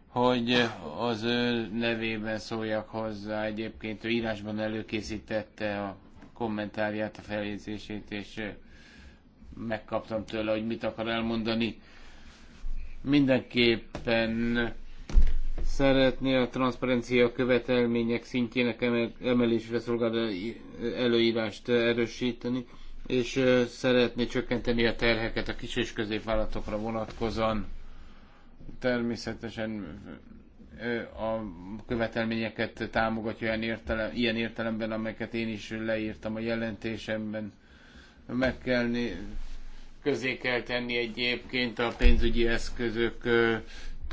Speaker 2: hogy az ő nevében szóljak hozzá. Egyébként ő írásban előkészítette a kommentárját, a feljegyzését, és megkaptam tőle, hogy mit akar elmondani. Mindenképpen szeretné a transzparencia követelmények szintjének emelésre szolgáló előírást erősíteni, és szeretné csökkenteni a terheket a kis és középvállalatokra vonatkozóan. Természetesen a követelményeket támogatja ilyen, értelem, ilyen értelemben, amelyeket én is leírtam a jelentésemben. Meg kell, közé kell tenni egyébként a pénzügyi eszközök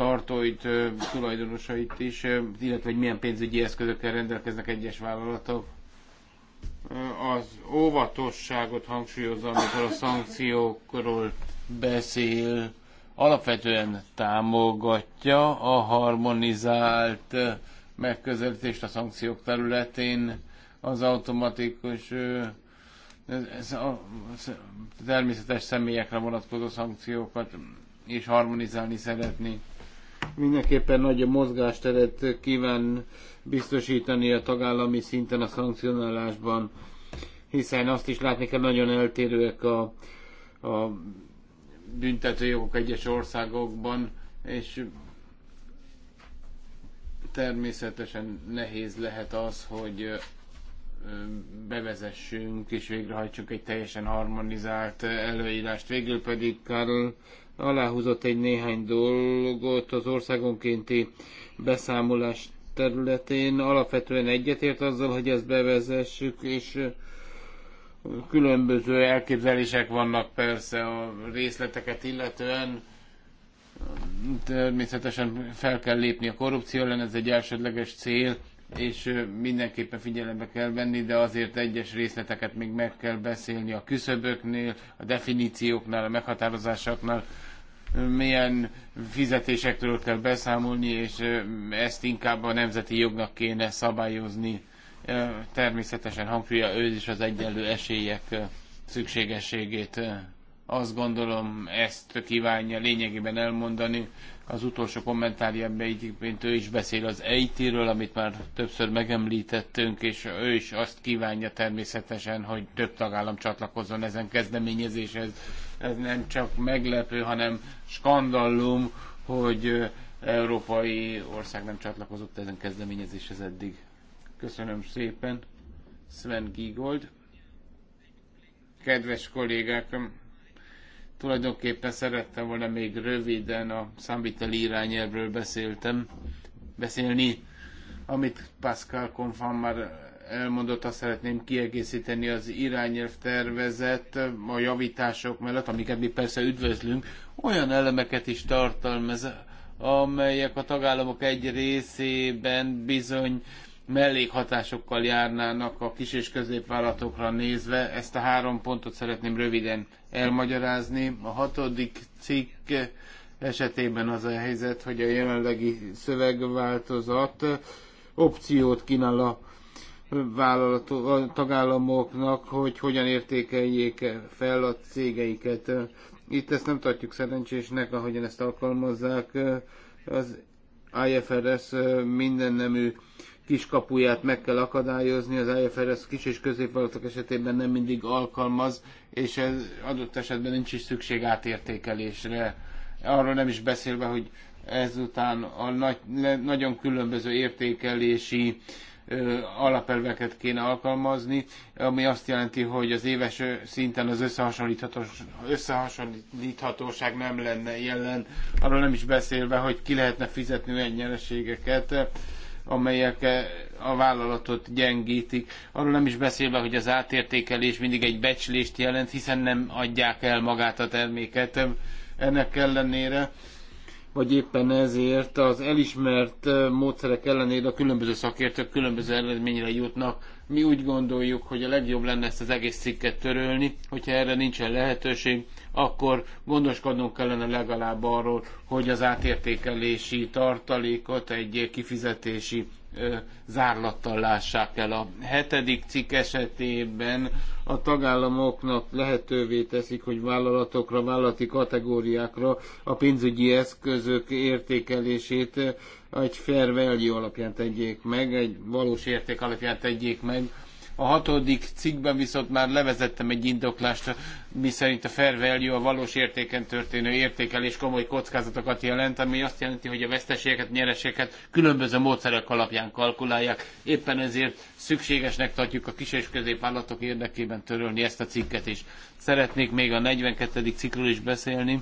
Speaker 2: tartóit, tulajdonosait is, illetve hogy milyen pénzügyi eszközökkel rendelkeznek egyes vállalatok. Az óvatosságot hangsúlyozza, amikor a szankciókról beszél, alapvetően támogatja a harmonizált megközelítést a szankciók területén, az automatikus ez a természetes személyekre vonatkozó szankciókat is harmonizálni szeretni mindenképpen nagy mozgásteret kíván biztosítani a tagállami szinten a szankcionálásban, hiszen azt is látni kell, nagyon eltérőek a, a büntetőjogok egyes országokban, és természetesen nehéz lehet az, hogy bevezessünk és végrehajtsunk egy teljesen harmonizált előírást. Végül pedig Karl aláhúzott egy néhány dolgot az országonkénti beszámolás területén. Alapvetően egyetért azzal, hogy ezt bevezessük, és különböző elképzelések vannak persze a részleteket illetően. Természetesen fel kell lépni a korrupció ellen, ez egy elsődleges cél, és mindenképpen figyelembe kell venni, de azért egyes részleteket még meg kell beszélni a küszöböknél, a definícióknál, a meghatározásoknál milyen fizetésekről kell beszámolni, és ezt inkább a nemzeti jognak kéne szabályozni. Természetesen hangsúlya ő is az egyenlő esélyek szükségességét azt gondolom ezt kívánja lényegében elmondani. Az utolsó kommentárjában egyébként ő is beszél az EIT-ről, amit már többször megemlítettünk, és ő is azt kívánja természetesen, hogy több tagállam csatlakozzon ezen kezdeményezéshez. Ez nem csak meglepő, hanem skandallum, hogy európai ország nem csatlakozott ezen kezdeményezéshez eddig. Köszönöm szépen, Sven Giegold. Kedves kollégákom! Tulajdonképpen szerettem volna még röviden a számviteli irányelvről beszéltem, beszélni, amit Pascal Confan már elmondott, azt szeretném kiegészíteni az irányelv tervezet a javítások mellett, amiket mi persze üdvözlünk, olyan elemeket is tartalmaz, amelyek a tagállamok egy részében bizony mellékhatásokkal járnának a kis és középvállalatokra nézve. Ezt a három pontot szeretném röviden elmagyarázni. A hatodik cikk esetében az a helyzet, hogy a jelenlegi szövegváltozat opciót kínál a vállalatok, a tagállamoknak, hogy hogyan értékeljék fel a cégeiket. Itt ezt nem tartjuk szerencsésnek, ahogyan ezt alkalmazzák. Az IFRS minden nemű kiskapuját meg kell akadályozni, az IFRS kis és középvállalatok esetében nem mindig alkalmaz, és ez adott esetben nincs is szükség átértékelésre. Arról nem is beszélve, hogy ezután a nagy, nagyon különböző értékelési ö, alapelveket kéne alkalmazni, ami azt jelenti, hogy az éves szinten az összehasonlíthatós, összehasonlíthatóság nem lenne jelen, arról nem is beszélve, hogy ki lehetne fizetni olyan nyereségeket, amelyek eh, a vállalatot gyengítik. Arról nem is beszélve, hogy az átértékelés mindig egy becslést jelent, hiszen nem adják el magát a terméket eh, ennek ellenére vagy éppen ezért az elismert eh, módszerek ellenére a különböző szakértők különböző eredményre jutnak. Mi úgy gondoljuk, hogy a legjobb lenne ezt az egész cikket törölni, hogyha erre nincsen lehetőség, akkor gondoskodnunk kellene legalább arról, hogy az átértékelési tartalékot egy kifizetési zárlattal lássák el. A hetedik cikk esetében a tagállamoknak lehetővé teszik, hogy vállalatokra, vállalati kategóriákra a pénzügyi eszközök értékelését egy fair value alapján tegyék meg, egy valós érték alapján tegyék meg a hatodik cikkben viszont már levezettem egy indoklást, miszerint a fair value a valós értéken történő értékelés komoly kockázatokat jelent, ami azt jelenti, hogy a veszteségeket, nyereséget különböző módszerek alapján kalkulálják. Éppen ezért szükségesnek tartjuk a kis és középvállalatok érdekében törölni ezt a cikket is. Szeretnék még a 42. cikkről is beszélni.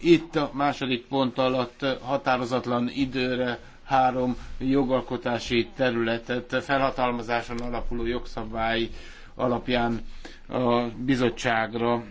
Speaker 2: Itt a második pont alatt határozatlan időre három jogalkotási területet felhatalmazáson alapuló jogszabály alapján a bizottságra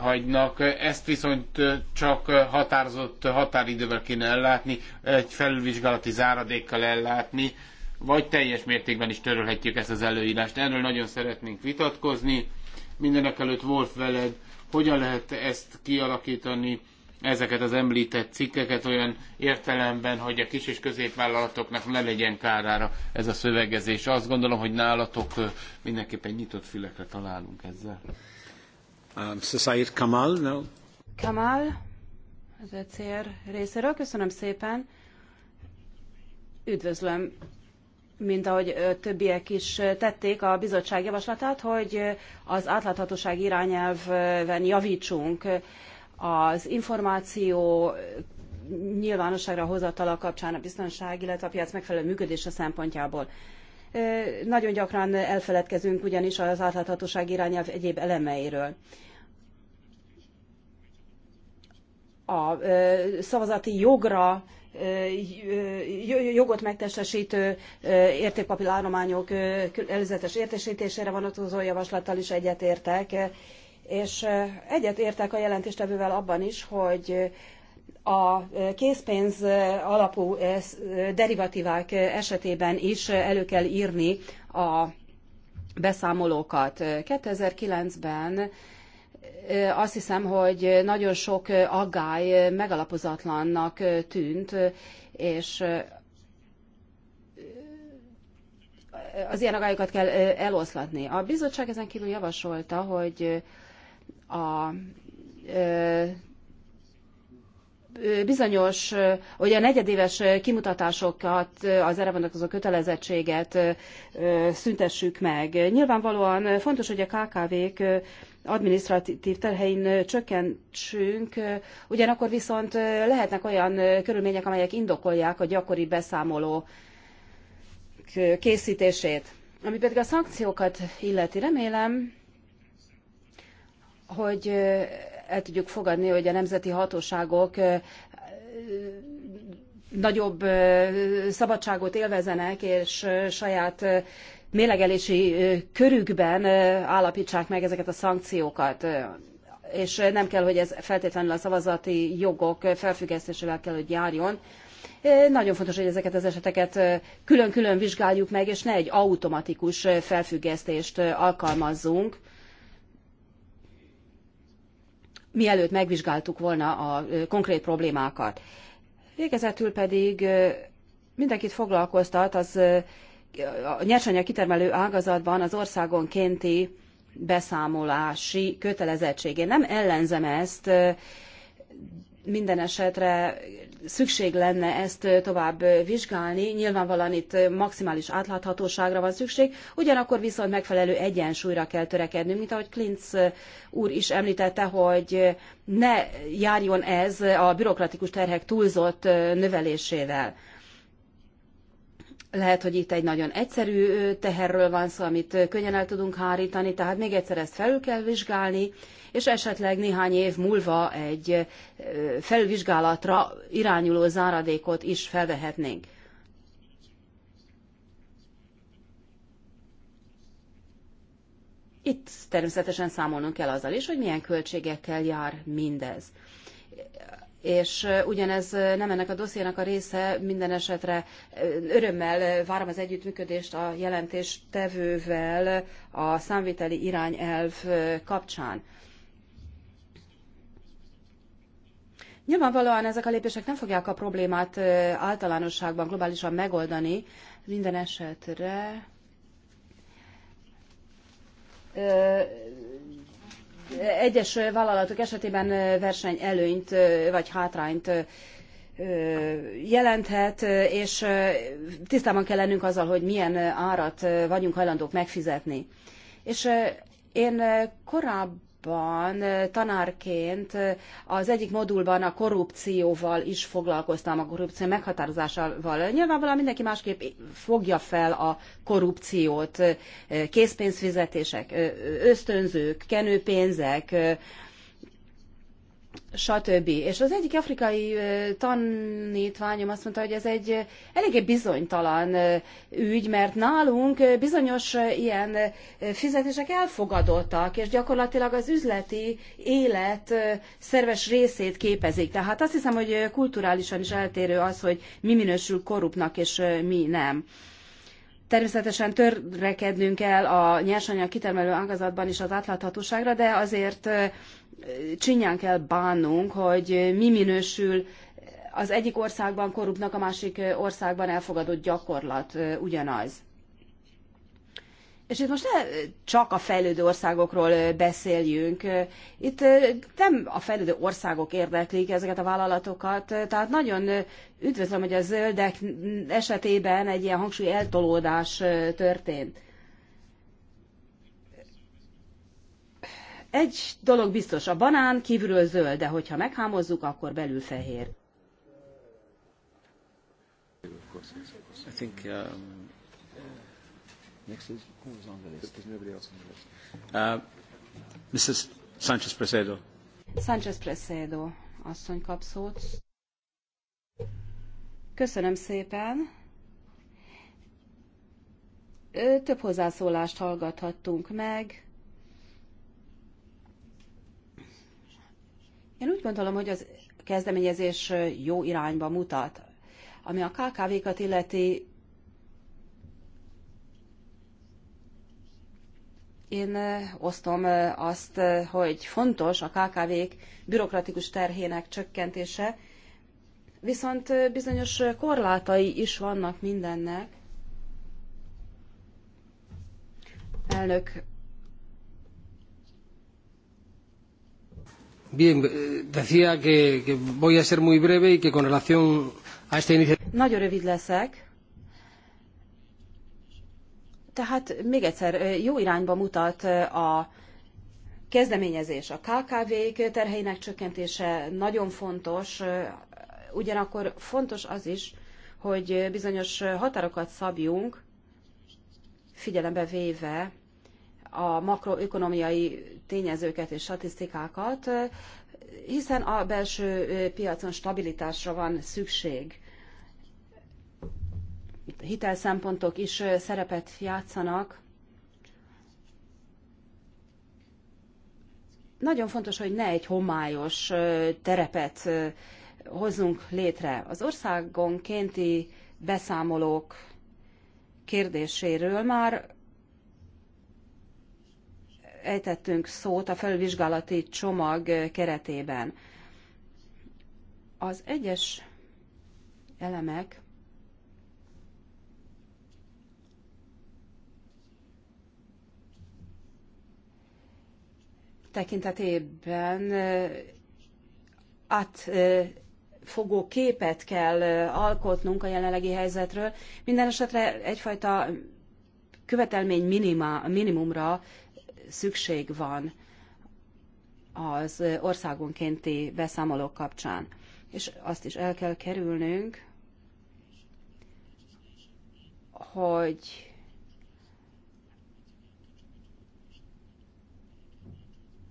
Speaker 2: hagynak. Ezt viszont csak határozott határidővel kéne ellátni, egy felülvizsgálati záradékkal ellátni, vagy teljes mértékben is törölhetjük ezt az előírást. Erről nagyon szeretnénk vitatkozni. Mindenek előtt Wolf veled, hogyan lehet ezt kialakítani ezeket az említett cikkeket olyan értelemben, hogy a kis és középvállalatoknak ne legyen kárára ez a szövegezés. Azt gondolom, hogy nálatok mindenképpen nyitott fülekre találunk ezzel. Um, Said Kamal, no? Kamal,
Speaker 1: az ECR részéről. Köszönöm szépen. Üdvözlöm mint ahogy többiek is tették a bizottság javaslatát, hogy az átláthatóság irányelven javítsunk az információ nyilvánosságra hozatala kapcsán a biztonság, illetve a piac megfelelő működése szempontjából. Nagyon gyakran elfeledkezünk ugyanis az átláthatóság irányelv egyéb elemeiről. A szavazati jogra jogot megtestesítő értékpapír állományok előzetes értesítésére vonatkozó javaslattal is egyetértek, és egyet értek a jelentéstevővel abban is, hogy a készpénz alapú derivatívák esetében is elő kell írni a beszámolókat. 2009-ben azt hiszem, hogy nagyon sok aggály megalapozatlannak tűnt, és az ilyen aggályokat kell eloszlatni. A bizottság ezen kívül javasolta, hogy a bizonyos, hogy a negyedéves kimutatásokat, az erre vonatkozó kötelezettséget szüntessük meg. Nyilvánvalóan fontos, hogy a KKV-k adminisztratív terhein csökkentsünk, ugyanakkor viszont lehetnek olyan körülmények, amelyek indokolják a gyakori beszámoló készítését. Ami pedig a szankciókat illeti, remélem, hogy el tudjuk fogadni, hogy a nemzeti hatóságok nagyobb szabadságot élvezenek, és saját mélegelési körükben állapítsák meg ezeket a szankciókat. És nem kell, hogy ez feltétlenül a szavazati jogok felfüggesztésével kell, hogy járjon. Nagyon fontos, hogy ezeket az eseteket külön-külön vizsgáljuk meg, és ne egy automatikus felfüggesztést alkalmazzunk mielőtt megvizsgáltuk volna a konkrét problémákat. Végezetül pedig mindenkit foglalkoztat az a nyersanyag kitermelő ágazatban az kénti beszámolási kötelezettségén. nem ellenzem ezt, minden esetre szükség lenne ezt tovább vizsgálni. Nyilvánvalóan itt maximális átláthatóságra van szükség, ugyanakkor viszont megfelelő egyensúlyra kell törekednünk, mint ahogy Klinz úr is említette, hogy ne járjon ez a bürokratikus terhek túlzott növelésével. Lehet, hogy itt egy nagyon egyszerű teherről van szó, amit könnyen el tudunk hárítani, tehát még egyszer ezt felül kell vizsgálni, és esetleg néhány év múlva egy felvizsgálatra irányuló záradékot is felvehetnénk. Itt természetesen számolnunk kell azzal is, hogy milyen költségekkel jár mindez. És ugyanez nem ennek a dossziénak a része, minden esetre örömmel várom az együttműködést a jelentéstevővel a számviteli irányelv kapcsán. Nyilvánvalóan ezek a lépések nem fogják a problémát általánosságban globálisan megoldani, minden esetre egyes vállalatok esetében versenyelőnyt vagy hátrányt jelenthet, és tisztában kell lennünk azzal, hogy milyen árat vagyunk hajlandók megfizetni. És én korábban korábban tanárként az egyik modulban a korrupcióval is foglalkoztam, a korrupció meghatározásával. Nyilvánvalóan mindenki másképp fogja fel a korrupciót, készpénzfizetések, ösztönzők, kenőpénzek, stb. És az egyik afrikai tanítványom azt mondta, hogy ez egy eléggé bizonytalan ügy, mert nálunk bizonyos ilyen fizetések elfogadottak, és gyakorlatilag az üzleti élet szerves részét képezik. Tehát azt hiszem, hogy kulturálisan is eltérő az, hogy mi minősül korruptnak, és mi nem. Természetesen törekednünk kell a nyersanyag kitermelő ágazatban is az átláthatóságra, de azért csinyán kell bánnunk, hogy mi minősül az egyik országban korruptnak, a másik országban elfogadott gyakorlat ugyanaz. És itt most ne csak a fejlődő országokról beszéljünk. Itt nem a fejlődő országok érdeklik ezeket a vállalatokat, tehát nagyon üdvözlöm, hogy a zöldek esetében egy ilyen hangsúly eltolódás történt. Egy dolog biztos, a banán kívülről zöld, de hogyha meghámozzuk, akkor belül fehér.
Speaker 2: I think um, next is on the list? There's nobody else on the list. Uh,
Speaker 1: Mrs. Sanchez Presedo. Sanchez Presedo asszony kap szót. Köszönöm szépen. Több hozzászólást hallgathattunk meg. Én úgy gondolom, hogy az kezdeményezés jó irányba mutat. Ami a KKV-kat illeti, én osztom azt, hogy fontos a KKV-k bürokratikus terhének csökkentése, viszont bizonyos korlátai is vannak mindennek. Elnök
Speaker 2: Bien, decía que, que voy a ser
Speaker 1: muy breve y que con relación a esta iniciativa... Nagyon rövid leszek. Tehát még egyszer jó irányba mutat a kezdeményezés. A KKV-k terheinek csökkentése nagyon fontos, ugyanakkor fontos az is, hogy bizonyos határokat szabjunk, figyelembe véve a makroökonomiai tényezőket és statisztikákat, hiszen a belső piacon stabilitásra van szükség. Itt hitelszempontok is szerepet játszanak. Nagyon fontos, hogy ne egy homályos terepet hozzunk létre. Az országon kénti beszámolók kérdéséről már ejtettünk szót a felvizsgálati csomag keretében. Az egyes elemek tekintetében eh, átfogó képet kell eh, alkotnunk a jelenlegi helyzetről. Minden esetre egyfajta követelmény minima, minimumra szükség van az országonkénti beszámolók kapcsán. És azt is el kell kerülnünk, hogy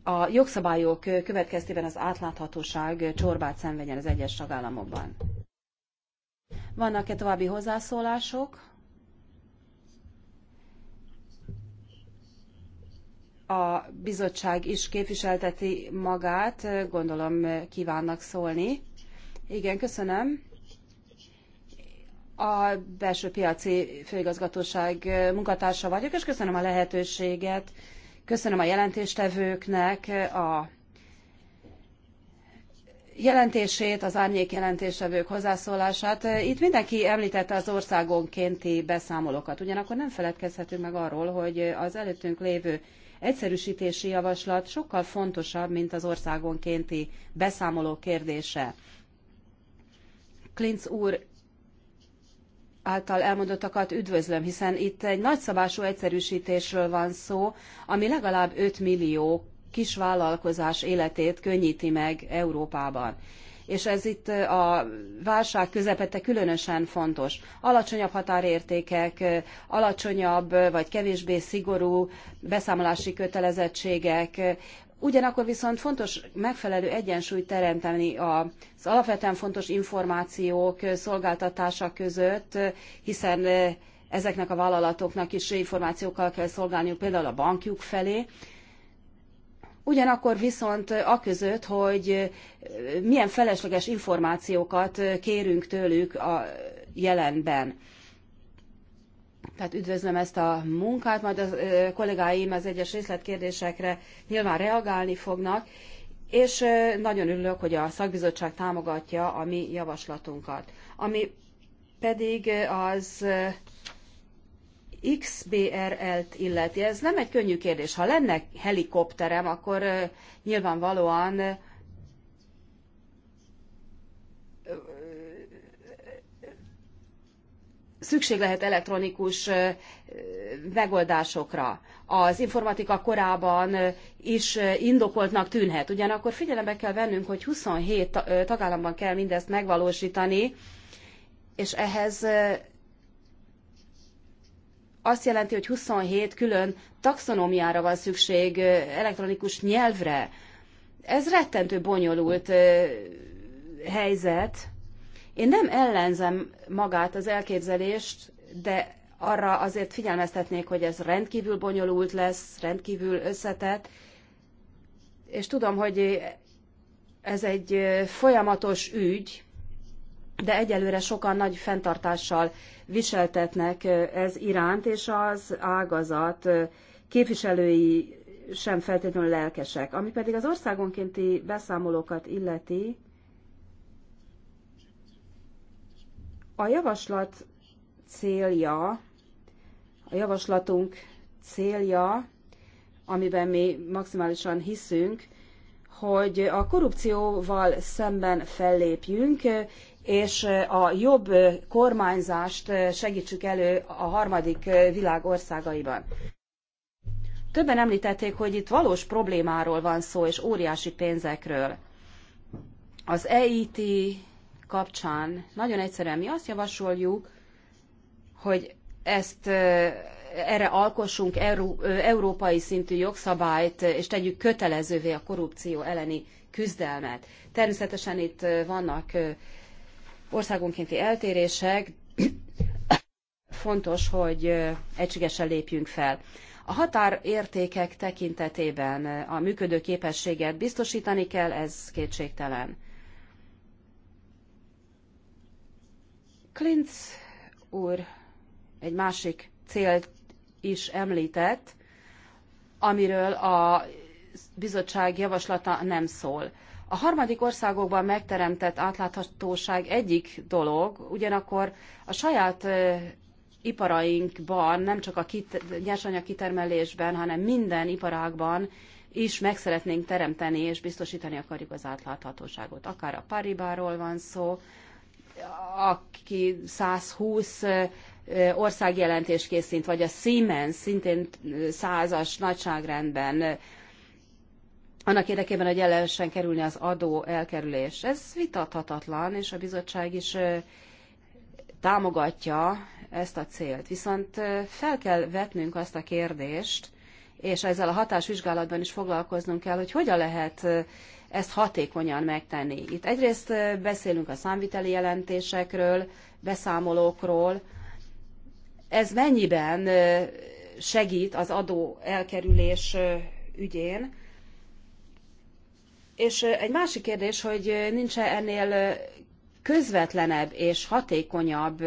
Speaker 1: a jogszabályok következtében az átláthatóság csorbát szenvedjen az egyes tagállamokban. Vannak-e további hozzászólások? a bizottság is képviselteti magát, gondolom kívánnak szólni. Igen, köszönöm. A belső piaci főigazgatóság munkatársa vagyok, és köszönöm a lehetőséget. Köszönöm a jelentéstevőknek a jelentését, az árnyék jelentéstevők hozzászólását. Itt mindenki említette az országonkénti beszámolókat. Ugyanakkor nem feledkezhetünk meg arról, hogy az előttünk lévő egyszerűsítési javaslat sokkal fontosabb, mint az országonkénti beszámoló kérdése. Klinz úr által elmondottakat üdvözlöm, hiszen itt egy nagyszabású egyszerűsítésről van szó, ami legalább 5 millió kisvállalkozás életét könnyíti meg Európában és ez itt a válság közepette különösen fontos. Alacsonyabb határértékek, alacsonyabb vagy kevésbé szigorú beszámolási kötelezettségek, Ugyanakkor viszont fontos megfelelő egyensúlyt teremteni az alapvetően fontos információk szolgáltatása között, hiszen ezeknek a vállalatoknak is információkkal kell szolgálniuk például a bankjuk felé, Ugyanakkor viszont aközött, hogy milyen felesleges információkat kérünk tőlük a jelenben. Tehát üdvözlöm ezt a munkát, majd a kollégáim az egyes részletkérdésekre nyilván reagálni fognak, és nagyon örülök, hogy a szakbizottság támogatja a mi javaslatunkat. Ami pedig az XBRL-t illeti, ez nem egy könnyű kérdés. Ha lenne helikopterem, akkor nyilvánvalóan szükség lehet elektronikus megoldásokra. Az informatika korában is indokoltnak tűnhet. Ugyanakkor figyelembe kell vennünk, hogy 27 tagállamban kell mindezt megvalósítani, és ehhez azt jelenti, hogy 27 külön taxonómiára van szükség, elektronikus nyelvre. Ez rettentő bonyolult helyzet. Én nem ellenzem magát az elképzelést, de arra azért figyelmeztetnék, hogy ez rendkívül bonyolult lesz, rendkívül összetett, és tudom, hogy ez egy folyamatos ügy, de egyelőre sokan nagy fenntartással viseltetnek ez iránt, és az ágazat képviselői sem feltétlenül lelkesek. Ami pedig az országonkénti beszámolókat illeti, a javaslat célja, a javaslatunk célja, amiben mi maximálisan hiszünk, hogy a korrupcióval szemben fellépjünk, és a jobb kormányzást segítsük elő a harmadik világ országaiban. Többen említették, hogy itt valós problémáról van szó, és óriási pénzekről. Az EIT kapcsán nagyon egyszerűen mi azt javasoljuk, hogy ezt erre alkossunk európai szintű jogszabályt, és tegyük kötelezővé a korrupció elleni küzdelmet. Természetesen itt vannak országonkénti eltérések, fontos, hogy egységesen lépjünk fel. A határértékek tekintetében a működő képességet biztosítani kell, ez kétségtelen. Klintz úr egy másik célt is említett, amiről a bizottság javaslata nem szól. A harmadik országokban megteremtett átláthatóság egyik dolog, ugyanakkor a saját iparainkban, nem csak a kit- nyersanyag kitermelésben, hanem minden iparágban is meg szeretnénk teremteni és biztosítani akarjuk az átláthatóságot. Akár a Paribáról van szó, aki 120 országjelentés készít, vagy a Siemens szintén százas nagyságrendben annak érdekében, hogy el kerülni az adó elkerülés. Ez vitathatatlan, és a bizottság is támogatja ezt a célt. Viszont fel kell vetnünk azt a kérdést, és ezzel a hatásvizsgálatban is foglalkoznunk kell, hogy hogyan lehet ezt hatékonyan megtenni. Itt egyrészt beszélünk a számviteli jelentésekről, beszámolókról. Ez mennyiben segít az adó elkerülés ügyén, és egy másik kérdés, hogy nincs -e ennél közvetlenebb és hatékonyabb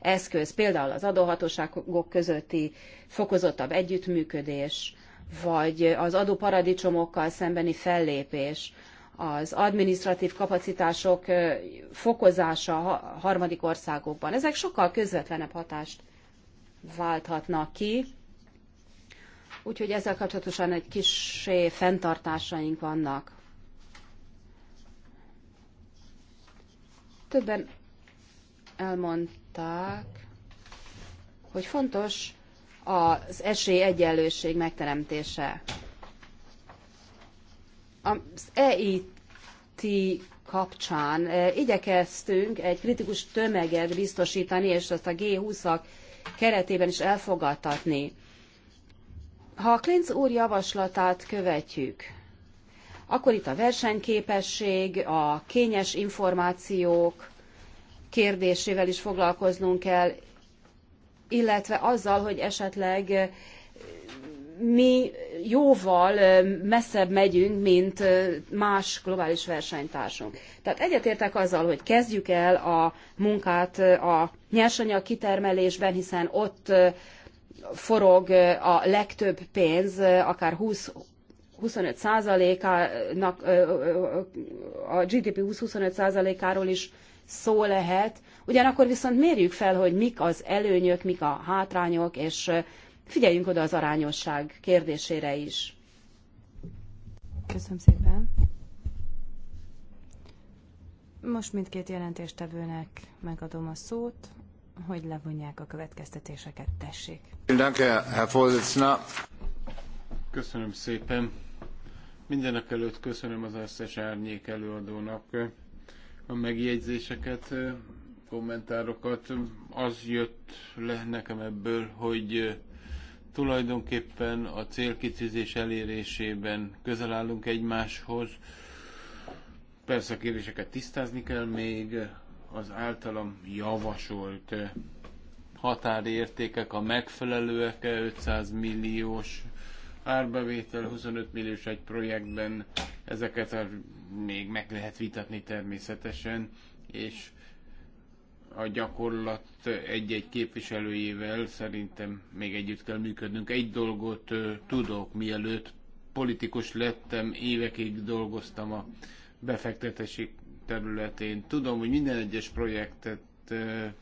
Speaker 1: eszköz, például az adóhatóságok közötti fokozottabb együttműködés, vagy az adóparadicsomokkal szembeni fellépés, az administratív kapacitások fokozása harmadik országokban. Ezek sokkal közvetlenebb hatást válthatnak ki, úgyhogy ezzel kapcsolatosan egy kis fenntartásaink vannak. Többen elmondták, hogy fontos az egyenlőség megteremtése. Az EIT kapcsán eh, igyekeztünk egy kritikus tömeget biztosítani, és ezt a G20-ak keretében is elfogadtatni. Ha a Klinz úr javaslatát követjük, akkor itt a versenyképesség, a kényes információk kérdésével is foglalkoznunk kell, illetve azzal, hogy esetleg mi jóval messzebb megyünk, mint más globális versenytársunk. Tehát egyetértek azzal, hogy kezdjük el a munkát a nyersanyag kitermelésben, hiszen ott forog a legtöbb pénz, akár 20 25%-ának, a GDP 20-25%-áról is szó lehet. Ugyanakkor viszont mérjük fel, hogy mik az előnyök, mik a hátrányok, és figyeljünk oda az arányosság kérdésére is.
Speaker 3: Köszönöm szépen. Most mindkét jelentéstevőnek megadom a szót, hogy levonják a következtetéseket. Tessék.
Speaker 2: Köszönöm, Herr Köszönöm szépen. Mindenek előtt köszönöm az összes árnyék előadónak a megjegyzéseket, kommentárokat. Az jött le nekem ebből, hogy tulajdonképpen a célkitűzés elérésében közel állunk egymáshoz. Persze a kérdéseket tisztázni kell még, az általam javasolt határértékek a megfelelőek -e 500 milliós árbevétel 25 milliós egy projektben, ezeket még meg lehet vitatni természetesen, és a gyakorlat egy-egy képviselőjével szerintem még együtt kell működnünk. Egy dolgot tudok, mielőtt politikus lettem, évekig dolgoztam a befektetési területén. Tudom, hogy minden egyes projektet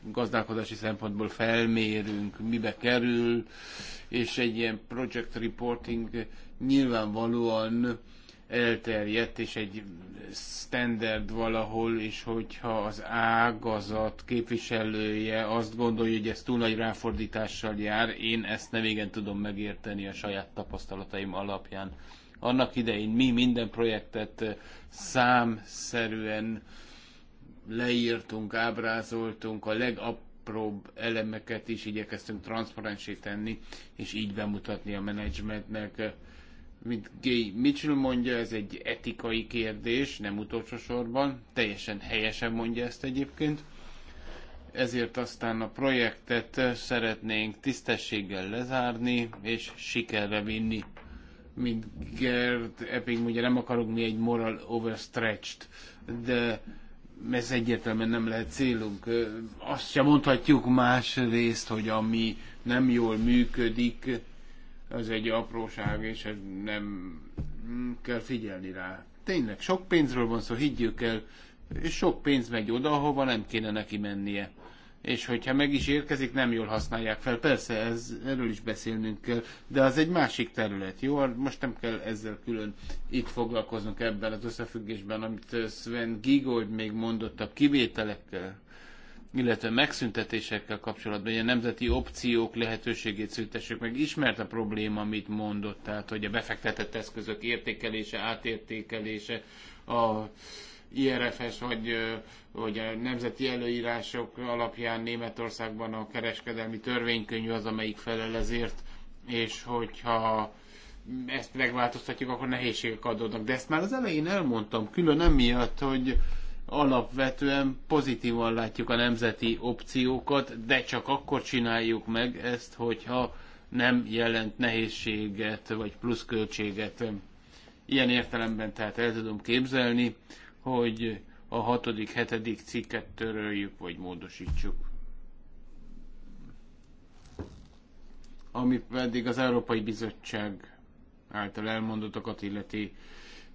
Speaker 2: gazdálkodási szempontból felmérünk, mibe kerül, és egy ilyen project reporting nyilvánvalóan elterjedt, és egy standard valahol, és hogyha az ágazat képviselője azt gondolja, hogy ez túl nagy ráfordítással jár, én ezt nem igen tudom megérteni a saját tapasztalataim alapján. Annak idején mi minden projektet számszerűen leírtunk, ábrázoltunk, a legapróbb elemeket is igyekeztünk transzparensé tenni, és így bemutatni a menedzsmentnek. Mint Gay Mitchell mondja, ez egy etikai kérdés, nem utolsó sorban, teljesen helyesen mondja ezt egyébként. Ezért aztán a projektet szeretnénk tisztességgel lezárni és sikerre vinni mint Gerd Epping, ugye nem akarunk mi egy moral overstretched, de ez egyértelműen nem lehet célunk. Azt sem mondhatjuk másrészt, hogy ami nem jól működik, az egy apróság, és nem mm, kell figyelni rá. Tényleg, sok pénzről van szó, higgyük el, és sok pénz megy oda, ahova nem kéne neki mennie és hogyha meg is érkezik, nem jól használják fel. Persze, ez, erről is beszélnünk kell, de az egy másik terület, jó? Hát most nem kell ezzel külön itt foglalkoznunk ebben az összefüggésben, amit Sven Gigold még mondott a kivételekkel, illetve megszüntetésekkel kapcsolatban, hogy a nemzeti opciók lehetőségét szüntessük meg. Ismert a probléma, amit mondott, tehát hogy a befektetett eszközök értékelése, átértékelése, a IRFS vagy, vagy a nemzeti előírások alapján Németországban a kereskedelmi törvénykönyv az, amelyik felel ezért, és hogyha ezt megváltoztatjuk, akkor nehézségek adódnak. De ezt már az elején elmondtam, külön emiatt, hogy alapvetően pozitívan látjuk a nemzeti opciókat, de csak akkor csináljuk meg ezt, hogyha nem jelent nehézséget vagy pluszköltséget. Ilyen értelemben tehát el tudom képzelni, hogy a hatodik, hetedik cikket töröljük, vagy módosítsuk. Ami pedig az Európai Bizottság által elmondottakat illeti,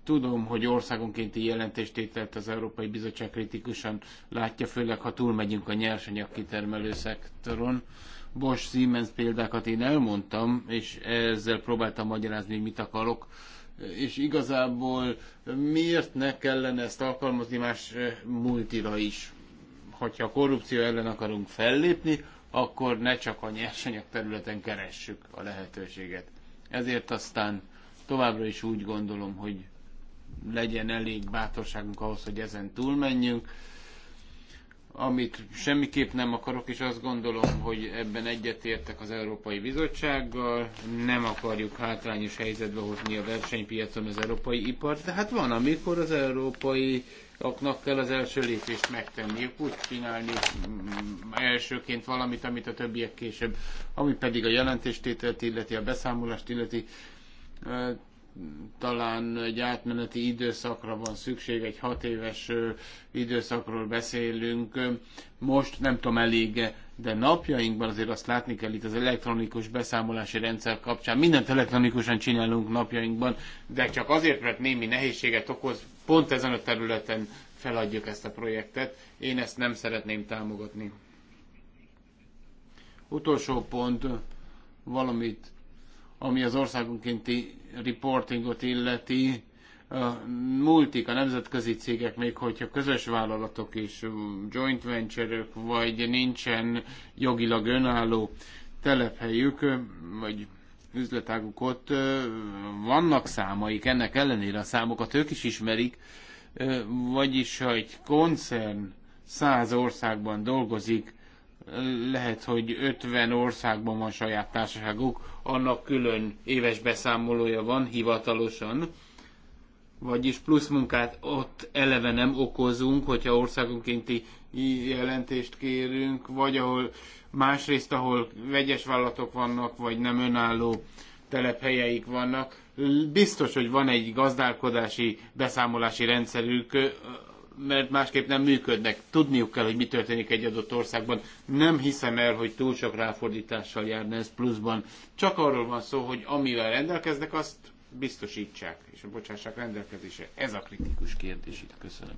Speaker 2: tudom, hogy országonkénti jelentéstételt az Európai Bizottság kritikusan látja, főleg ha túlmegyünk a nyersanyag kitermelő szektoron. Bosch Siemens példákat én elmondtam, és ezzel próbáltam magyarázni, hogy mit akarok és igazából miért ne kellene ezt alkalmazni más eh, multira is? Hogyha a korrupció ellen akarunk fellépni, akkor ne csak a nyersanyag területen keressük a lehetőséget. Ezért aztán továbbra is úgy gondolom, hogy legyen elég bátorságunk ahhoz, hogy ezen túlmenjünk, amit semmiképp nem akarok, és azt gondolom, hogy ebben egyetértek az Európai Bizottsággal, nem akarjuk hátrányos helyzetbe hozni a versenypiacon az európai ipart, de hát van, amikor az európai aknak kell az első lépést megtenni, úgy csinálni mm, elsőként valamit, amit a többiek később, ami pedig a jelentéstételt illeti, a beszámolást illeti, talán egy átmeneti időszakra van szükség, egy hat éves időszakról beszélünk. Most nem tudom elég, de napjainkban azért azt látni kell itt az elektronikus beszámolási rendszer kapcsán. Mindent elektronikusan csinálunk napjainkban, de csak azért, mert némi nehézséget okoz, pont ezen a területen feladjuk ezt a projektet. Én ezt nem szeretném támogatni. Utolsó pont, valamit ami az országunkénti reportingot illeti, a multik, a nemzetközi cégek, még hogyha közös vállalatok és joint venture vagy nincsen jogilag önálló telephelyük, vagy üzletáguk ott, vannak számaik, ennek ellenére a számokat ők is ismerik, vagyis ha egy koncern száz országban dolgozik, lehet, hogy 50 országban van saját társaságuk, annak külön éves beszámolója van hivatalosan, vagyis plusz munkát ott eleve nem okozunk, hogyha országunkénti jelentést kérünk, vagy ahol másrészt, ahol vegyes vállalatok vannak, vagy nem önálló telephelyeik vannak. Biztos, hogy van egy gazdálkodási beszámolási rendszerük, mert másképp nem működnek. Tudniuk kell, hogy mi történik egy adott országban. Nem hiszem el, hogy túl sok ráfordítással járna ez pluszban. Csak arról van szó, hogy amivel rendelkeznek, azt biztosítsák, és a bocsássák rendelkezésre. Ez a kritikus kérdés itt. Köszönöm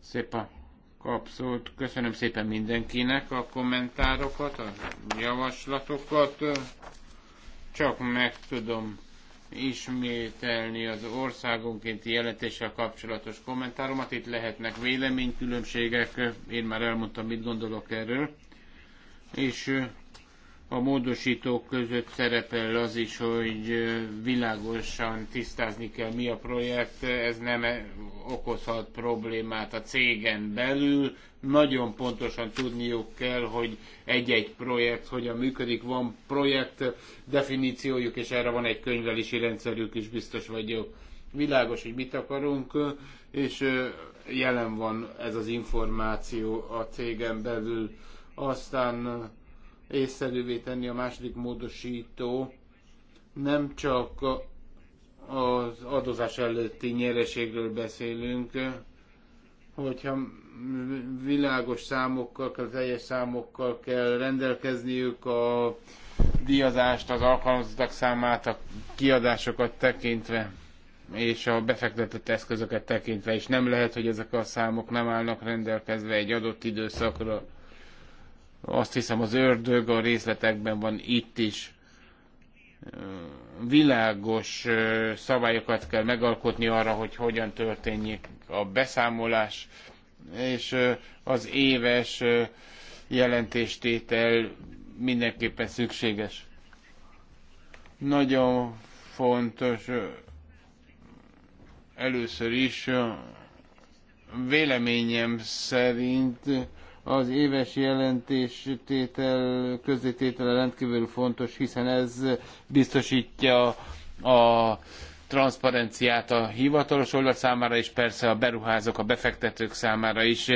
Speaker 2: szépen. a kapszolt. Köszönöm szépen mindenkinek a kommentárokat, a javaslatokat csak meg tudom ismételni az országonkénti jelentéssel kapcsolatos kommentáromat. Itt lehetnek véleménykülönbségek, én már elmondtam, mit gondolok erről. És a módosítók között szerepel az is, hogy világosan tisztázni kell, mi a projekt, ez nem e, okozhat problémát a cégen belül. Nagyon pontosan tudniuk kell, hogy egy-egy projekt hogyan működik. Van projekt definíciójuk, és erre van egy könyvelési rendszerük is, biztos vagyok. Világos, hogy mit akarunk, és jelen van ez az információ a cégen belül. Aztán észszerűvé tenni a második módosító nem csak az adózás előtti nyereségről beszélünk, hogyha világos számokkal, teljes számokkal kell rendelkezniük a díjazást, az alkalmazottak számát, a kiadásokat tekintve és a befektetett eszközöket tekintve, és nem lehet, hogy ezek a számok nem állnak rendelkezve egy adott időszakra. Azt hiszem az ördög a részletekben van itt is. Világos szabályokat kell megalkotni arra, hogy hogyan történjék a beszámolás, és az éves jelentéstétel mindenképpen szükséges. Nagyon fontos először is véleményem szerint az éves jelentés tétel, közzététele rendkívül fontos, hiszen ez biztosítja a transzparenciát a hivatalos oldal számára, és persze a beruházók, a befektetők számára is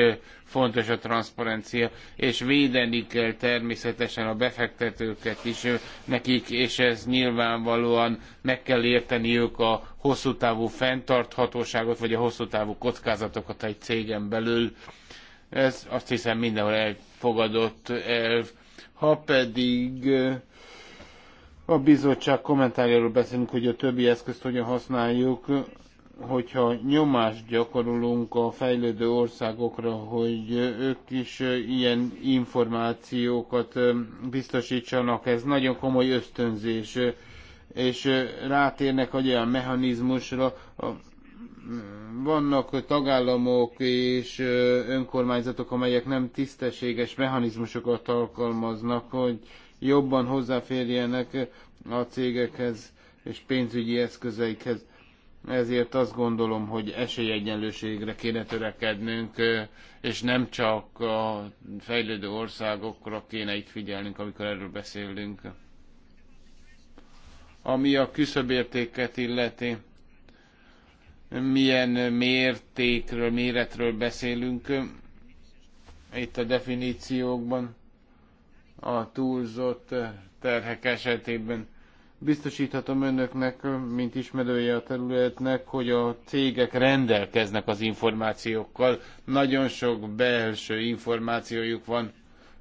Speaker 2: fontos a transzparencia, és védeni kell természetesen a befektetőket is nekik, és ez nyilvánvalóan meg kell érteniük a hosszú távú fenntarthatóságot, vagy a hosszú távú kockázatokat egy cégen belül ez azt hiszem mindenhol elfogadott elv. Ha pedig eh, a bizottság kommentárjáról beszélünk, hogy a többi eszközt hogyan használjuk, hogyha nyomást gyakorolunk a fejlődő országokra, hogy ők is eh, ilyen információkat eh, biztosítsanak, ez nagyon komoly ösztönzés, és rátérnek egy olyan mechanizmusra, vannak tagállamok és önkormányzatok, amelyek nem tisztességes mechanizmusokat alkalmaznak, hogy jobban hozzáférjenek a cégekhez és pénzügyi eszközeikhez. Ezért azt gondolom, hogy esélyegyenlőségre kéne törekednünk, és nem csak a fejlődő országokra kéne itt figyelnünk, amikor erről beszélünk. Ami a küszöbértéket illeti, milyen mértékről, méretről beszélünk itt a definíciókban a túlzott terhek esetében. Biztosíthatom önöknek, mint ismerője a területnek, hogy a cégek rendelkeznek az információkkal. Nagyon sok belső információjuk van.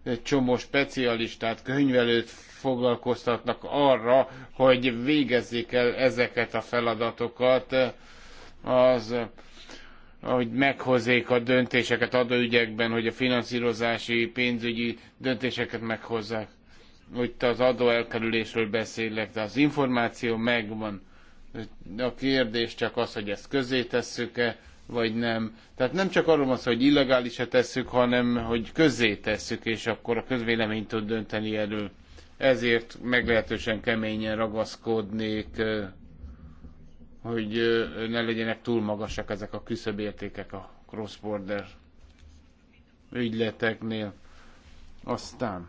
Speaker 2: Egy csomó specialistát, könyvelőt foglalkoztatnak arra, hogy végezzék el ezeket a feladatokat az, hogy meghozzék a döntéseket adóügyekben, hogy a finanszírozási, pénzügyi döntéseket meghozzák. Itt az adóelkerülésről beszélek, de az információ megvan. A kérdés csak az, hogy ezt közé tesszük-e, vagy nem. Tehát nem csak arról van szó, hogy e tesszük, hanem hogy közé tesszük, és akkor a közvélemény tud dönteni erről. Ezért meglehetősen keményen ragaszkodnék hogy ne legyenek túl magasak ezek a küszöbértékek a cross-border ügyleteknél. Aztán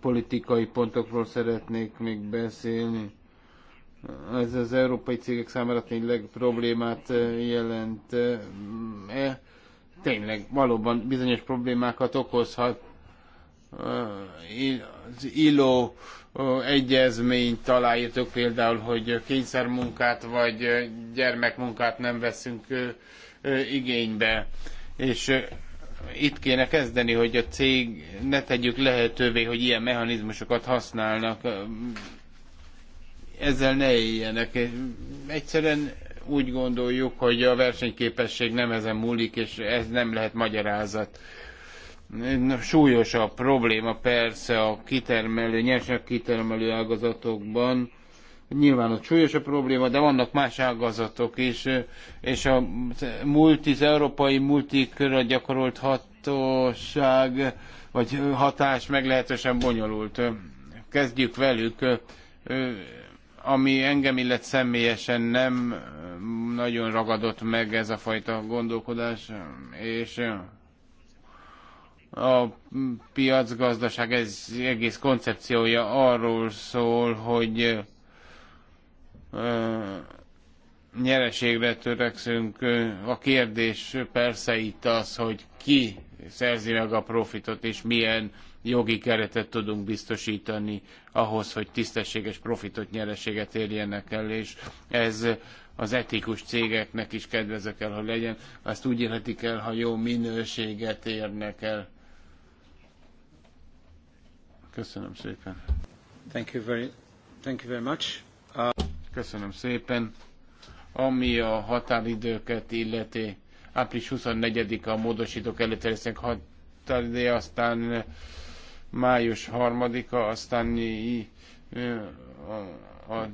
Speaker 2: politikai pontokról szeretnék még beszélni. Ez az európai cégek számára tényleg problémát jelent. E, tényleg, valóban bizonyos problémákat okozhat az ILO egyezményt aláírtuk például, hogy kényszermunkát vagy gyermekmunkát nem veszünk igénybe. És itt kéne kezdeni, hogy a cég ne tegyük lehetővé, hogy ilyen mechanizmusokat használnak, ezzel ne éljenek. Egyszerűen úgy gondoljuk, hogy a versenyképesség nem ezen múlik, és ez nem lehet magyarázat. Súlyos a probléma persze a kitermelő, nyersanyag kitermelő ágazatokban, nyilván ott súlyos a probléma, de vannak más ágazatok is, és a multi, az európai multikörre gyakorolt hatóság, vagy hatás meglehetősen bonyolult. Kezdjük velük, ami engem illet személyesen nem nagyon ragadott meg ez a fajta gondolkodás, és a piacgazdaság ez egész koncepciója arról szól, hogy nyereségre törekszünk. A kérdés persze itt az, hogy ki szerzi meg a profitot, és milyen jogi keretet tudunk biztosítani ahhoz, hogy tisztességes profitot, nyereséget érjenek el, és ez az etikus cégeknek is kedvező kell, hogy legyen. Azt úgy érhetik el, ha jó minőséget érnek el Köszönöm szépen. Thank you very, thank you very much. Uh... Köszönöm szépen. Ami a határidőket illeti, április 24-a a módosítók lesznek határidő, aztán eh, május 3-a, aztán eh, a, a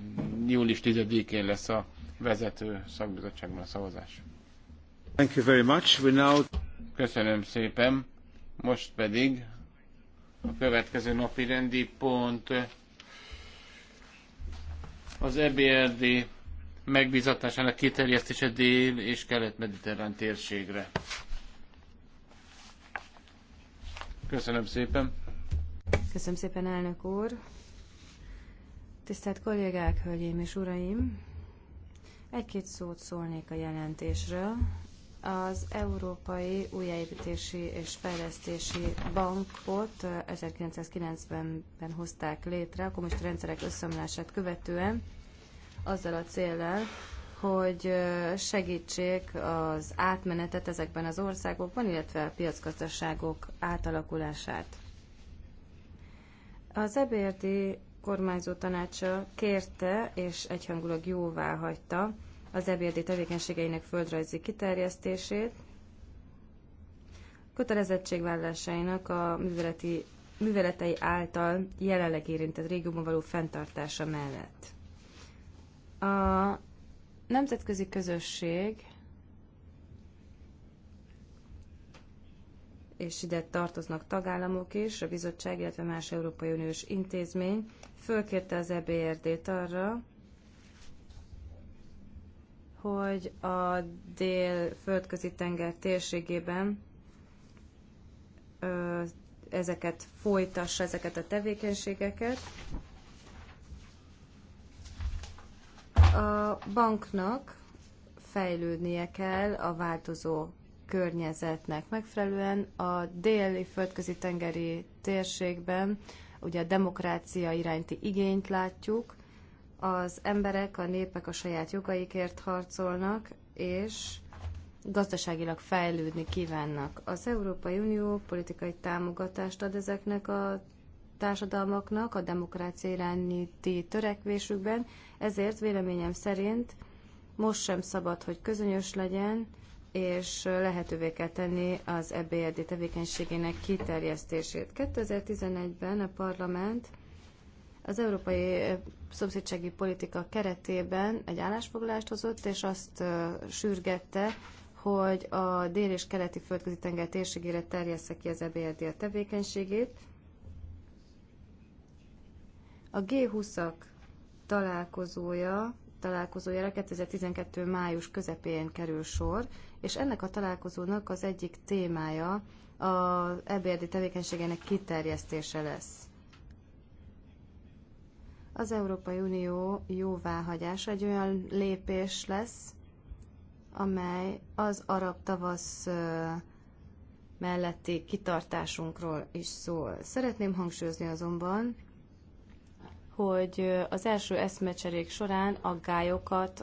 Speaker 2: július 10-én lesz a vezető szakbizottságban a szavazás. Thank you very much. We now... Köszönöm szépen. Most pedig a következő napi rendi pont az EBRD megbízatásának kiterjesztése dél- és kelet-mediterrán térségre. Köszönöm szépen.
Speaker 3: Köszönöm szépen, elnök úr. Tisztelt kollégák, hölgyeim és uraim! Egy-két szót szólnék a jelentésről, az Európai Újjáépítési és Fejlesztési Bankot 1990-ben hozták létre a kommunista rendszerek összeomlását követően, azzal a célral, hogy segítsék az átmenetet ezekben az országokban, illetve a piacgazdaságok átalakulását. Az EBRD kormányzó tanácsa kérte és egyhangulag jóvá hagyta az EBRD tevékenységeinek földrajzi kiterjesztését, kötelezettségvállásainak a műveleti, műveletei által jelenleg érintett régióban való fenntartása mellett. A nemzetközi közösség és ide tartoznak tagállamok is, a bizottság, illetve más Európai Uniós intézmény fölkérte az EBRD-t arra, hogy a dél-földközi tenger térségében ö, ezeket folytassa, ezeket a tevékenységeket. A banknak fejlődnie kell a változó környezetnek megfelelően a déli földközi tengeri térségben ugye a demokrácia iránti igényt látjuk, az emberek, a népek a saját jogaikért harcolnak, és gazdaságilag fejlődni kívánnak. Az Európai Unió politikai támogatást ad ezeknek a társadalmaknak a demokrácia iránti törekvésükben, ezért véleményem szerint most sem szabad, hogy közönös legyen, és lehetővé kell tenni az EBRD tevékenységének kiterjesztését. 2011-ben a parlament az Európai szomszédsági politika keretében egy állásfoglalást hozott, és azt sürgette, hogy a dél és keleti földközi tenger térségére terjessze ki az EBRD a tevékenységét. A G20-ak találkozója, találkozójára 2012. május közepén kerül sor, és ennek a találkozónak az egyik témája a EBRD tevékenységének kiterjesztése lesz. Az Európai Unió jóváhagyása egy olyan lépés lesz, amely az arab tavasz melletti kitartásunkról is szól. Szeretném hangsúlyozni azonban, hogy az első eszmecserék során aggályokat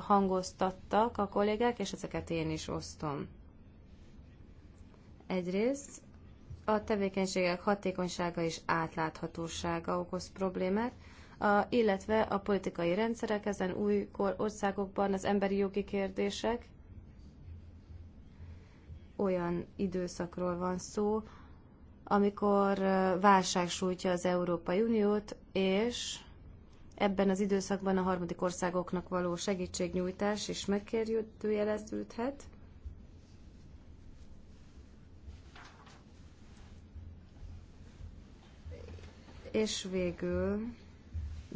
Speaker 3: hangoztattak a kollégák, és ezeket én is osztom. Egyrészt a tevékenységek hatékonysága és átláthatósága okoz problémát, a, illetve a politikai rendszerek ezen új országokban az emberi jogi kérdések. Olyan időszakról van szó, amikor válság sújtja az Európai Uniót, és ebben az időszakban a harmadik országoknak való segítségnyújtás is megkérdőjeleződhet. És végül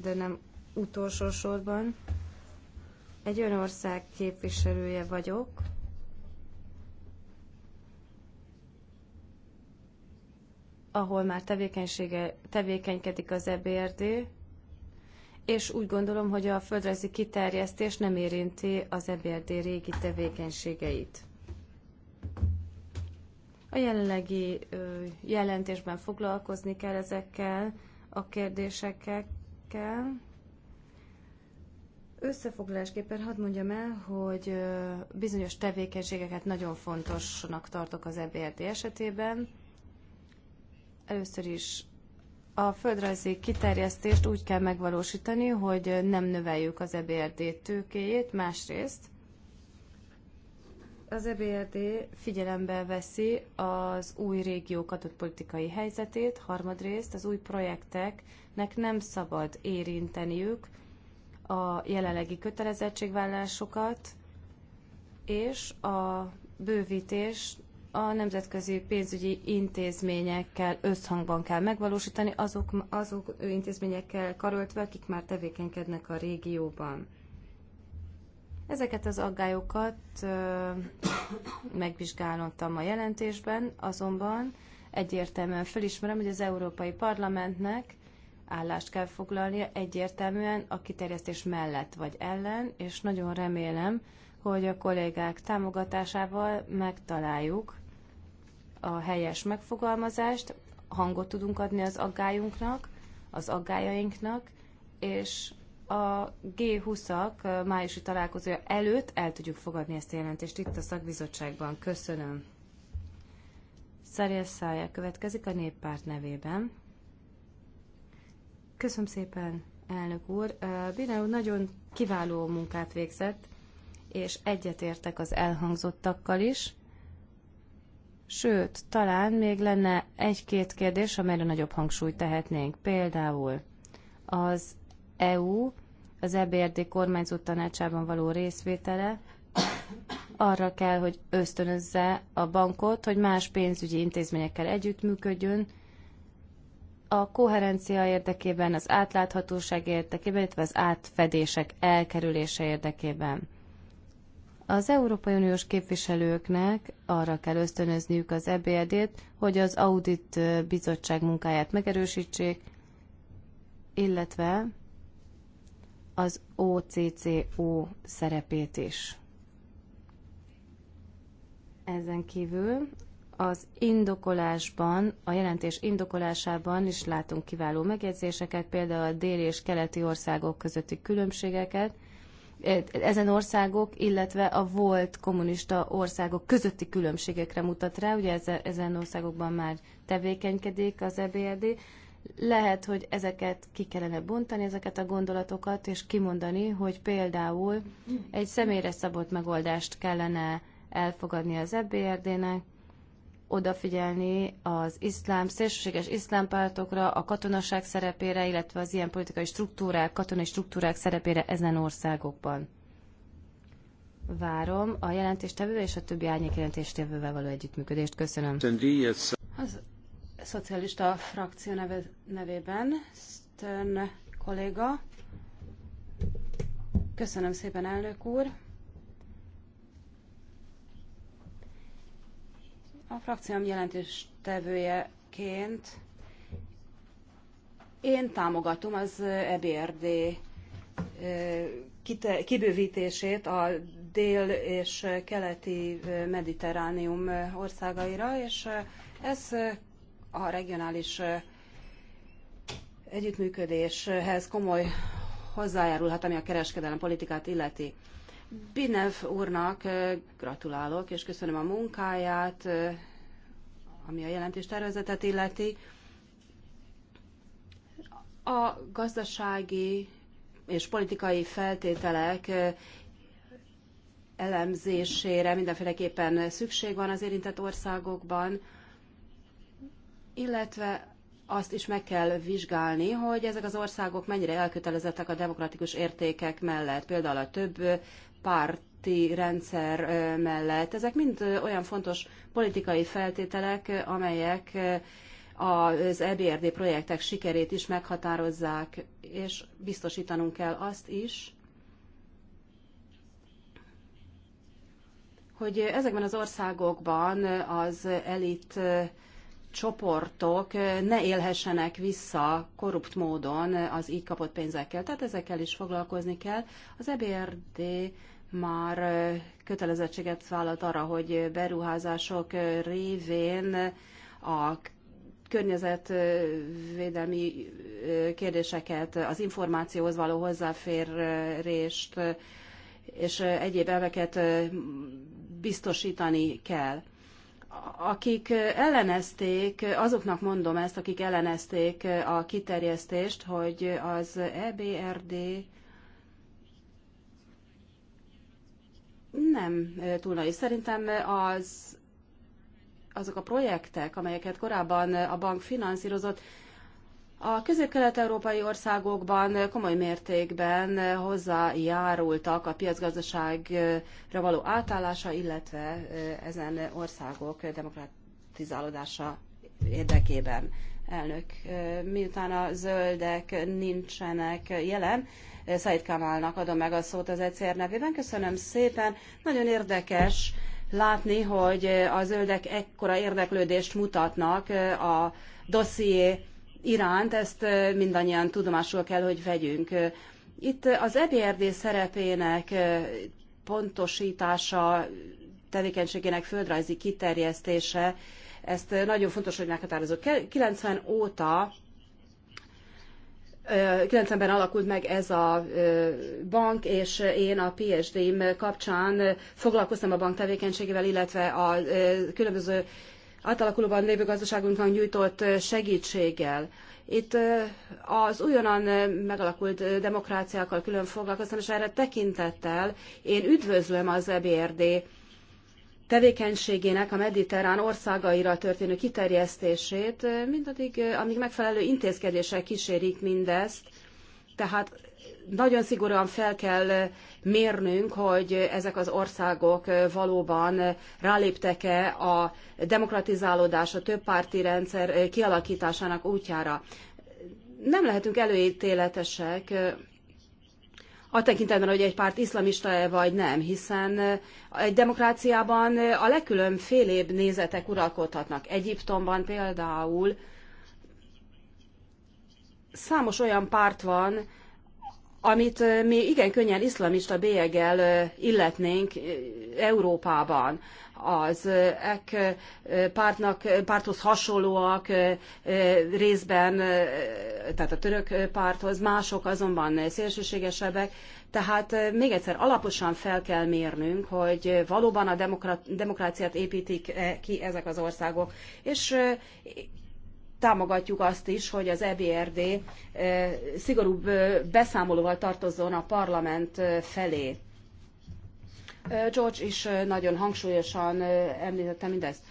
Speaker 3: de nem utolsó sorban egy olyan ország képviselője vagyok, ahol már tevékenysége, tevékenykedik az EBRD, és úgy gondolom, hogy a földrajzi kiterjesztés nem érinti az EBRD régi tevékenységeit. A jelenlegi jelentésben foglalkozni kell ezekkel a kérdésekkel, kell. Összefoglalásképpen hadd mondjam el, hogy bizonyos tevékenységeket nagyon fontosnak tartok az EBRD esetében. Először is a földrajzi kiterjesztést úgy kell megvalósítani, hogy nem növeljük az EBRD tőkéjét, másrészt az EBRD figyelembe veszi az új régiók adott politikai helyzetét, harmadrészt az új projekteknek nem szabad érinteniük a jelenlegi kötelezettségvállásokat, és a bővítés a nemzetközi pénzügyi intézményekkel összhangban kell megvalósítani, azok, azok intézményekkel karöltve, akik már tevékenykednek a régióban. Ezeket az aggályokat megvizsgálottam a jelentésben, azonban egyértelműen felismerem, hogy az Európai Parlamentnek állást kell foglalnia egyértelműen a kiterjesztés mellett vagy ellen, és nagyon remélem, hogy a kollégák támogatásával megtaláljuk a helyes megfogalmazást, hangot tudunk adni az aggályunknak, az aggájainknak, és a G20-ak májusi találkozója előtt el tudjuk fogadni ezt a jelentést itt a szakbizottságban. Köszönöm. Szerjes Szája következik a néppárt nevében. Köszönöm szépen, elnök úr. Bíró nagyon kiváló munkát végzett, és egyetértek az elhangzottakkal is. Sőt, talán még lenne egy-két kérdés, amelyre nagyobb hangsúlyt tehetnénk. Például az EU az EBRD kormányzó tanácsában való részvétele arra kell, hogy ösztönözze a bankot, hogy más pénzügyi intézményekkel együttműködjön, a koherencia érdekében, az átláthatóság érdekében, illetve az átfedések elkerülése érdekében. Az Európai Uniós képviselőknek arra kell ösztönözniük az EBRD-t, hogy az Audit Bizottság munkáját megerősítsék, illetve az OCCO szerepét is. Ezen kívül az indokolásban, a jelentés indokolásában is látunk kiváló megjegyzéseket, például a déli és keleti országok közötti különbségeket, e, ezen országok, illetve a volt kommunista országok közötti különbségekre mutat rá, ugye ezen országokban már tevékenykedik az EBRD, lehet, hogy ezeket ki kellene bontani, ezeket a gondolatokat, és kimondani, hogy például egy személyre szabott megoldást kellene elfogadni az EBRD-nek, odafigyelni az iszlám, szélsőséges iszlámpártokra, a katonaság szerepére, illetve az ilyen politikai struktúrák, katonai struktúrák szerepére ezen országokban. Várom a jelentéstevővel és a többi árnyék jelentéstevővel való együttműködést. Köszönöm.
Speaker 1: Az szocialista frakció neve, nevében, Stern kolléga. Köszönöm szépen, elnök úr. A frakcióm tevőjeként én támogatom az EBRD kibővítését a dél- és keleti mediterránium országaira, és ez a regionális együttműködéshez komoly hozzájárulhat, ami a kereskedelem politikát illeti. Binev úrnak gratulálok, és köszönöm a munkáját, ami a jelentés tervezetet illeti. A gazdasági és politikai feltételek elemzésére mindenféleképpen szükség van az érintett országokban illetve azt is meg kell vizsgálni, hogy ezek az országok mennyire elkötelezettek a demokratikus értékek mellett, például a több párti rendszer mellett. Ezek mind olyan fontos politikai feltételek, amelyek az EBRD projektek sikerét is meghatározzák, és biztosítanunk kell azt is, hogy ezekben az országokban az elit csoportok ne élhessenek vissza korrupt módon az így kapott pénzekkel. Tehát ezekkel is foglalkozni kell. Az EBRD már kötelezettséget vállalt arra, hogy beruházások révén a környezetvédelmi kérdéseket, az információhoz való hozzáférést és egyéb elveket biztosítani kell akik ellenezték, azoknak mondom ezt, akik ellenezték a kiterjesztést, hogy az EBRD nem túl nagy. Szerintem az, azok a projektek, amelyeket korábban a bank finanszírozott, a közép-kelet-európai országokban komoly mértékben hozzájárultak a piacgazdaságra való átállása, illetve eh, ezen országok demokratizálódása érdekében. Elnök, eh, miután a zöldek nincsenek jelen, eh, Szaid Kamálnak adom meg a szót az ECR nevében. Köszönöm szépen, nagyon érdekes látni, hogy a zöldek ekkora érdeklődést mutatnak a dosszié iránt, ezt mindannyian tudomásul kell, hogy vegyünk. Itt az EBRD szerepének pontosítása, tevékenységének földrajzi kiterjesztése, ezt nagyon fontos, hogy meghatározunk. 90 óta 90-ben alakult meg ez a bank, és én a PSD-m kapcsán foglalkoztam a bank tevékenységével, illetve a különböző átalakulóban lévő gazdaságunknak nyújtott segítséggel. Itt az újonnan megalakult demokráciákkal külön foglalkoztam, és erre tekintettel én üdvözlöm az EBRD tevékenységének a mediterrán országaira történő kiterjesztését, mindaddig, amíg megfelelő intézkedések kísérik mindezt, tehát nagyon szigorúan fel kell mérnünk, hogy ezek az országok valóban ráléptek-e a demokratizálódás, a többpárti rendszer kialakításának útjára. Nem lehetünk előítéletesek a tekintetben, hogy egy párt iszlamista-e vagy nem, hiszen egy demokráciában a legkülönfélébb nézetek uralkodhatnak. Egyiptomban például számos olyan párt van, amit mi igen könnyen iszlamista bélyeggel illetnénk Európában. Az ek pártnak, párthoz hasonlóak részben, tehát a török párthoz, mások azonban szélsőségesebbek, tehát még egyszer alaposan fel kell mérnünk, hogy valóban a demokrat, demokráciát építik ki ezek az országok, és támogatjuk azt is, hogy az EBRD szigorúbb beszámolóval tartozzon a parlament felé. George is nagyon hangsúlyosan említette mindezt.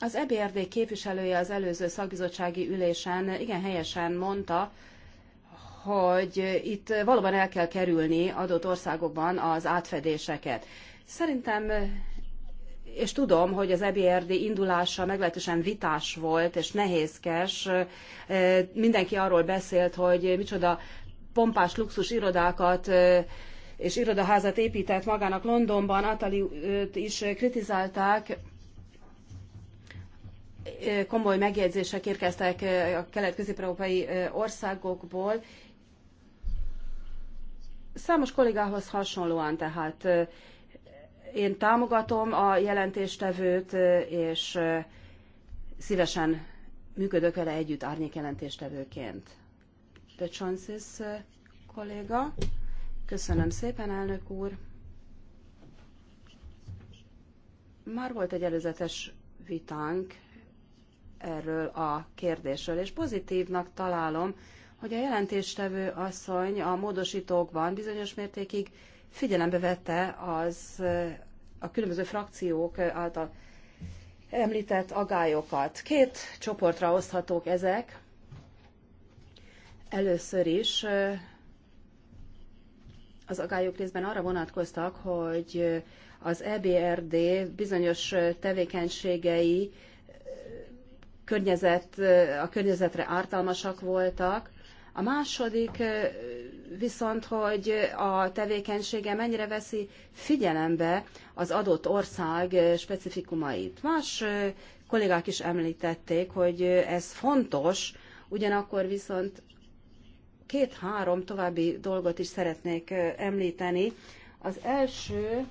Speaker 1: Az EBRD képviselője az előző szakbizottsági ülésen igen helyesen mondta, hogy itt valóban el kell kerülni adott országokban az átfedéseket. Szerintem és tudom, hogy az EBRD indulása meglehetősen vitás volt, és nehézkes. Mindenki arról beszélt, hogy micsoda pompás luxus irodákat és irodaházat épített magának Londonban, Atali is kritizálták, komoly megjegyzések érkeztek a kelet-közép-európai országokból. Számos kollégához hasonlóan tehát én támogatom a jelentéstevőt, és szívesen működök vele együtt árnyék jelentéstevőként. De Chances kolléga, köszönöm szépen, elnök úr. Már volt egy előzetes vitánk erről a kérdésről, és pozitívnak találom, hogy a jelentéstevő asszony a módosítókban bizonyos mértékig figyelembe vette az a különböző frakciók által említett agályokat. Két csoportra oszthatók ezek. Először is az agályok részben arra vonatkoztak, hogy az EBRD bizonyos tevékenységei környezet, a környezetre ártalmasak voltak, a második viszont, hogy a tevékenysége mennyire veszi figyelembe az adott ország specifikumait. Más kollégák is említették, hogy ez fontos, ugyanakkor viszont két-három további dolgot is szeretnék említeni. Az első,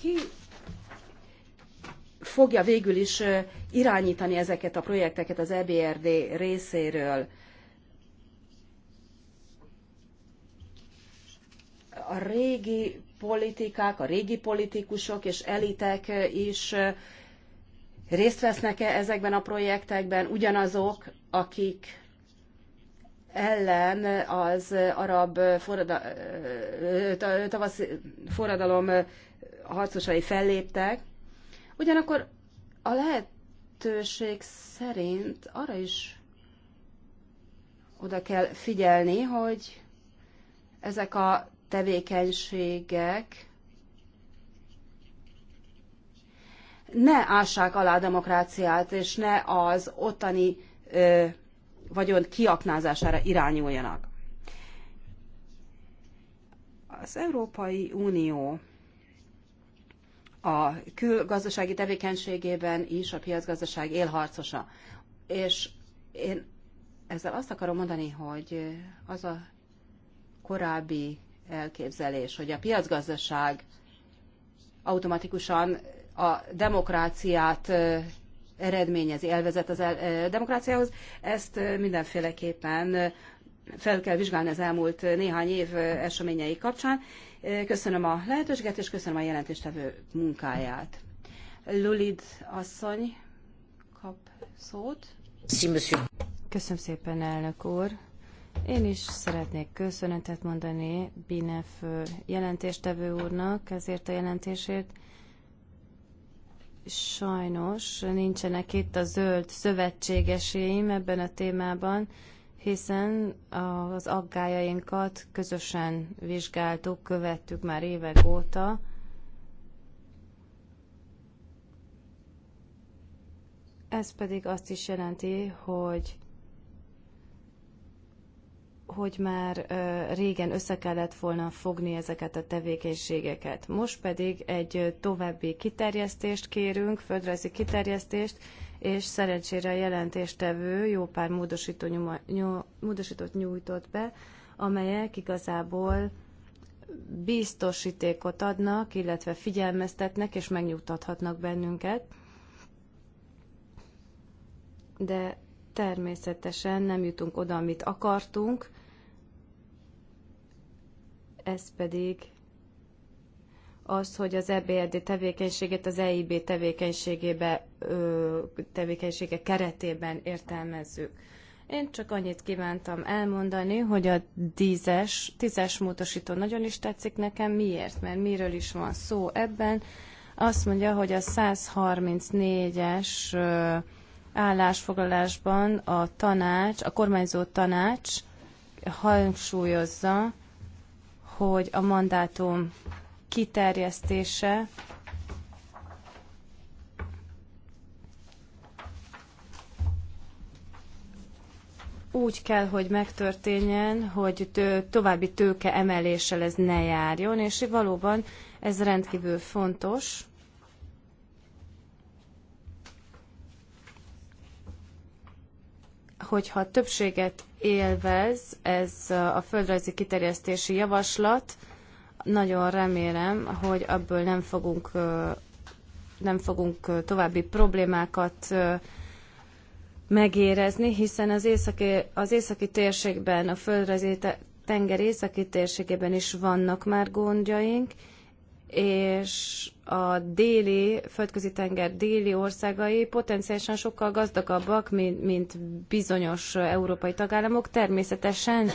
Speaker 1: ki fogja végül is irányítani ezeket a projekteket az EBRD részéről. a régi politikák, a régi politikusok és elitek is részt vesznek-e ezekben a projektekben, ugyanazok, akik ellen az arab forrada, tavasz forradalom harcosai felléptek. Ugyanakkor a lehetőség szerint arra is oda kell figyelni, hogy ezek a tevékenységek ne ássák alá a demokráciát, és ne az ottani ö, vagyon kiaknázására irányuljanak. Az Európai Unió a külgazdasági tevékenységében is a piacgazdaság élharcosa. És én ezzel azt akarom mondani, hogy az a korábbi elképzelés, hogy a piacgazdaság automatikusan a demokráciát eredményezi, elvezet az el, demokráciához, ezt mindenféleképpen fel kell vizsgálni az elmúlt néhány év eseményei kapcsán. Köszönöm a lehetőséget, és köszönöm a jelentéstevő munkáját. Lulid asszony kap szót.
Speaker 3: Köszönöm szépen, elnök úr. Én is szeretnék köszönetet mondani Binef jelentéstevő úrnak ezért a jelentésért. Sajnos nincsenek itt a zöld szövetségeseim ebben a témában, hiszen az aggájainkat közösen vizsgáltuk, követtük már évek óta. Ez pedig azt is jelenti, hogy hogy már régen össze kellett volna fogni ezeket a tevékenységeket. Most pedig egy további kiterjesztést kérünk, földrajzi kiterjesztést, és szerencsére a jelentéstevő jó pár módosító nyoma, nyom, módosítót nyújtott be, amelyek igazából biztosítékot adnak, illetve figyelmeztetnek és megnyugtathatnak bennünket. De természetesen nem jutunk oda, amit akartunk, ez pedig az, hogy az EBRD tevékenységét az EIB tevékenységébe, tevékenysége keretében értelmezzük. Én csak annyit kívántam elmondani, hogy a dízes, tízes módosító nagyon is tetszik nekem. Miért? Mert miről is van szó ebben? Azt mondja, hogy a 134-es állásfoglalásban a tanács, a kormányzó tanács hangsúlyozza, hogy a mandátum kiterjesztése úgy kell, hogy megtörténjen, hogy tő, további tőke emeléssel ez ne járjon, és valóban ez rendkívül fontos. hogyha többséget élvez ez a földrajzi kiterjesztési javaslat, nagyon remélem, hogy ebből nem fogunk, nem fogunk további problémákat megérezni, hiszen az északi, az északi térségben, a földrajzi tenger északi térségében is vannak már gondjaink, és a déli, földközi tenger déli országai potenciálisan sokkal gazdagabbak, mint, mint bizonyos európai tagállamok. Természetesen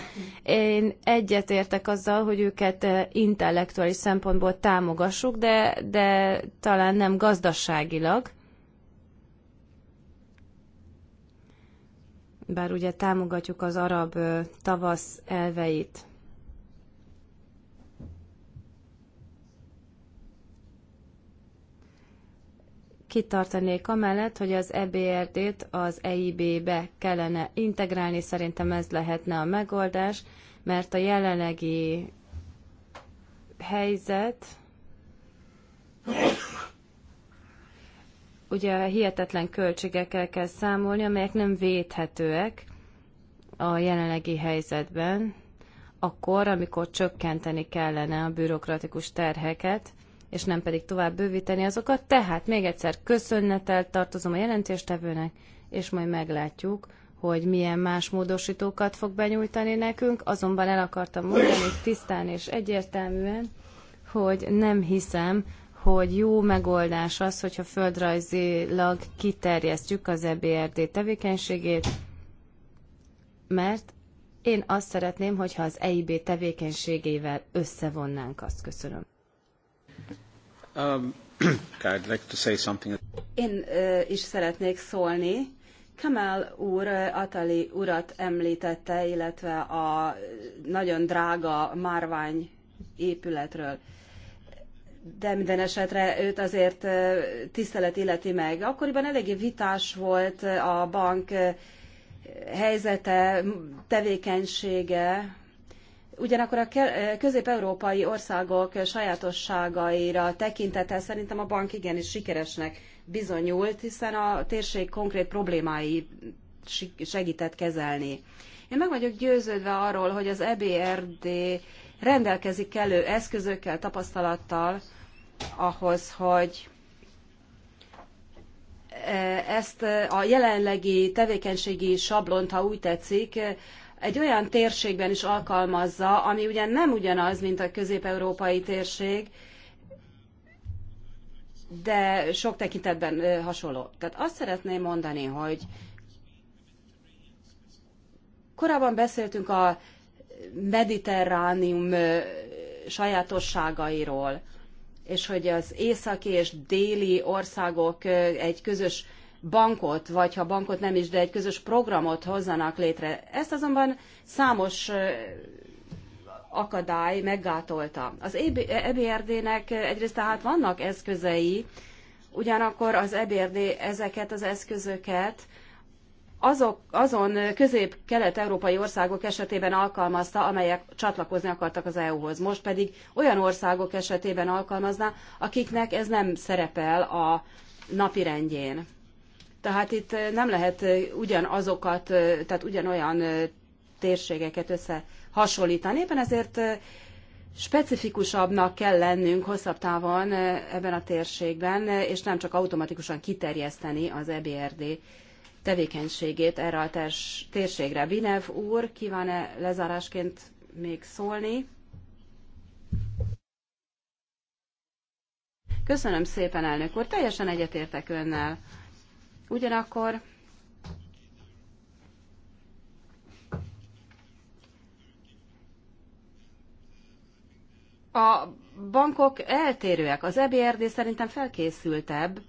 Speaker 3: én egyetértek azzal, hogy őket intellektuális szempontból támogassuk, de, de talán nem gazdaságilag. Bár ugye támogatjuk az arab tavasz elveit. kitartanék amellett, hogy az EBRD-t az EIB-be kellene integrálni, szerintem ez lehetne a megoldás, mert a jelenlegi helyzet ugye hihetetlen költségekkel kell számolni, amelyek nem védhetőek a jelenlegi helyzetben, akkor, amikor csökkenteni kellene a bürokratikus terheket, és nem pedig tovább bővíteni azokat. Tehát még egyszer köszönnettel tartozom a jelentéstevőnek, és majd meglátjuk, hogy milyen más módosítókat fog benyújtani nekünk, azonban el akartam mondani tisztán és egyértelműen, hogy nem hiszem, hogy jó megoldás az, hogyha földrajzilag kiterjesztjük az EBRD tevékenységét, mert én azt szeretném, hogyha az EIB tevékenységével összevonnánk azt. Köszönöm.
Speaker 2: Um, <clears throat> I'd like to say something.
Speaker 1: Én uh, is szeretnék szólni. Kamel úr Atali urat említette, illetve a nagyon drága márvány épületről. De minden esetre őt azért tisztelet illeti meg. Akkoriban eléggé vitás volt a bank helyzete, tevékenysége, Ugyanakkor a eh, közép-európai országok sajátosságaira tekintettel szerintem a bank igenis sikeresnek bizonyult, hiszen a térség konkrét problémái segített kezelni. Én meg vagyok győződve arról, hogy az EBRD rendelkezik kellő eszközökkel, tapasztalattal ahhoz, hogy eh, ezt eh, a jelenlegi tevékenységi sablont, ha úgy tetszik, egy olyan térségben is alkalmazza, ami ugyan nem ugyanaz, mint a közép-európai térség, de sok tekintetben hasonló. Tehát azt szeretném mondani, hogy korábban beszéltünk a mediterránium sajátosságairól, és hogy az északi és déli országok egy közös bankot, vagy ha bankot nem is, de egy közös programot hozzanak létre. Ezt azonban számos akadály meggátolta. Az EBRD-nek e egyrészt tehát vannak eszközei, ugyanakkor az EBRD ezeket az eszközöket azok, azon közép-kelet-európai országok esetében alkalmazta, amelyek csatlakozni akartak az EU-hoz. Most pedig olyan országok esetében alkalmazná, akiknek ez nem szerepel a napirendjén. Tehát itt nem lehet ugyanazokat, tehát ugyanolyan térségeket összehasonlítani. Éppen ezért specifikusabbnak kell lennünk hosszabb távon ebben a térségben, és nem csak automatikusan kiterjeszteni az EBRD tevékenységét erre a ters- térségre. Binev úr, kíván-e lezárásként még szólni? Köszönöm szépen, elnök úr, teljesen egyetértek önnel. Ugyanakkor a bankok eltérőek. Az EBRD szerintem felkészültebb,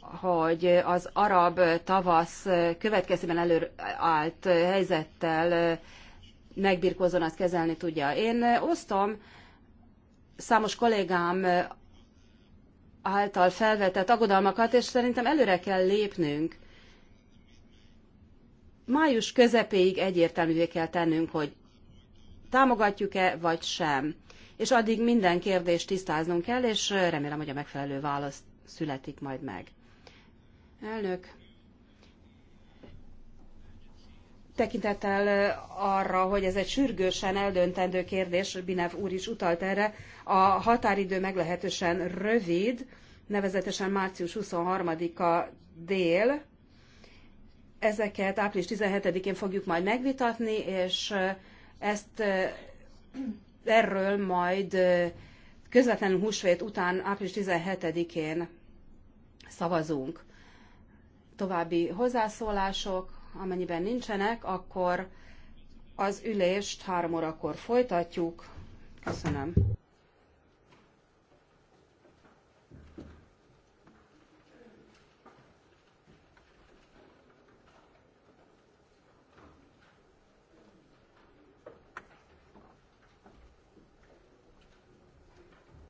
Speaker 1: hogy az arab tavasz következőben előállt helyzettel megbirkózon, azt kezelni tudja. Én osztom számos kollégám által felvetett aggodalmakat, és szerintem előre kell lépnünk. Május közepéig egyértelművé kell tennünk, hogy támogatjuk-e vagy sem. És addig minden kérdést tisztáznunk kell, és remélem, hogy a megfelelő válasz születik majd meg. Elnök, tekintettel arra, hogy ez egy sürgősen eldöntendő kérdés, Binev úr is utalt erre, a határidő meglehetősen rövid, nevezetesen március 23-a dél. Ezeket április 17-én fogjuk majd megvitatni, és ezt erről majd közvetlenül húsvét után, április 17-én szavazunk. További hozzászólások, amennyiben nincsenek, akkor az ülést három órakor folytatjuk. Köszönöm.